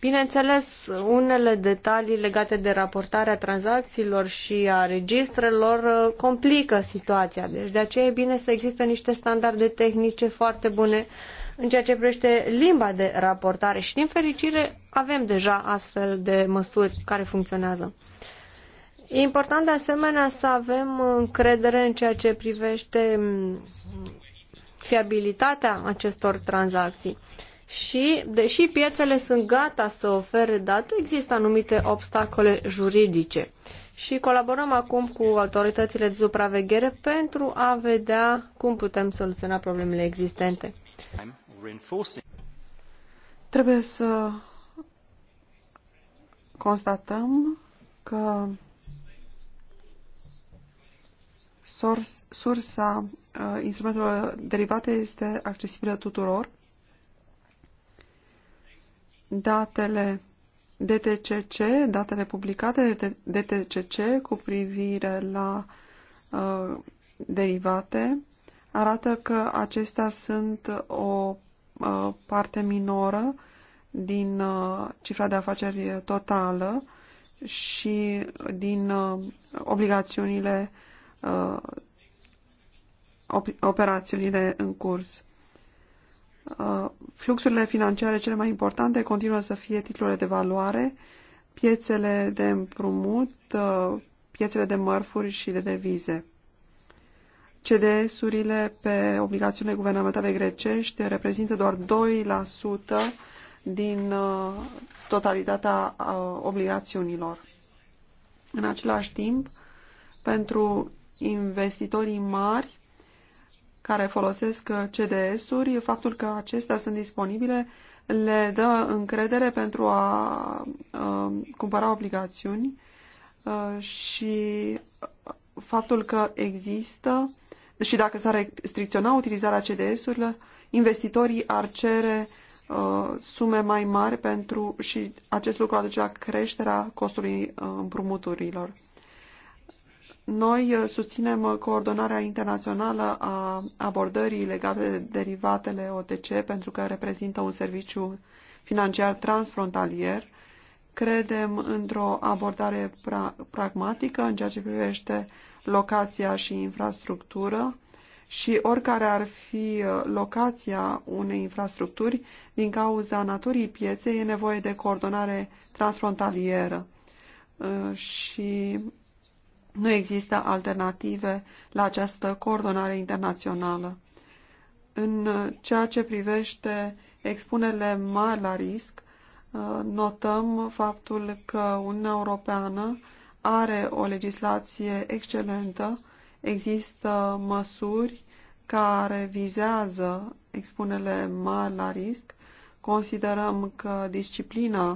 Bineînțeles, unele detalii legate de raportarea tranzacțiilor și a registrelor uh, complică situația, deci de aceea e bine să existe niște standarde tehnice foarte bune uh, în ceea ce privește limba de raportare și din fericire avem deja astfel de măsuri care funcționează. E important de asemenea să avem încredere în ceea ce privește fiabilitatea acestor tranzacții. Și, deși piețele sunt gata să ofere date, există anumite obstacole juridice. Și colaborăm acum cu autoritățile de supraveghere pentru a vedea cum putem soluționa problemele existente. Trebuie să constatăm că sursa uh, instrumentelor derivate este accesibilă tuturor. Datele DTCC, datele publicate de DTCC cu privire la uh, derivate, arată că acestea sunt o Uh, parte minoră din uh, cifra de afaceri totală și din uh, obligațiunile operațiunile în curs. Fluxurile financiare cele mai importante continuă să fie titlurile de valoare, piețele de împrumut, piețele de mărfuri și de devize. CDS-urile pe obligațiunile guvernamentale grecești reprezintă doar 2% din uh, totalitatea uh, obligațiunilor. În același timp, pentru investitorii mari care folosesc uh, CDS-uri, faptul că acestea sunt disponibile le dă încredere pentru a cumpăra obligațiuni și faptul că există și dacă s-ar restricționa utilizarea CDS-urilor, investitorii ar cere uh, sume mai mari pentru și acest lucru aduce la creșterea costului uh, împrumuturilor. Noi uh, susținem coordonarea internațională a abordării legate de derivatele OTC pentru că reprezintă un serviciu financiar transfrontalier Credem într-o abordare pra pragmatică în ceea ce privește locația și infrastructură și oricare ar fi uh, locația unei infrastructuri, din cauza naturii pieței, e nevoie de coordonare transfrontalieră uh, și nu există alternative la această coordonare internațională. În uh, ceea ce privește expunerile mari la risc, notăm faptul că Uniunea Europeană are o legislație excelentă, există măsuri care vizează expunele mari la risc. Considerăm că disciplina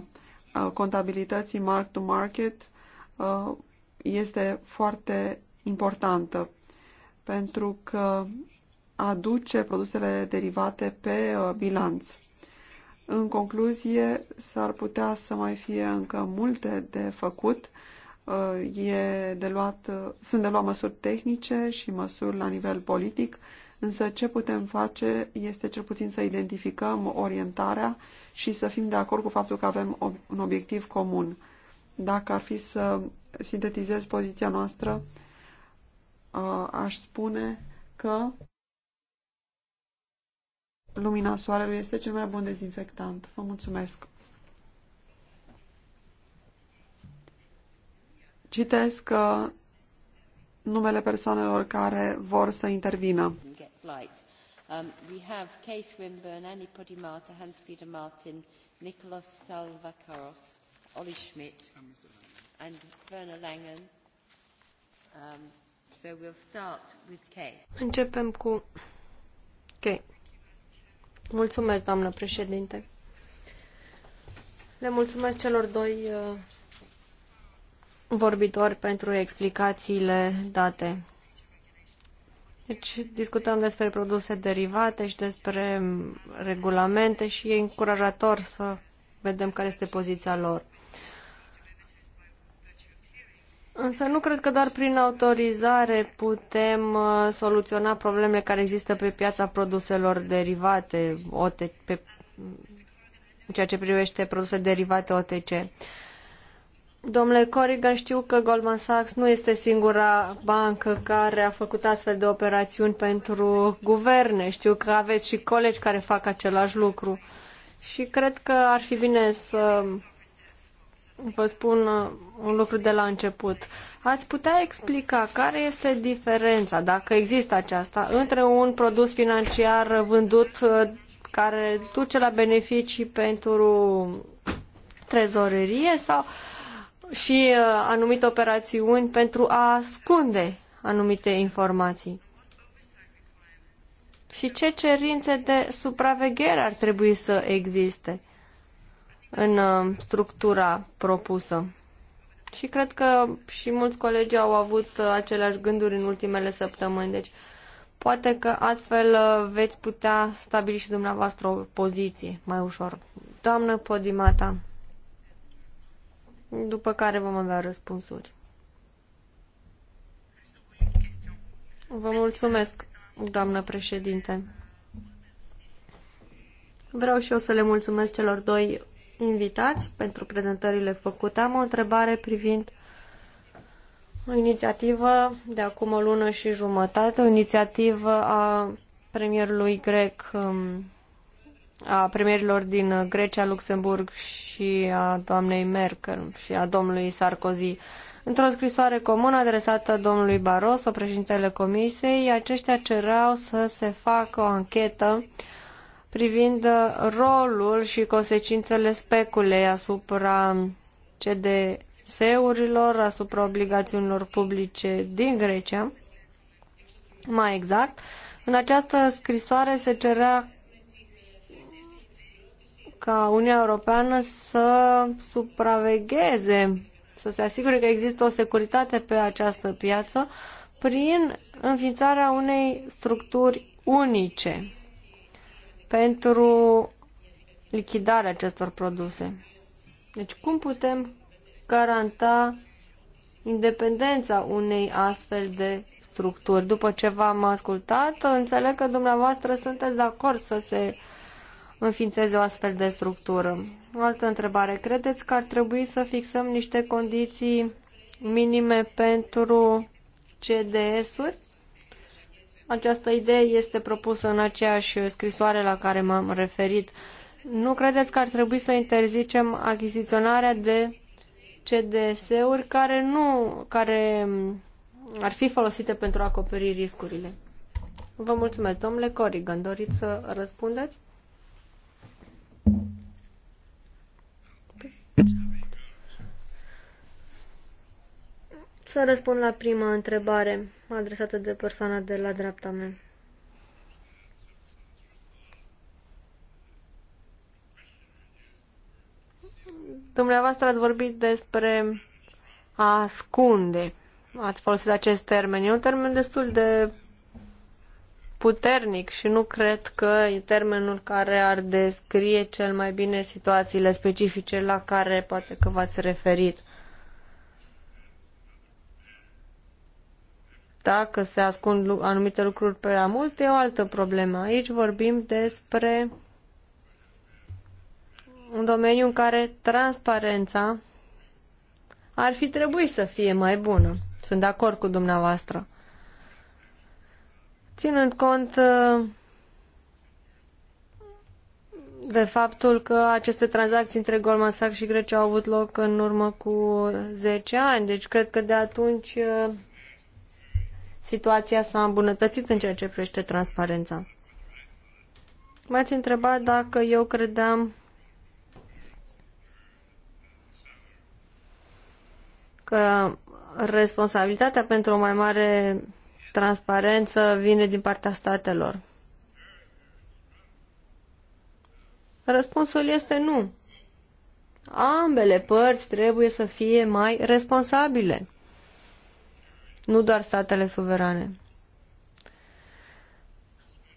uh, contabilității mark-to-market uh, este foarte importantă pentru că aduce produsele derivate pe uh, bilanț. În concluzie, s-ar putea să mai fie încă multe de făcut. Uh, e de luat, uh, sunt de luat măsuri tehnice și măsuri la nivel politic, însă ce putem face este cel puțin să identificăm orientarea și să fim de acord cu faptul că avem un obiectiv comun. Dacă ar fi să sintetizez poziția noastră, uh, aș spune că lumina soarelui este cel mai bun dezinfectant. Vă mulțumesc! Citesc uh, numele persoanelor care vor să intervină. Um, we have Kay Swinburne, Annie Podimata, Hans-Peter Martin, Nicholas Salvakaros, Schmidt and Werner Langen. Um, so we'll start with Kay. Începem cu Kay. Okay. Mulțumesc, doamnă președinte. Le mulțumesc celor doi uh, vorbitori pentru explicațiile date. Deci discutăm despre produse derivate și despre um, regulamente și e încurajator să vedem care este poziția lor. Însă nu cred că doar prin autorizare putem uh, soluționa problemele care există pe piața produselor derivate, OT, pe, în ceea ce privește produse derivate OTC. Domnule Corrigan, știu că Goldman Sachs nu este singura bancă care a făcut astfel de operațiuni pentru guverne. Știu că aveți și colegi care fac același lucru. Și cred că ar fi bine să vă spun uh, un lucru de la început. Ați putea explica care este diferența, dacă există aceasta, între un produs financiar vândut uh, care duce la beneficii pentru trezorerie sau și uh, anumite operațiuni pentru a ascunde anumite informații? Și ce cerințe de supraveghere ar trebui să existe? în uh, structura propusă. Și cred că și mulți colegi au avut uh, aceleași gânduri în ultimele săptămâni, deci poate că astfel uh, veți putea stabili și dumneavoastră o poziție mai ușor. Doamnă Podimata, după care vom avea răspunsuri. Vă mulțumesc, doamnă președinte. Vreau și eu să le mulțumesc celor doi invitați pentru prezentările făcute. Am o întrebare privind o inițiativă de acum o lună și jumătate, o inițiativă a premierului grec, um, a premierilor din Grecia, Luxemburg și a doamnei Merkel și a domnului Sarkozy. Într-o scrisoare comună adresată domnului Barroso, președintele Comisiei, aceștia cereau să se facă o anchetă uh, privind uh, rolul și consecințele speculei asupra CDS-urilor, asupra obligațiunilor publice din Grecia. Mai exact, în această scrisoare se cerea ca Uniunea Europeană să supravegheze, să se asigure că există o securitate pe această piață prin înființarea unei structuri unice pentru lichidarea acestor produse. Deci cum putem garanta independența unei astfel de structuri? După ce v-am ascultat, înțeleg că dumneavoastră sunteți de acord să se înființeze o astfel de structură. O altă întrebare. Credeți că ar trebui să fixăm niște condiții minime pentru CDS-uri? Această idee este propusă în aceeași scrisoare la care m-am referit. Nu credeți că ar trebui să interzicem achiziționarea de CDS-uri care nu, care ar fi folosite pentru a acoperi riscurile? Vă mulțumesc, domnule Corrigan. Doriți să răspundeți? să răspund la prima întrebare adresată de persoana de la dreapta mea. Dumneavoastră ați vorbit despre a ascunde. Ați folosit acest termen. E un termen destul de puternic și nu cred că e termenul care ar descrie cel mai bine situațiile specifice la care poate că v-ați referit. Dacă se ascund anumite lucruri prea mult, e o altă problemă. Aici vorbim despre un domeniu în care transparența ar fi trebuit să fie mai bună. Sunt de acord cu dumneavoastră. Ținând cont uh, de faptul că aceste tranzacții între Goldman Sachs și Grecia au avut loc în urmă cu 10 ani, deci cred că de atunci uh, situația s-a îmbunătățit în ceea ce privește transparența. M-ați întrebat dacă eu credeam că responsabilitatea pentru o mai mare transparență vine din partea statelor. Răspunsul este nu. Ambele părți trebuie să fie mai responsabile nu doar statele suverane.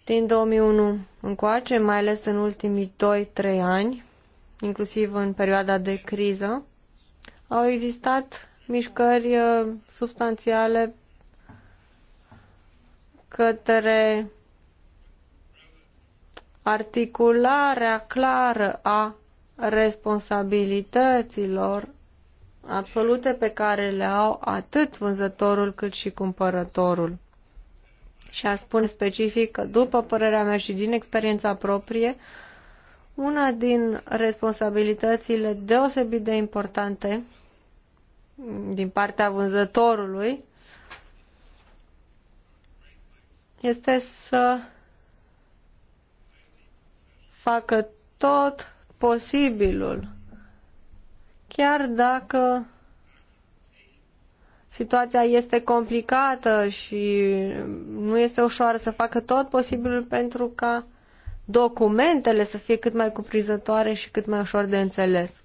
Din 2001 încoace, mai ales în ultimii 2-3 ani, inclusiv în perioada de criză, au existat mișcări uh, substanțiale către articularea clară a responsabilităților absolute pe care le au atât vânzătorul cât și cumpărătorul. Și a spune specific că, după părerea mea și din experiența proprie, una din responsabilitățile deosebit de importante din partea vânzătorului este să facă tot posibilul Chiar dacă situația este complicată și nu este ușoară să facă tot posibilul pentru ca documentele să fie cât mai cuprinzătoare și cât mai ușor de înțeles.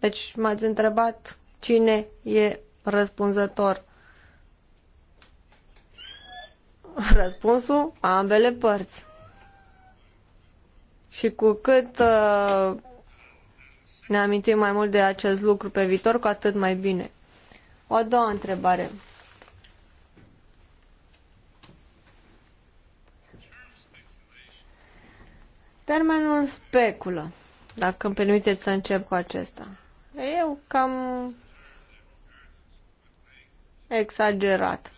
Deci m-ați întrebat cine e răspunzător. Răspunsul ambele părți. Și cu cât uh, ne amintim mai mult de acest lucru pe viitor, cu atât mai bine. O a doua întrebare. Termenul speculă, dacă îmi permiteți să încep cu acesta. Eu cam exagerat.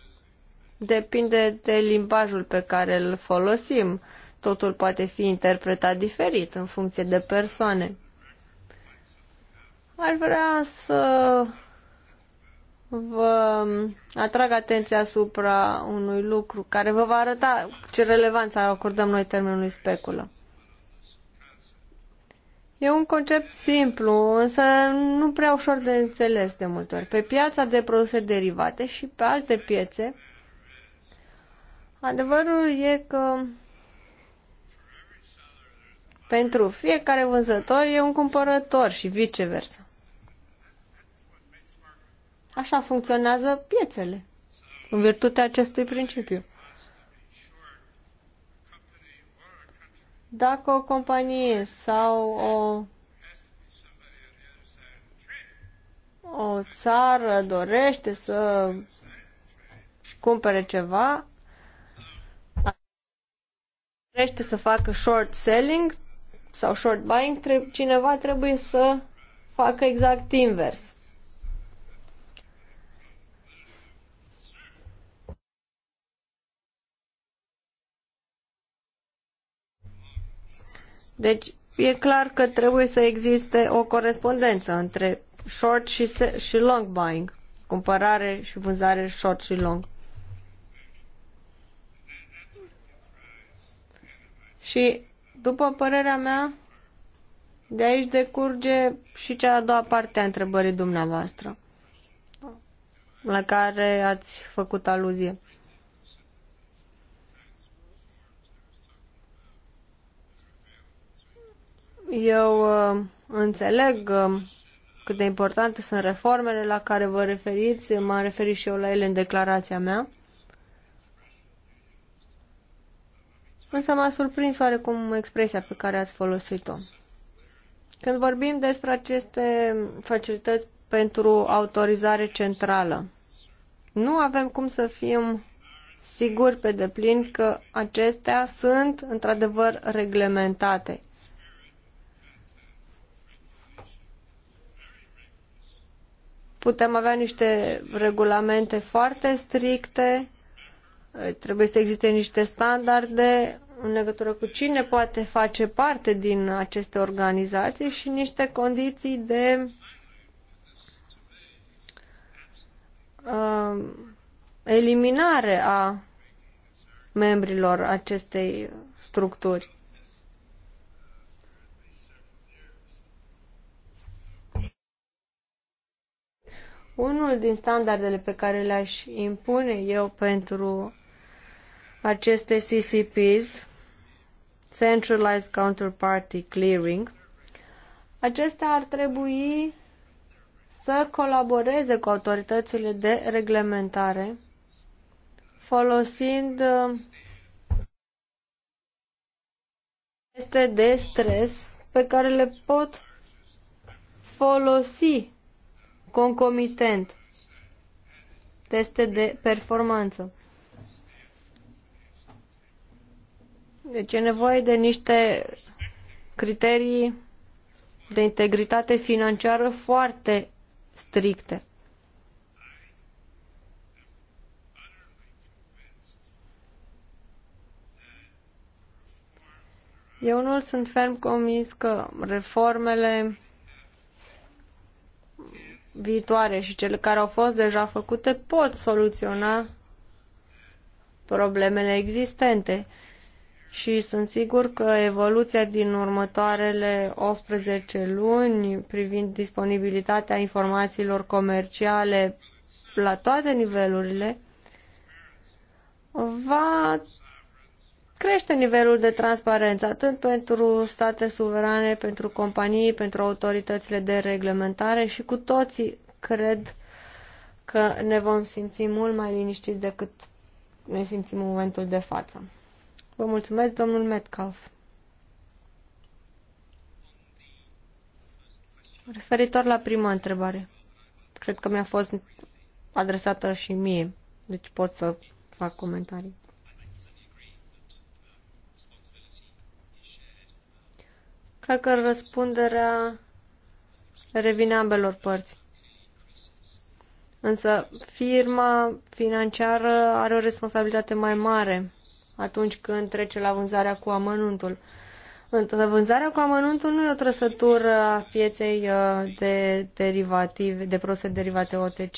Depinde de limbajul pe care îl folosim. Totul poate fi interpretat diferit în funcție de persoane. Ar vrea să vă atrag atenția asupra unui lucru care vă va arăta ce relevanță acordăm noi termenului speculă. E un concept simplu, însă nu prea ușor de înțeles de multe ori. Pe piața de produse derivate și pe alte piețe, adevărul e că pentru fiecare vânzător e un cumpărător și viceversa. Așa funcționează piețele, în virtutea acestui principiu. Dacă o companie sau o o țară dorește să cumpere ceva, dorește să facă short selling sau short buying, cineva trebuie să facă exact invers. Deci e clar că trebuie să existe o corespondență între short și, și long buying, cumpărare și vânzare short și long. Și, după părerea mea, de aici decurge și cea a doua parte a întrebării dumneavoastră, la care ați făcut aluzie. Eu uh, înțeleg uh, cât de importante sunt reformele la care vă referiți, m-am referit și eu la ele în declarația mea. Însă m-a surprins oarecum expresia pe care ați folosit-o. Când vorbim despre aceste facilități pentru autorizare centrală, nu avem cum să fim siguri pe deplin că acestea sunt într-adevăr reglementate. putem avea niște regulamente foarte stricte, trebuie să existe niște standarde în legătură cu cine poate face parte din aceste organizații și niște condiții de uh, eliminare a membrilor acestei structuri. Unul din standardele pe care le-aș impune eu pentru aceste CCPs, Centralized Counterparty Clearing, acestea ar trebui să colaboreze cu autoritățile de reglementare folosind este de stres pe care le pot folosi concomitent, teste de performanță. Deci e nevoie de niște criterii de integritate financiară foarte stricte. Eu nu sunt ferm convins că reformele viitoare și cele care au fost deja făcute pot soluționa problemele existente și sunt sigur că evoluția din următoarele 18 luni privind disponibilitatea informațiilor comerciale la toate nivelurile va crește nivelul de transparență atât pentru state suverane, pentru companii, pentru autoritățile de reglementare și cu toții cred că ne vom simți mult mai liniștiți decât ne simțim în momentul de față. Vă mulțumesc, domnul Metcalf. Referitor la prima întrebare, cred că mi-a fost adresată și mie, deci pot să fac comentarii. Cred că răspunderea revine ambelor părți. Însă firma financiară are o responsabilitate mai mare atunci când trece la vânzarea cu amănuntul. Însă vânzarea cu amănuntul nu e o trăsătură a pieței uh, de derivative, de produse derivate OTC.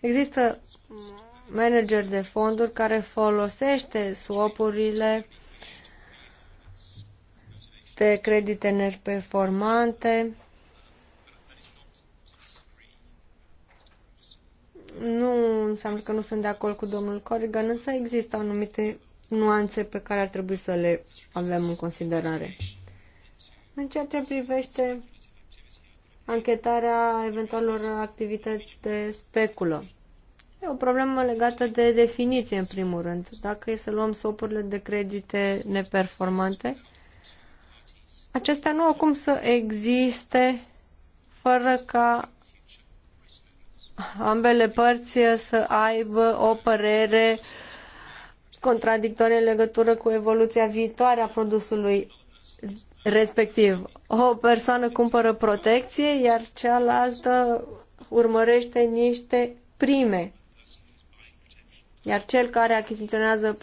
Există manager de fonduri care folosește swapurile aceste credite neperformante. Nu înseamnă că nu sunt de acord cu domnul Corrigan, însă există anumite nuanțe pe care ar trebui să le avem în considerare. În ceea ce privește anchetarea eventualelor activități de speculă. E o problemă legată de definiție, în primul rând. Dacă e să luăm sopurile de credite neperformante, acestea nu au cum să existe fără ca ambele părți să aibă o părere contradictorie în legătură cu evoluția viitoare a produsului respectiv. O persoană cumpără protecție, iar cealaltă urmărește niște prime. Iar cel care achiziționează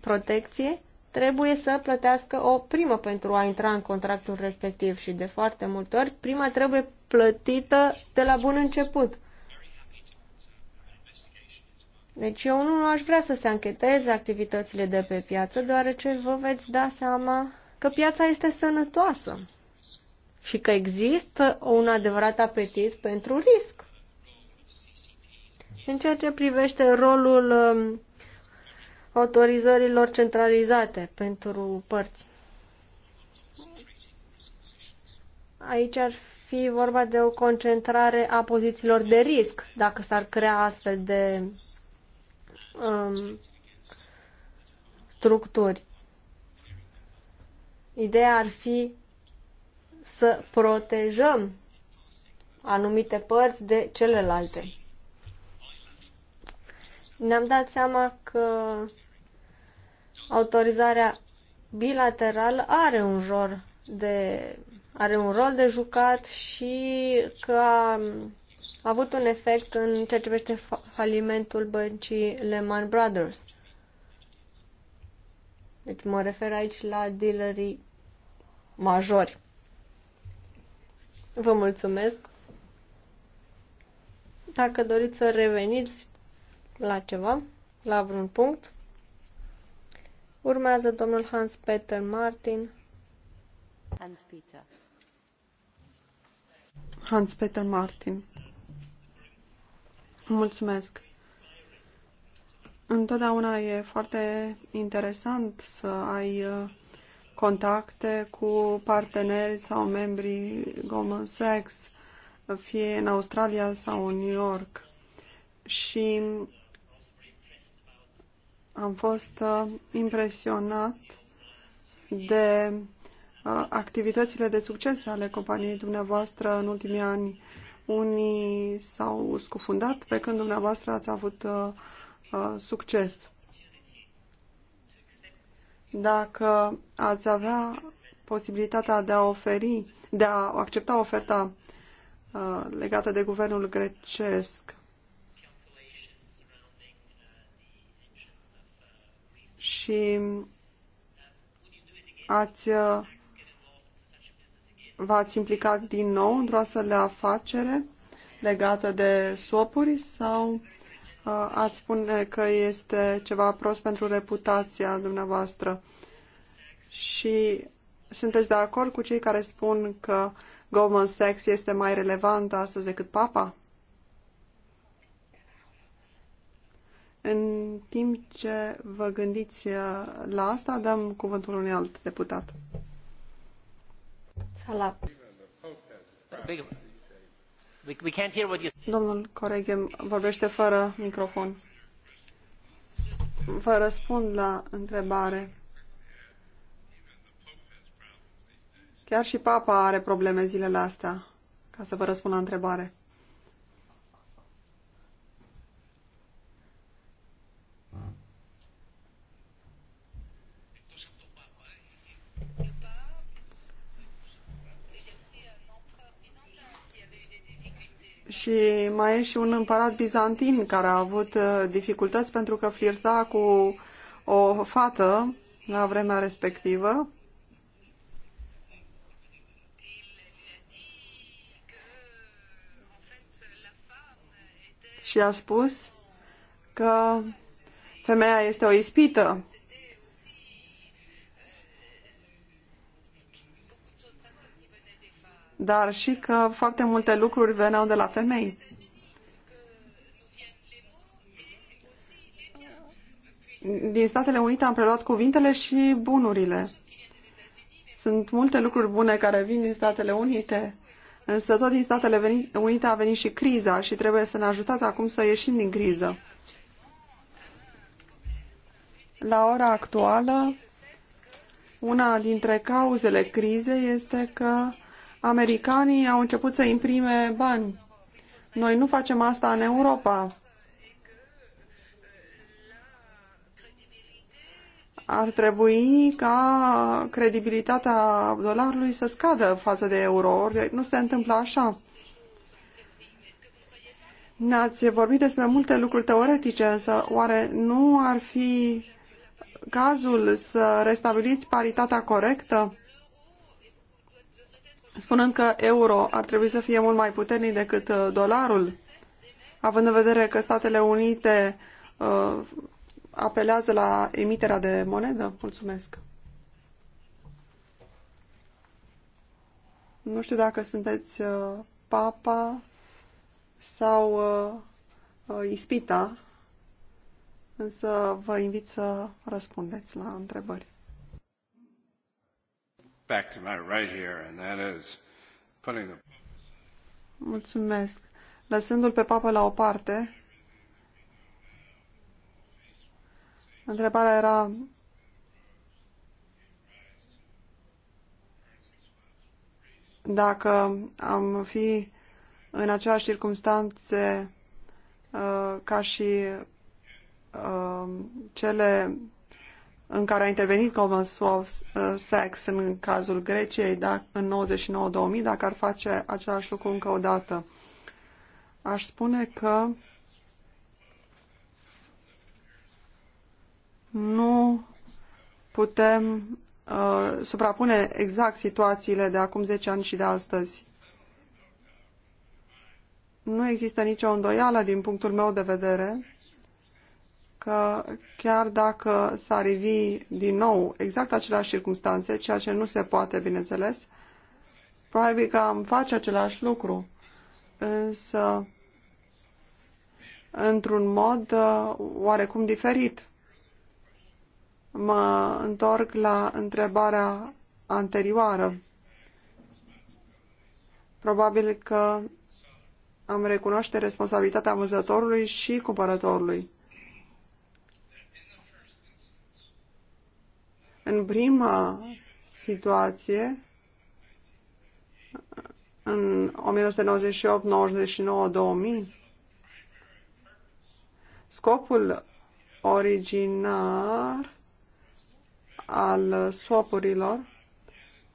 protecție trebuie să plătească o primă pentru a intra în contractul respectiv și de foarte multe ori prima trebuie plătită de la bun început. Deci eu nu aș vrea să se ancheteze activitățile de pe piață, deoarece vă veți da seama că piața este sănătoasă și că există un adevărat apetit pentru risc. În ceea ce privește rolul um, autorizărilor centralizate pentru părți. Aici ar fi vorba de o concentrare a pozițiilor de risc, dacă s-ar crea astfel de um, structuri. Ideea ar fi să protejăm anumite părți de celelalte. Ne-am dat seama că autorizarea bilaterală are un rol de are un rol de jucat și că a avut un efect în ceea ce privește falimentul băncii Lehman Brothers. Deci mă refer aici la dealerii majori. Vă mulțumesc. Dacă doriți să reveniți la ceva, la vreun punct. Urmează domnul Hans Peter Martin. Hans Peter. Hans Peter Martin. Mulțumesc. Întotdeauna e foarte interesant să ai uh, contacte cu parteneri sau membrii Goldman Sachs, fie în Australia sau în New York. Și am fost uh, impresionat de uh, activitățile de succes ale companiei dumneavoastră în ultimii ani. Unii s-au scufundat pe când dumneavoastră ați avut uh, succes. Dacă ați avea posibilitatea de a oferi, de a accepta oferta legată de guvernul grecesc, și ați uh, v-ați implicat din nou într-o astfel de afacere legată de swapuri sau uh, ați spune că este ceva prost pentru reputația dumneavoastră? Și sunteți de acord cu cei care spun că Goldman Sachs este mai relevant astăzi decât Papa? În timp ce vă gândiți uh, la asta, dăm cuvântul unui alt deputat. Sala. Domnul Coregem vorbește fără microfon. Vă răspund la întrebare. Chiar și papa are probleme zilele astea, ca să vă răspund la întrebare. Și mai e și un împărat bizantin care a avut uh, dificultăți pentru că flirta cu o fată la vremea respectivă. Și a spus că femeia este o ispită dar și că foarte multe lucruri veneau de la femei. Din Statele Unite am preluat cuvintele și bunurile. Sunt multe lucruri bune care vin din Statele Unite, însă tot din Statele Unite a venit și criza și trebuie să ne ajutați acum să ieșim din criză. La ora actuală, una dintre cauzele crizei este că americanii au început să imprime bani. Noi nu facem asta în Europa. Ar trebui ca credibilitatea dolarului să scadă față de euro, nu se întâmplă așa. Ne-ați vorbit despre multe lucruri teoretice, însă oare nu ar fi cazul să restabiliți paritatea corectă? spunând că euro ar trebui să fie mult mai puternic decât uh, dolarul, având în vedere că Statele Unite uh, apelează la emiterea de monedă? Mulțumesc. Nu știu dacă sunteți uh, papa sau uh, uh ispita, însă vă invit să răspundeți la întrebări back to my right here, and that is putting the... Mulțumesc. Lăsându-l pe papă la o parte, întrebarea era dacă am fi în aceleași circunstanțe uh, ca și uh, cele în care a intervenit Common uh, Sachs în cazul Greciei da, în 99-2000, dacă ar face același lucru încă o dată. Aș spune că nu putem uh, suprapune exact situațiile de acum 10 ani și de astăzi. Nu există nicio îndoială din punctul meu de vedere că chiar dacă s-ar ivi din nou exact aceleași circunstanțe, ceea ce nu se poate, bineînțeles, probabil că am face același lucru, însă într-un mod uh, oarecum diferit. Mă întorc la întrebarea anterioară. Probabil că am recunoaște responsabilitatea vânzătorului și cumpărătorului. În prima situație, în 1998, 99, 2000, scopul originar al swapurilor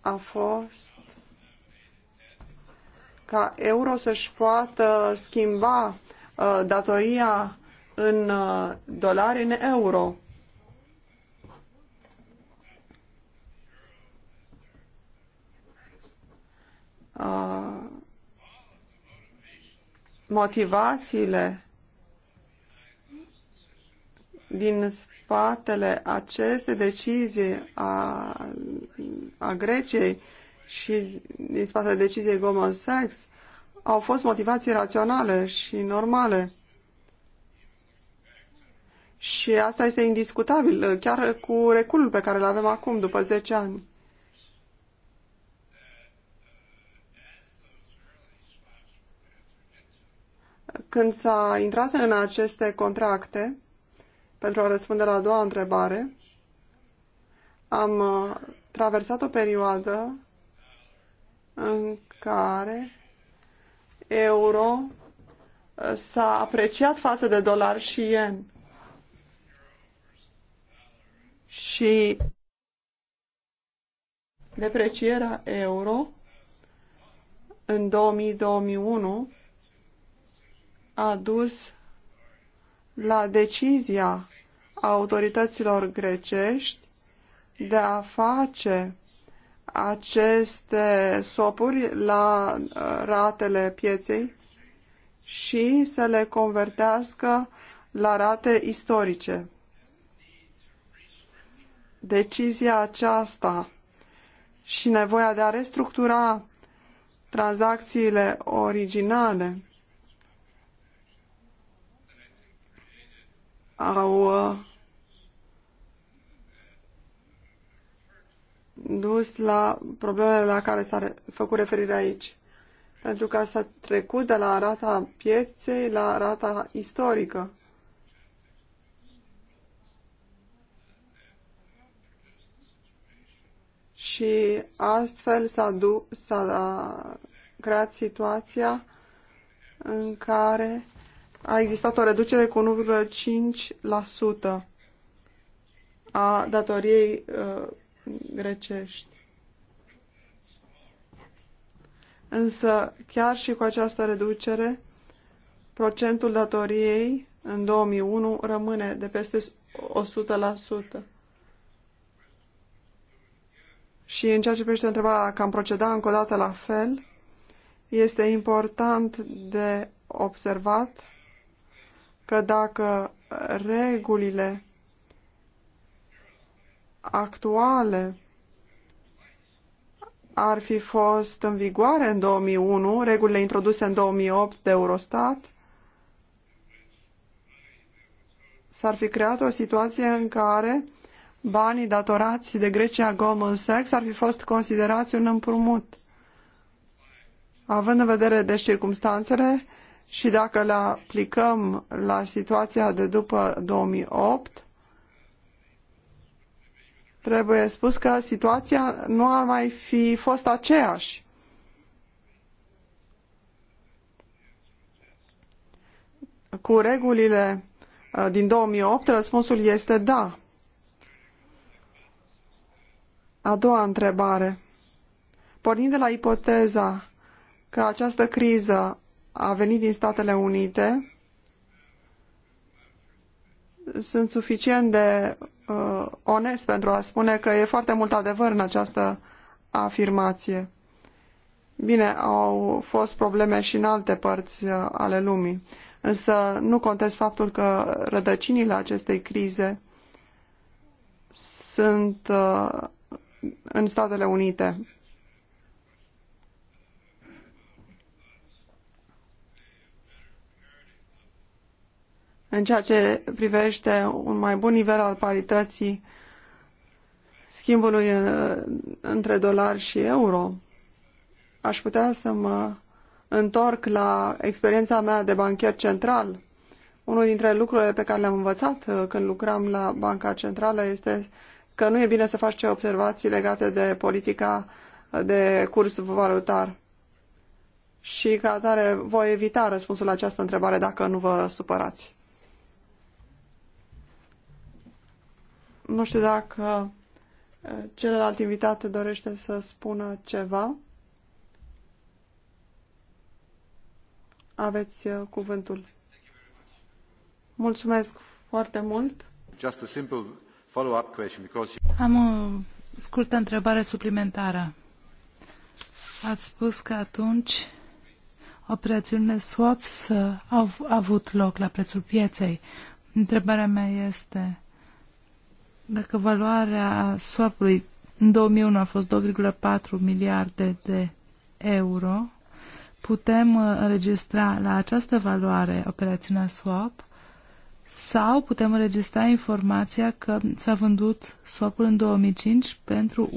a fost ca euro să-și poată schimba uh, datoria în uh, dolari în euro. Uh, motivațiile din spatele acestei decizii a, a Greciei și din spatele deciziei Goldman Sachs au fost motivații raționale și normale. Și asta este indiscutabil, chiar cu reculul pe care îl avem acum, după 10 ani. Când s-a intrat în aceste contracte, pentru a răspunde la a doua întrebare, am uh, traversat o perioadă în care euro uh, s-a apreciat față de dolar și yen. Și deprecierea euro în 2001 a dus la decizia autorităților grecești de a face aceste sopuri la uh, ratele pieței și să le convertească la rate istorice. Decizia aceasta și nevoia de a restructura tranzacțiile originale au uh, dus la problemele la care s-a făcut referire aici. Pentru că s-a trecut de la rata pieței la rata istorică. Și astfel s-a, creat situația în care a existat o reducere cu 1,5% a datoriei uh, grecești. Însă, chiar și cu această reducere, procentul datoriei în 2001 rămâne de peste 100%. Și în ceea ce privește întrebarea dacă am proceda încă o dată la fel, este important de observat că dacă regulile actuale ar fi fost în vigoare în 2001, regulile introduse în 2008 de Eurostat, s-ar fi creat o situație în care banii datorați de Grecia Goldman Sachs ar fi fost considerați un împrumut. Având în vedere de deci, circumstanțele, și dacă le aplicăm la situația de după 2008, trebuie spus că situația nu ar mai fi fost aceeași. Cu regulile uh, din 2008, răspunsul este da. A doua întrebare. Pornind de la ipoteza că această criză a venit din Statele Unite sunt suficient de uh, onest pentru a spune că e foarte mult adevăr în această afirmație. Bine, au fost probleme și în alte părți uh, ale lumii, însă nu contest faptul că rădăcinile acestei crize sunt uh, în Statele Unite. în ceea ce privește un mai bun nivel al parității schimbului uh, între dolar și euro, aș putea să mă întorc la experiența mea de bancher central. Unul dintre lucrurile pe care le-am învățat uh, când lucram la Banca Centrală este că nu e bine să faci ce observații legate de politica de curs valutar. Și ca atare voi evita răspunsul la această întrebare dacă nu vă supărați. Nu știu dacă celălalt invitat dorește să spună ceva. Aveți cuvântul. Mulțumesc foarte mult. Just a simple follow-up question because Am o scurtă întrebare suplimentară. Ați spus că atunci operațiunile swaps uh, au avut loc la prețul pieței. Întrebarea mea este dacă valoarea swap-ului în 2001 a fost 2,4 miliarde de euro, putem uh, înregistra la această valoare operațiunea swap sau putem înregistra informația că s-a vândut swap-ul în 2005 pentru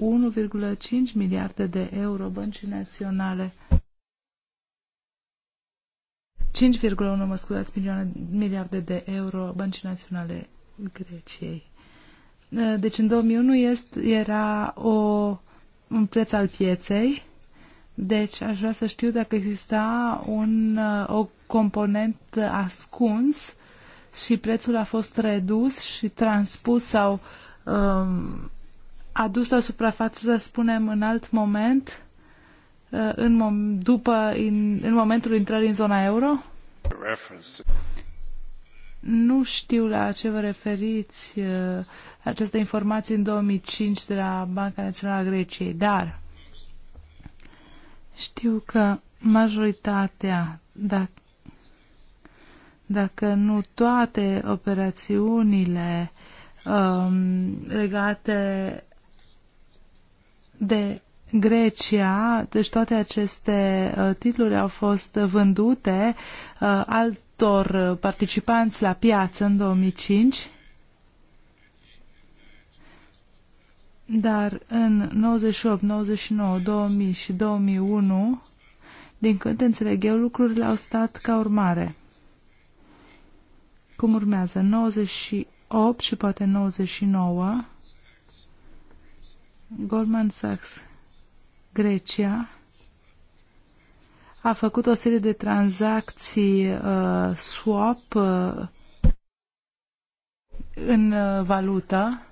1,5 miliarde de euro băncii naționale. 5,1 mă scuzați, miliarde de euro băncii naționale Greciei. Eh, deci în 2001 este, era o, un preț al pieței, deci aș vrea să știu dacă exista un, eh, o component ascuns și prețul a fost redus și transpus sau um, adus la suprafață, să spunem, în alt moment, eh, în, mom- după, in, în momentul intrării în zona euro? Nu știu la ce vă referiți această informație în 2005 de la Banca Națională a Greciei, dar știu că majoritatea, dacă, dacă nu toate operațiunile um, legate de Grecia, deci toate aceste uh, titluri au fost vândute uh, altor participanți la piață în 2005 Dar în 98, 99, 2000 și 2001, din când înțeleg eu, lucrurile au stat ca urmare. Cum urmează? 98 și poate 99, Goldman Sachs, Grecia, a făcut o serie de tranzacții uh, swap uh, în uh, valută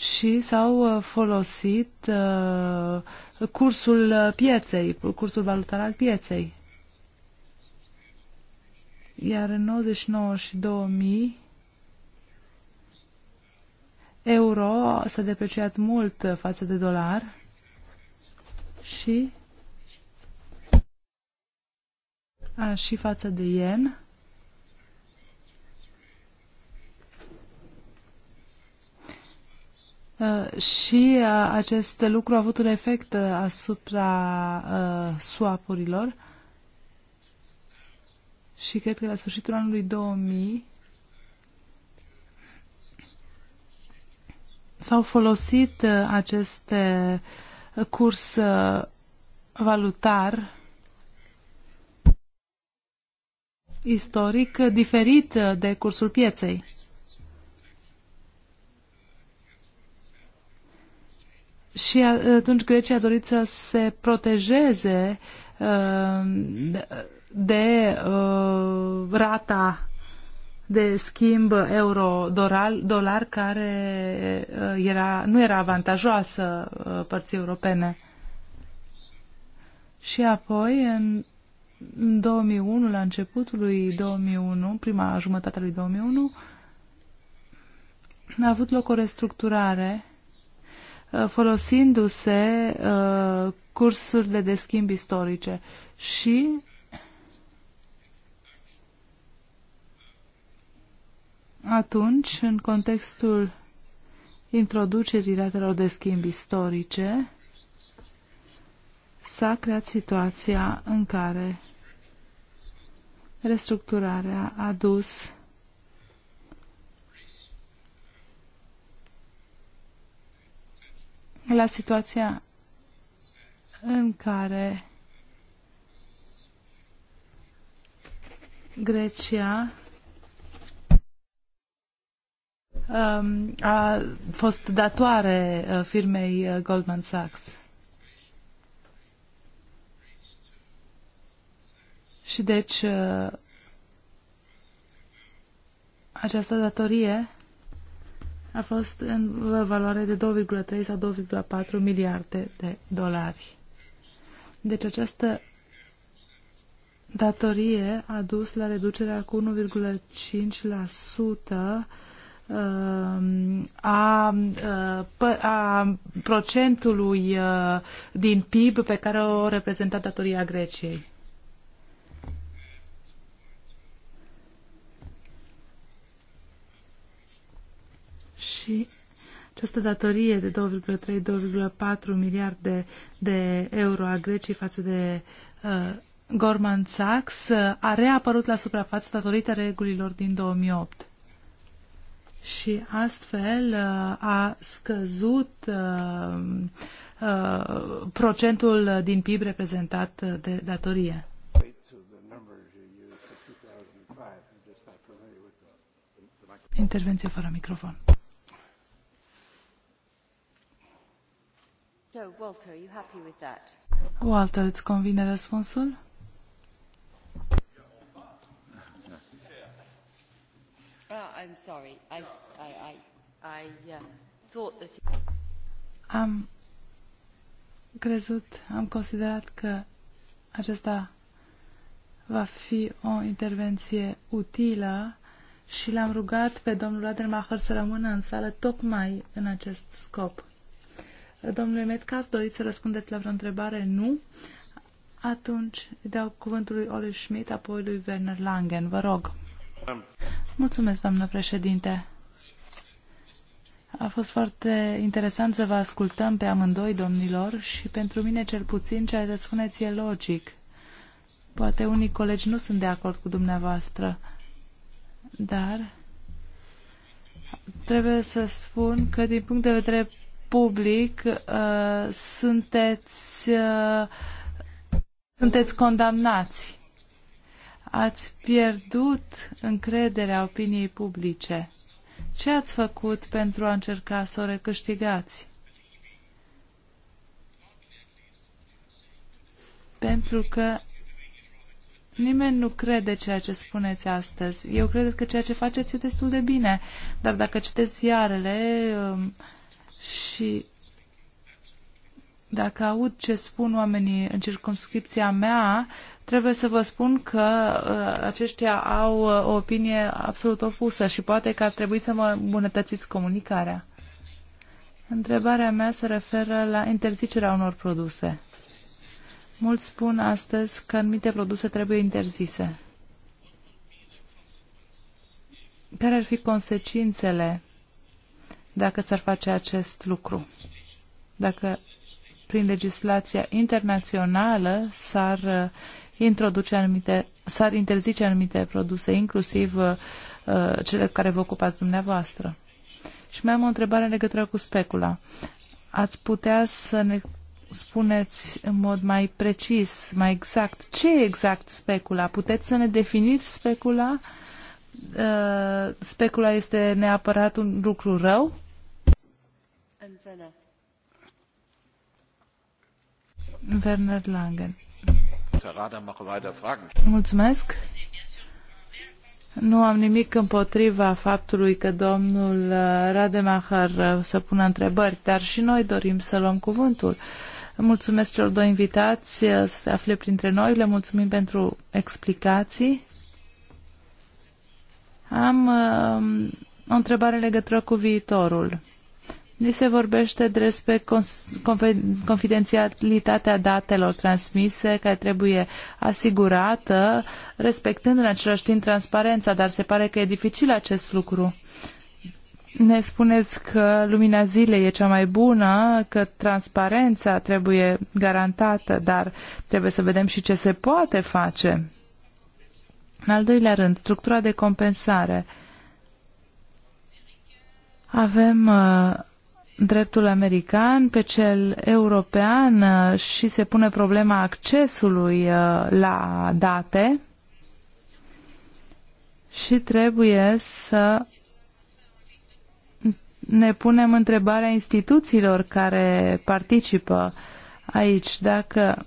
și s-au uh, folosit uh, cursul uh, pieței, cursul valutar al pieței. Iar în 99 și 2000 euro s-a depreciat mult față de dolar și a, și față de yen. Uh, și uh, acest lucru a avut un efect uh, asupra swapurilor și cred că la sfârșitul anului 2000 s-au folosit aceste curs valutar istoric diferit de cursul pieței. Și atunci Grecia a dorit să se protejeze uh, de uh, rata de schimb euro-dolar care uh, era, nu era avantajoasă părții europene. Și apoi, în, în 2001, la începutul lui 2001, prima jumătate a lui 2001, a avut loc o restructurare Uh, folosindu-se uh, cursurile de schimb istorice și atunci, în contextul introducerii datelor de schimb istorice, s-a creat situația în care restructurarea a dus la situația în care Grecia um, a fost datoare uh, firmei uh, Goldman Sachs. Și deci uh, această datorie a fost în valoare de 2,3 sau 2,4 miliarde de dolari. Deci această datorie a dus la reducerea cu 1,5% um, a, uh, a procentului uh, din PIB pe care o reprezenta datoria Greciei. și această datorie de 2,3-2,4 miliarde de euro a Greciei față de uh, Goldman Sachs uh, a reapărut la suprafață datorită regulilor din 2008. Și astfel uh, a scăzut uh, uh, procentul din PIB reprezentat de datorie. Intervenție fără microfon. So, Walter, are you happy with that? Walter, îți convine răspunsul? Am crezut, am considerat că acesta va fi o intervenție utilă și l-am rugat pe domnul Adelmacher să rămână în sală tocmai în acest scop. Domnule Metcalf, doriți să răspundeți la vreo întrebare? Nu. Atunci îi dau cuvântul lui Ole Schmidt, apoi lui Werner Langen. Vă rog. Mulțumesc, doamnă președinte. A fost foarte interesant să vă ascultăm pe amândoi, domnilor, și pentru mine cel puțin ceea ce spuneți e logic. Poate unii colegi nu sunt de acord cu dumneavoastră, dar trebuie să spun că din punct de vedere public uh, sunteți, uh, sunteți condamnați. Ați pierdut încrederea opiniei publice. Ce ați făcut pentru a încerca să o recâștigați? Pentru că Nimeni nu crede ceea ce spuneți astăzi. Eu cred că ceea ce faceți e destul de bine. Dar dacă citeți ziarele, um, și dacă aud ce spun oamenii în circumscripția mea, trebuie să vă spun că uh, aceștia au uh, o opinie absolut opusă și poate că ar trebui să mă îmbunătățiți comunicarea. Întrebarea mea se referă la interzicerea unor produse. Mulți spun astăzi că anumite produse trebuie interzise. Care ar fi consecințele dacă s-ar face acest lucru. Dacă prin legislația internațională s-ar uh, introduce anumite, s-ar interzice anumite produse, inclusiv uh, uh cele care vă ocupați dumneavoastră. Și mai am o întrebare în legătură cu specula. Ați putea să ne spuneți în mod mai precis, mai exact, ce exact specula? Puteți să ne definiți specula? Uh, specula este neapărat un lucru rău? Langen. Werner Langen. Mulțumesc. Nu am nimic împotriva faptului că domnul uh, Rademacher uh, să pună întrebări, dar și noi dorim să luăm cuvântul. Mulțumesc celor doi invitați uh, să se afle printre noi, le mulțumim pentru explicații. Am o întrebare în legătură cu viitorul. Ni se vorbește despre confidențialitatea datelor transmise, care trebuie asigurată, respectând în același timp transparența, dar se pare că e dificil acest lucru. Ne spuneți că lumina zilei e cea mai bună, că transparența trebuie garantată, dar trebuie să vedem și ce se poate face. În al doilea rând, structura de compensare. Avem uh, dreptul american pe cel european uh, și se pune problema accesului uh, la date și trebuie să ne punem întrebarea instituțiilor care participă aici. Dacă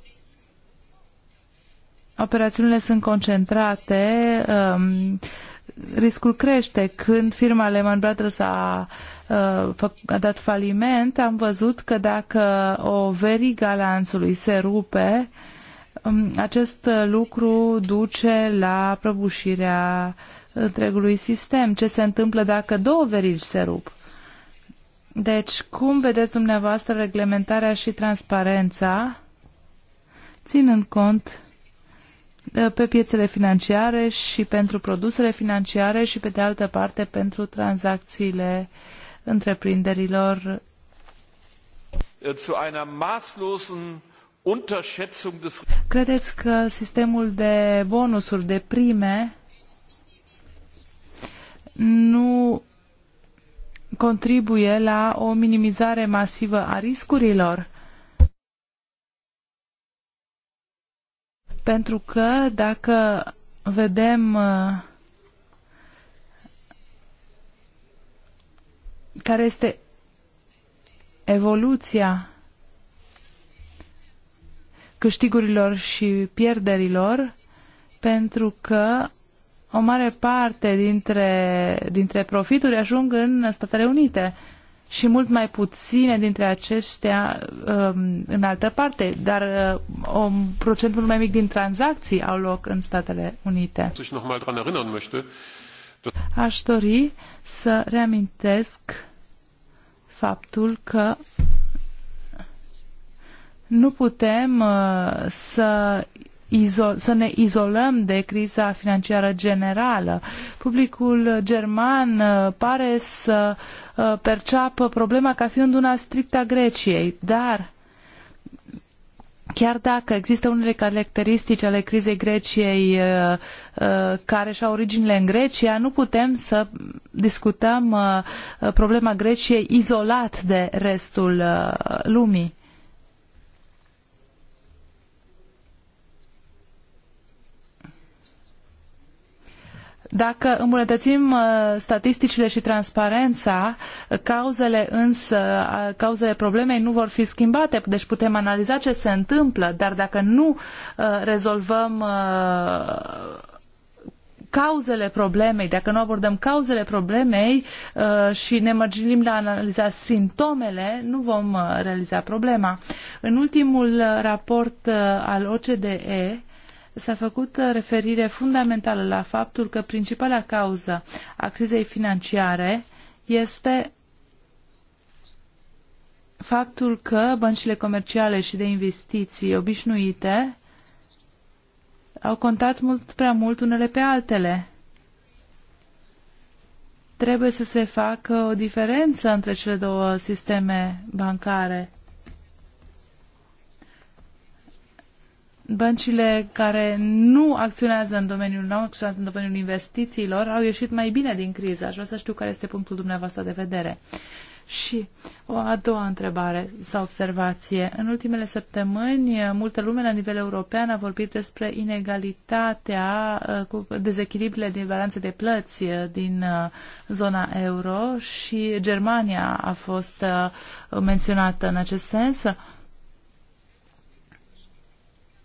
operațiunile sunt concentrate, um, riscul crește. Când firma Lehman Brothers a, uh, a dat faliment, am văzut că dacă o veriga lanțului se rupe, um, acest lucru duce la prăbușirea întregului sistem. Ce se întâmplă dacă două verigi se rup? Deci, cum vedeți dumneavoastră reglementarea și transparența, ținând cont Eh, pe piețele financiare și pentru produsele financiare și, pe de altă parte, pentru tranzacțiile întreprinderilor. Äh, zu einer maßlosen Unterschätzung des... Credeți că sistemul de bonusuri, de prime, nu contribuie la o minimizare masivă a riscurilor? Pentru că dacă vedem uh, care este evoluția câștigurilor și pierderilor, pentru că o mare parte dintre, dintre profituri ajung în Statele Unite și mult mai puține dintre acestea um, în altă parte, dar un uh, um, procent mult mai mic din tranzacții au loc în Statele Unite. Aș dori să reamintesc faptul că nu putem uh, să izo- să ne izolăm de criza financiară generală. Publicul german uh, pare să uh, perceapă problema ca fiind una strictă a Greciei, dar chiar dacă există unele caracteristici ale crizei Greciei uh, care și-au originile în Grecia, nu putem să discutăm problema Greciei izolat de restul lumii. Dacă îmbunătățim uh, statisticile și transparența, cauzele însă, uh, cauzele problemei nu vor fi schimbate, deci putem analiza ce se întâmplă, dar dacă nu uh, rezolvăm cauzele problemei, dacă nu abordăm cauzele problemei uh, și ne mărginim la analiza simptomele, nu vom uh, realiza problema. În ultimul raport uh, al OCDE s-a făcut uh, referire fundamentală la faptul că principala cauză a crizei financiare este faptul că băncile comerciale și de investiții obișnuite au contat mult prea mult unele pe altele. Trebuie să se facă o diferență între cele două sisteme bancare băncile care nu acționează în domeniul nou, acționează în domeniul investițiilor au ieșit mai bine din criză. Aș vrea să știu care este punctul dumneavoastră de vedere. Și o a doua întrebare sau observație. În ultimele săptămâni, multă lume la nivel european a vorbit despre inegalitatea uh, cu dezechilibrile din balanțe de plăți uh, din uh, zona euro și Germania a fost menționată în acest sens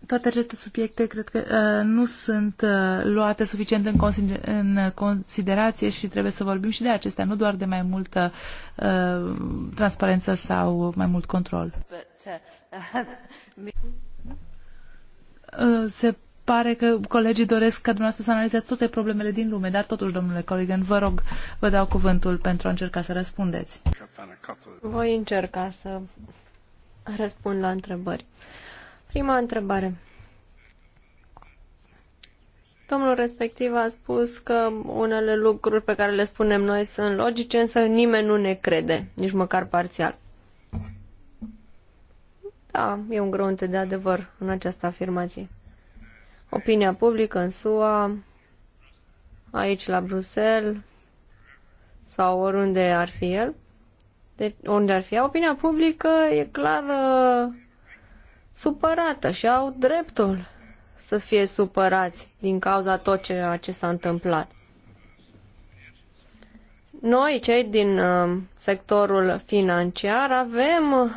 toate aceste subiecte cred că uh, nu sunt uh, luate suficient în, consider- în considerație și trebuie să vorbim și de acestea, nu doar de mai multă uh, transparență sau mai mult control. Uh, uh, se pare că colegii doresc ca dumneavoastră să analizați toate problemele din lume, dar totuși, domnule Corrigan, vă rog, vă dau cuvântul pentru a încerca să răspundeți. Voi încerca să răspund la întrebări. Uh, Prima întrebare. Domnul respectiv a spus că unele lucruri pe care le spunem noi sunt logice, însă nimeni nu ne crede, nici măcar parțial. Da, e un grăunte de adevăr în această afirmație. Opinia publică în SUA, aici la Bruxelles sau oriunde ar fi el, de, deci, unde ar fi, opinia publică e clar uh, supărată și au dreptul să fie supărați din cauza tot ceea ce s-a întâmplat. Noi, cei din um, sectorul financiar, avem uh,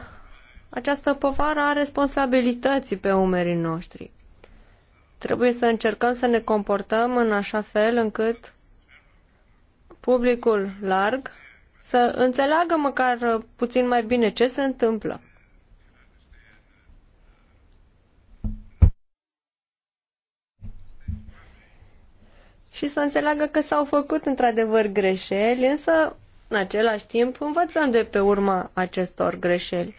această povară a responsabilității pe umerii noștri. Trebuie să încercăm să ne comportăm în așa fel încât publicul larg să înțeleagă măcar uh, puțin mai bine ce se întâmplă. și să înțeleagă că s-au făcut într-adevăr greșeli, însă în același timp învățăm de pe urma acestor greșeli.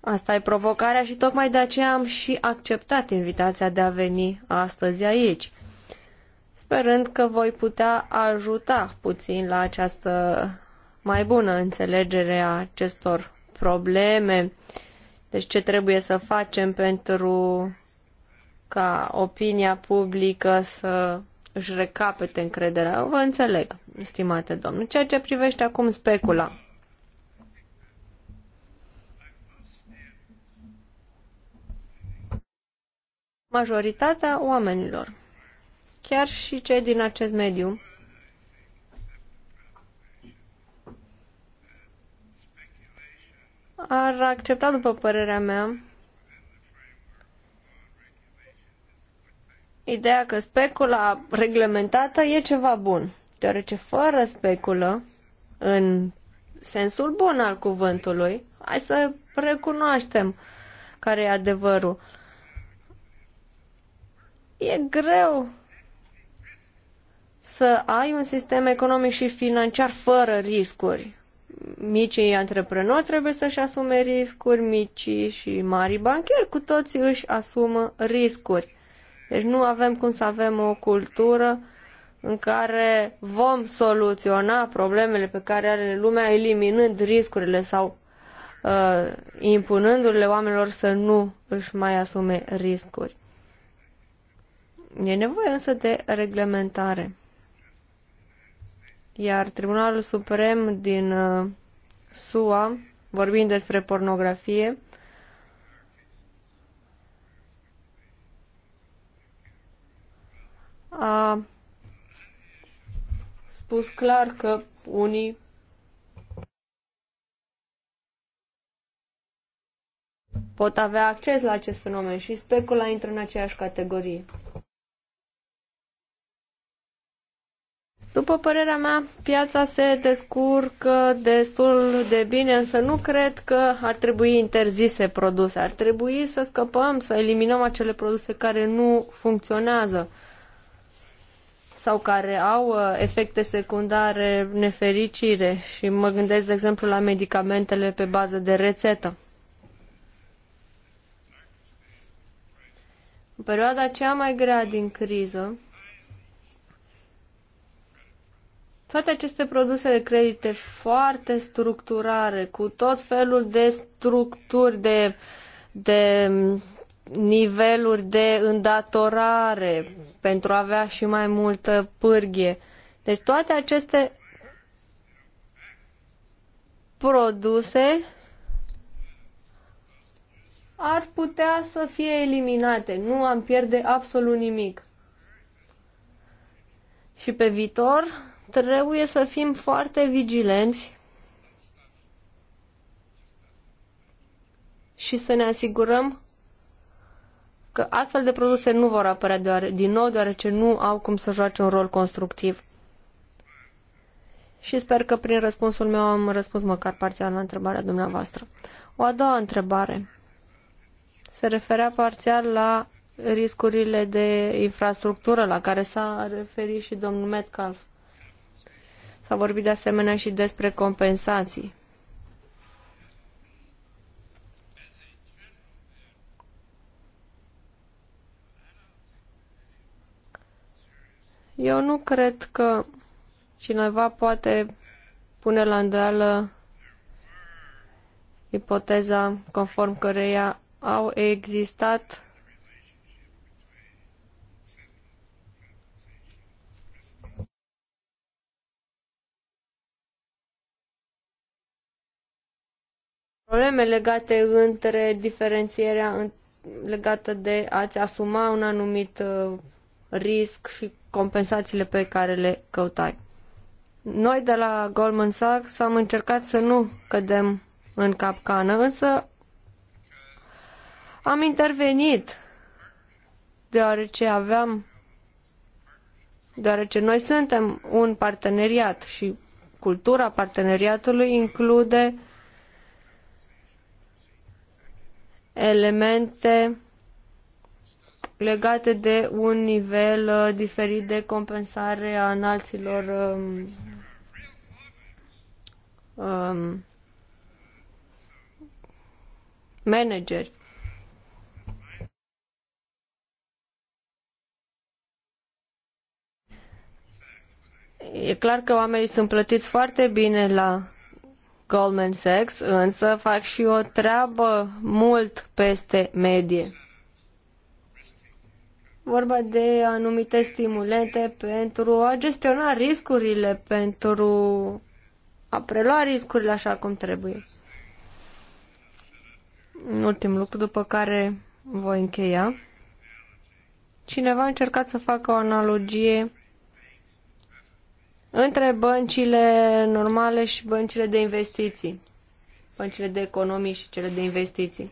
Asta e provocarea și tocmai de aceea am și acceptat invitația de a veni astăzi aici, sperând că voi putea ajuta puțin la această mai bună înțelegere a acestor probleme, deci ce trebuie să facem pentru ca opinia publică să își recapete încrederea. Vă înțeleg, stimate domnul. Ceea ce privește acum specula. Majoritatea oamenilor, chiar și cei din acest mediu, ar accepta, după părerea mea, ideea că specula reglementată e ceva bun, deoarece fără speculă, în sensul bun al cuvântului, hai să recunoaștem care e adevărul. E greu să ai un sistem economic și financiar fără riscuri. Micii antreprenori trebuie să-și asume riscuri, micii și mari bancheri cu toții își asumă riscuri. Deci nu avem cum să avem o cultură în care vom soluționa problemele pe care are lumea eliminând riscurile sau uh, impunându-le oamenilor să nu își mai asume riscuri. E nevoie însă de reglementare. Iar Tribunalul Suprem din uh, SUA, vorbind despre pornografie, a spus clar că unii pot avea acces la acest fenomen și specula intră în aceeași categorie. După părerea mea, piața se descurcă destul de bine, însă nu cred că ar trebui interzise produse. Ar trebui să scăpăm, să eliminăm acele produse care nu funcționează sau care au uh, efecte secundare nefericire și mă gândesc, de exemplu, la medicamentele pe bază de rețetă. În perioada cea mai grea din criză, toate aceste produse de credite foarte structurare, cu tot felul de structuri, de, de niveluri de îndatorare pentru a avea și mai multă pârghie. Deci toate aceste produse ar putea să fie eliminate. Nu am pierde absolut nimic. Și pe viitor trebuie să fim foarte vigilenți și să ne asigurăm că astfel de produse nu vor apărea doar, din nou, deoarece nu au cum să joace un rol constructiv. Și sper că prin răspunsul meu am răspuns măcar parțial la întrebarea dumneavoastră. O a doua întrebare se referea parțial la riscurile de infrastructură la care s-a referit și domnul Metcalf. S-a vorbit de asemenea și despre compensații. Eu nu cred că cineva poate pune la îndoială ipoteza conform căreia au existat probleme legate între diferențierea legată de a-ți asuma un anumit uh, risc și compensațiile pe care le căutai. Noi de la Goldman Sachs am încercat să nu cădem în capcană, însă am intervenit deoarece aveam deoarece noi suntem un parteneriat și cultura parteneriatului include elemente legate de un nivel uh, diferit de compensare a înalților um, um, manageri. E clar că oamenii sunt plătiți foarte bine la Goldman Sachs, însă fac și o treabă mult peste medie vorba de anumite stimulente pentru a gestiona riscurile, pentru a prelua riscurile așa cum trebuie. Un ultim lucru după care voi încheia. Cineva a încercat să facă o analogie între băncile normale și băncile de investiții, băncile de economii și cele de investiții.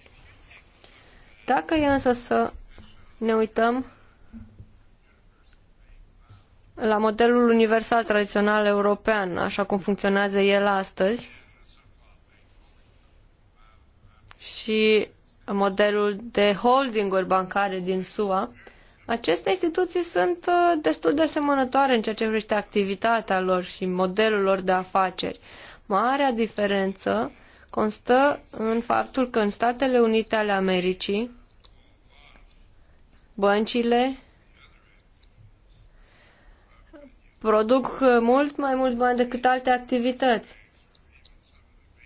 Dacă e însă să ne uităm la modelul universal tradițional european, așa cum funcționează el astăzi, și modelul de holdinguri bancare din SUA, aceste instituții sunt uh, destul de asemănătoare în ceea ce privește activitatea lor și modelul lor de afaceri. Marea diferență constă în faptul că în Statele Unite ale Americii băncile produc uh, mult mai mulți bani decât alte activități.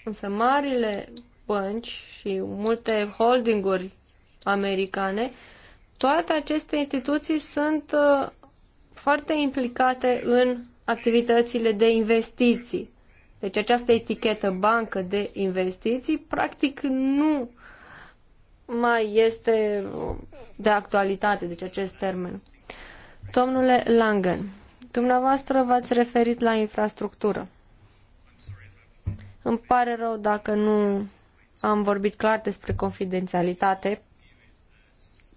Însă marile bănci și multe holdinguri americane, toate aceste instituții sunt uh, foarte implicate în activitățile de investiții. Deci această etichetă bancă de investiții practic nu mai este uh, de actualitate, deci acest termen. Domnule Langen, Dumneavoastră v-ați referit la infrastructură. Îmi pare rău dacă nu am vorbit clar despre confidențialitate.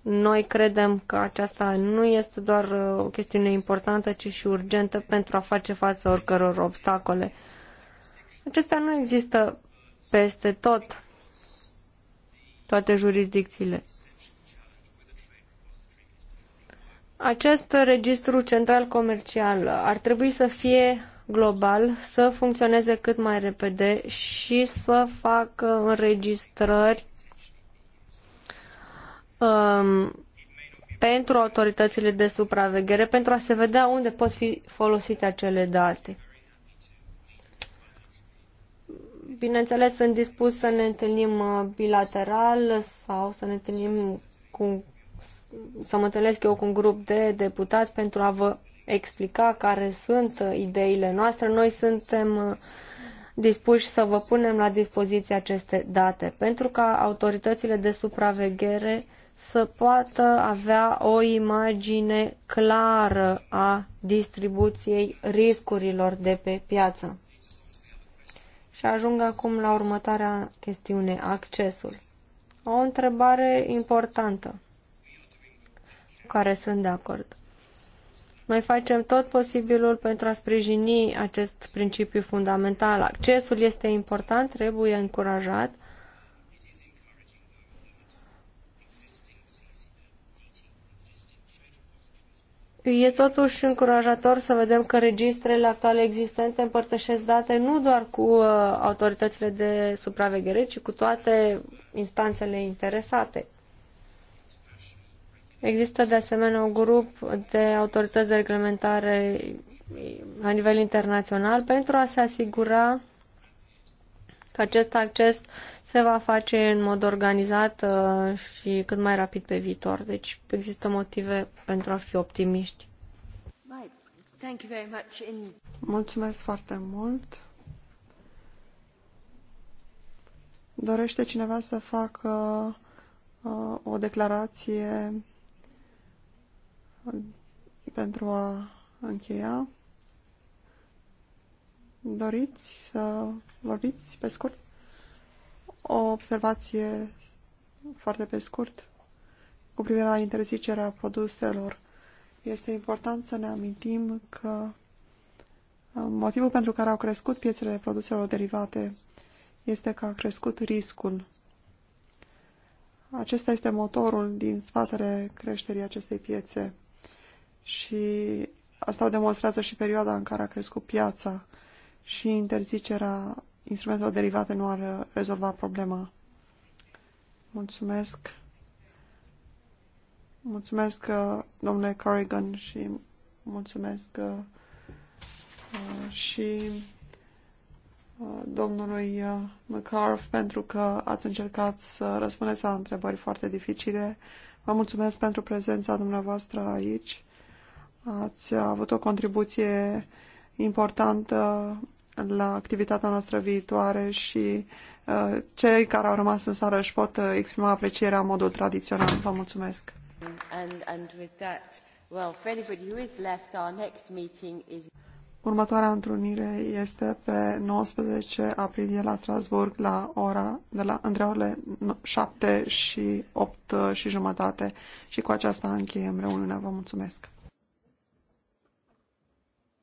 Noi credem că aceasta nu este doar uh, o chestiune importantă, ci și urgentă pentru a face față oricăror obstacole. Acestea nu există peste tot, toate jurisdicțiile. Acest registru central comercial ar trebui să fie global, să funcționeze cât mai repede și să facă înregistrări um, pentru autoritățile de supraveghere, pentru a se vedea unde pot fi folosite acele date. Bineînțeles, sunt dispus să ne întâlnim uh, bilateral sau să ne întâlnim cu să mă întâlnesc eu cu un grup de deputați pentru a vă explica care sunt ideile noastre. Noi suntem uh, dispuși să vă punem la dispoziție aceste date pentru ca autoritățile de supraveghere să poată avea o imagine clară a distribuției riscurilor de pe piață. Și ajung acum la următoarea chestiune, accesul. O întrebare importantă care sunt de acord. Noi facem tot posibilul pentru a sprijini acest principiu fundamental. Accesul este important, trebuie încurajat. E totuși încurajator să vedem că registrele actuale existente împărtășesc date nu doar cu uh, autoritățile de supraveghere, ci cu toate instanțele interesate. Există de asemenea un grup de autorități de reglementare la nivel internațional pentru a se asigura că acest acces se va face în mod organizat uh, și cât mai rapid pe viitor. Deci există motive pentru a fi optimiști. Mulțumesc foarte mult. Dorește cineva să facă uh, o declarație pentru a încheia. Doriți să vorbiți pe scurt? O observație foarte pe scurt cu privire la interzicerea produselor. Este important să ne amintim că uh, motivul pentru care au crescut piețele produselor derivate este că a crescut riscul. Acesta este motorul din spatele creșterii acestei piețe și asta o demonstrează și perioada în care a crescut piața și interzicerea instrumentelor derivate nu ar rezolva problema. Mulțumesc. Mulțumesc, uh, domnule Corrigan, și mulțumesc uh, uh, și domnului McCarv pentru că ați încercat să răspundeți la întrebări foarte dificile. Vă mulțumesc pentru prezența dumneavoastră aici Ați avut o contribuție importantă la activitatea noastră viitoare și uh, cei care au rămas în sală își pot uh, exprima aprecierea în modul tradițional. Vă mulțumesc! And, and that, well, left, is... Următoarea întrunire este pe 19 aprilie la Strasburg la ora de la între orele 7 și 8 și jumătate și cu aceasta încheiem reuniunea. Vă mulțumesc!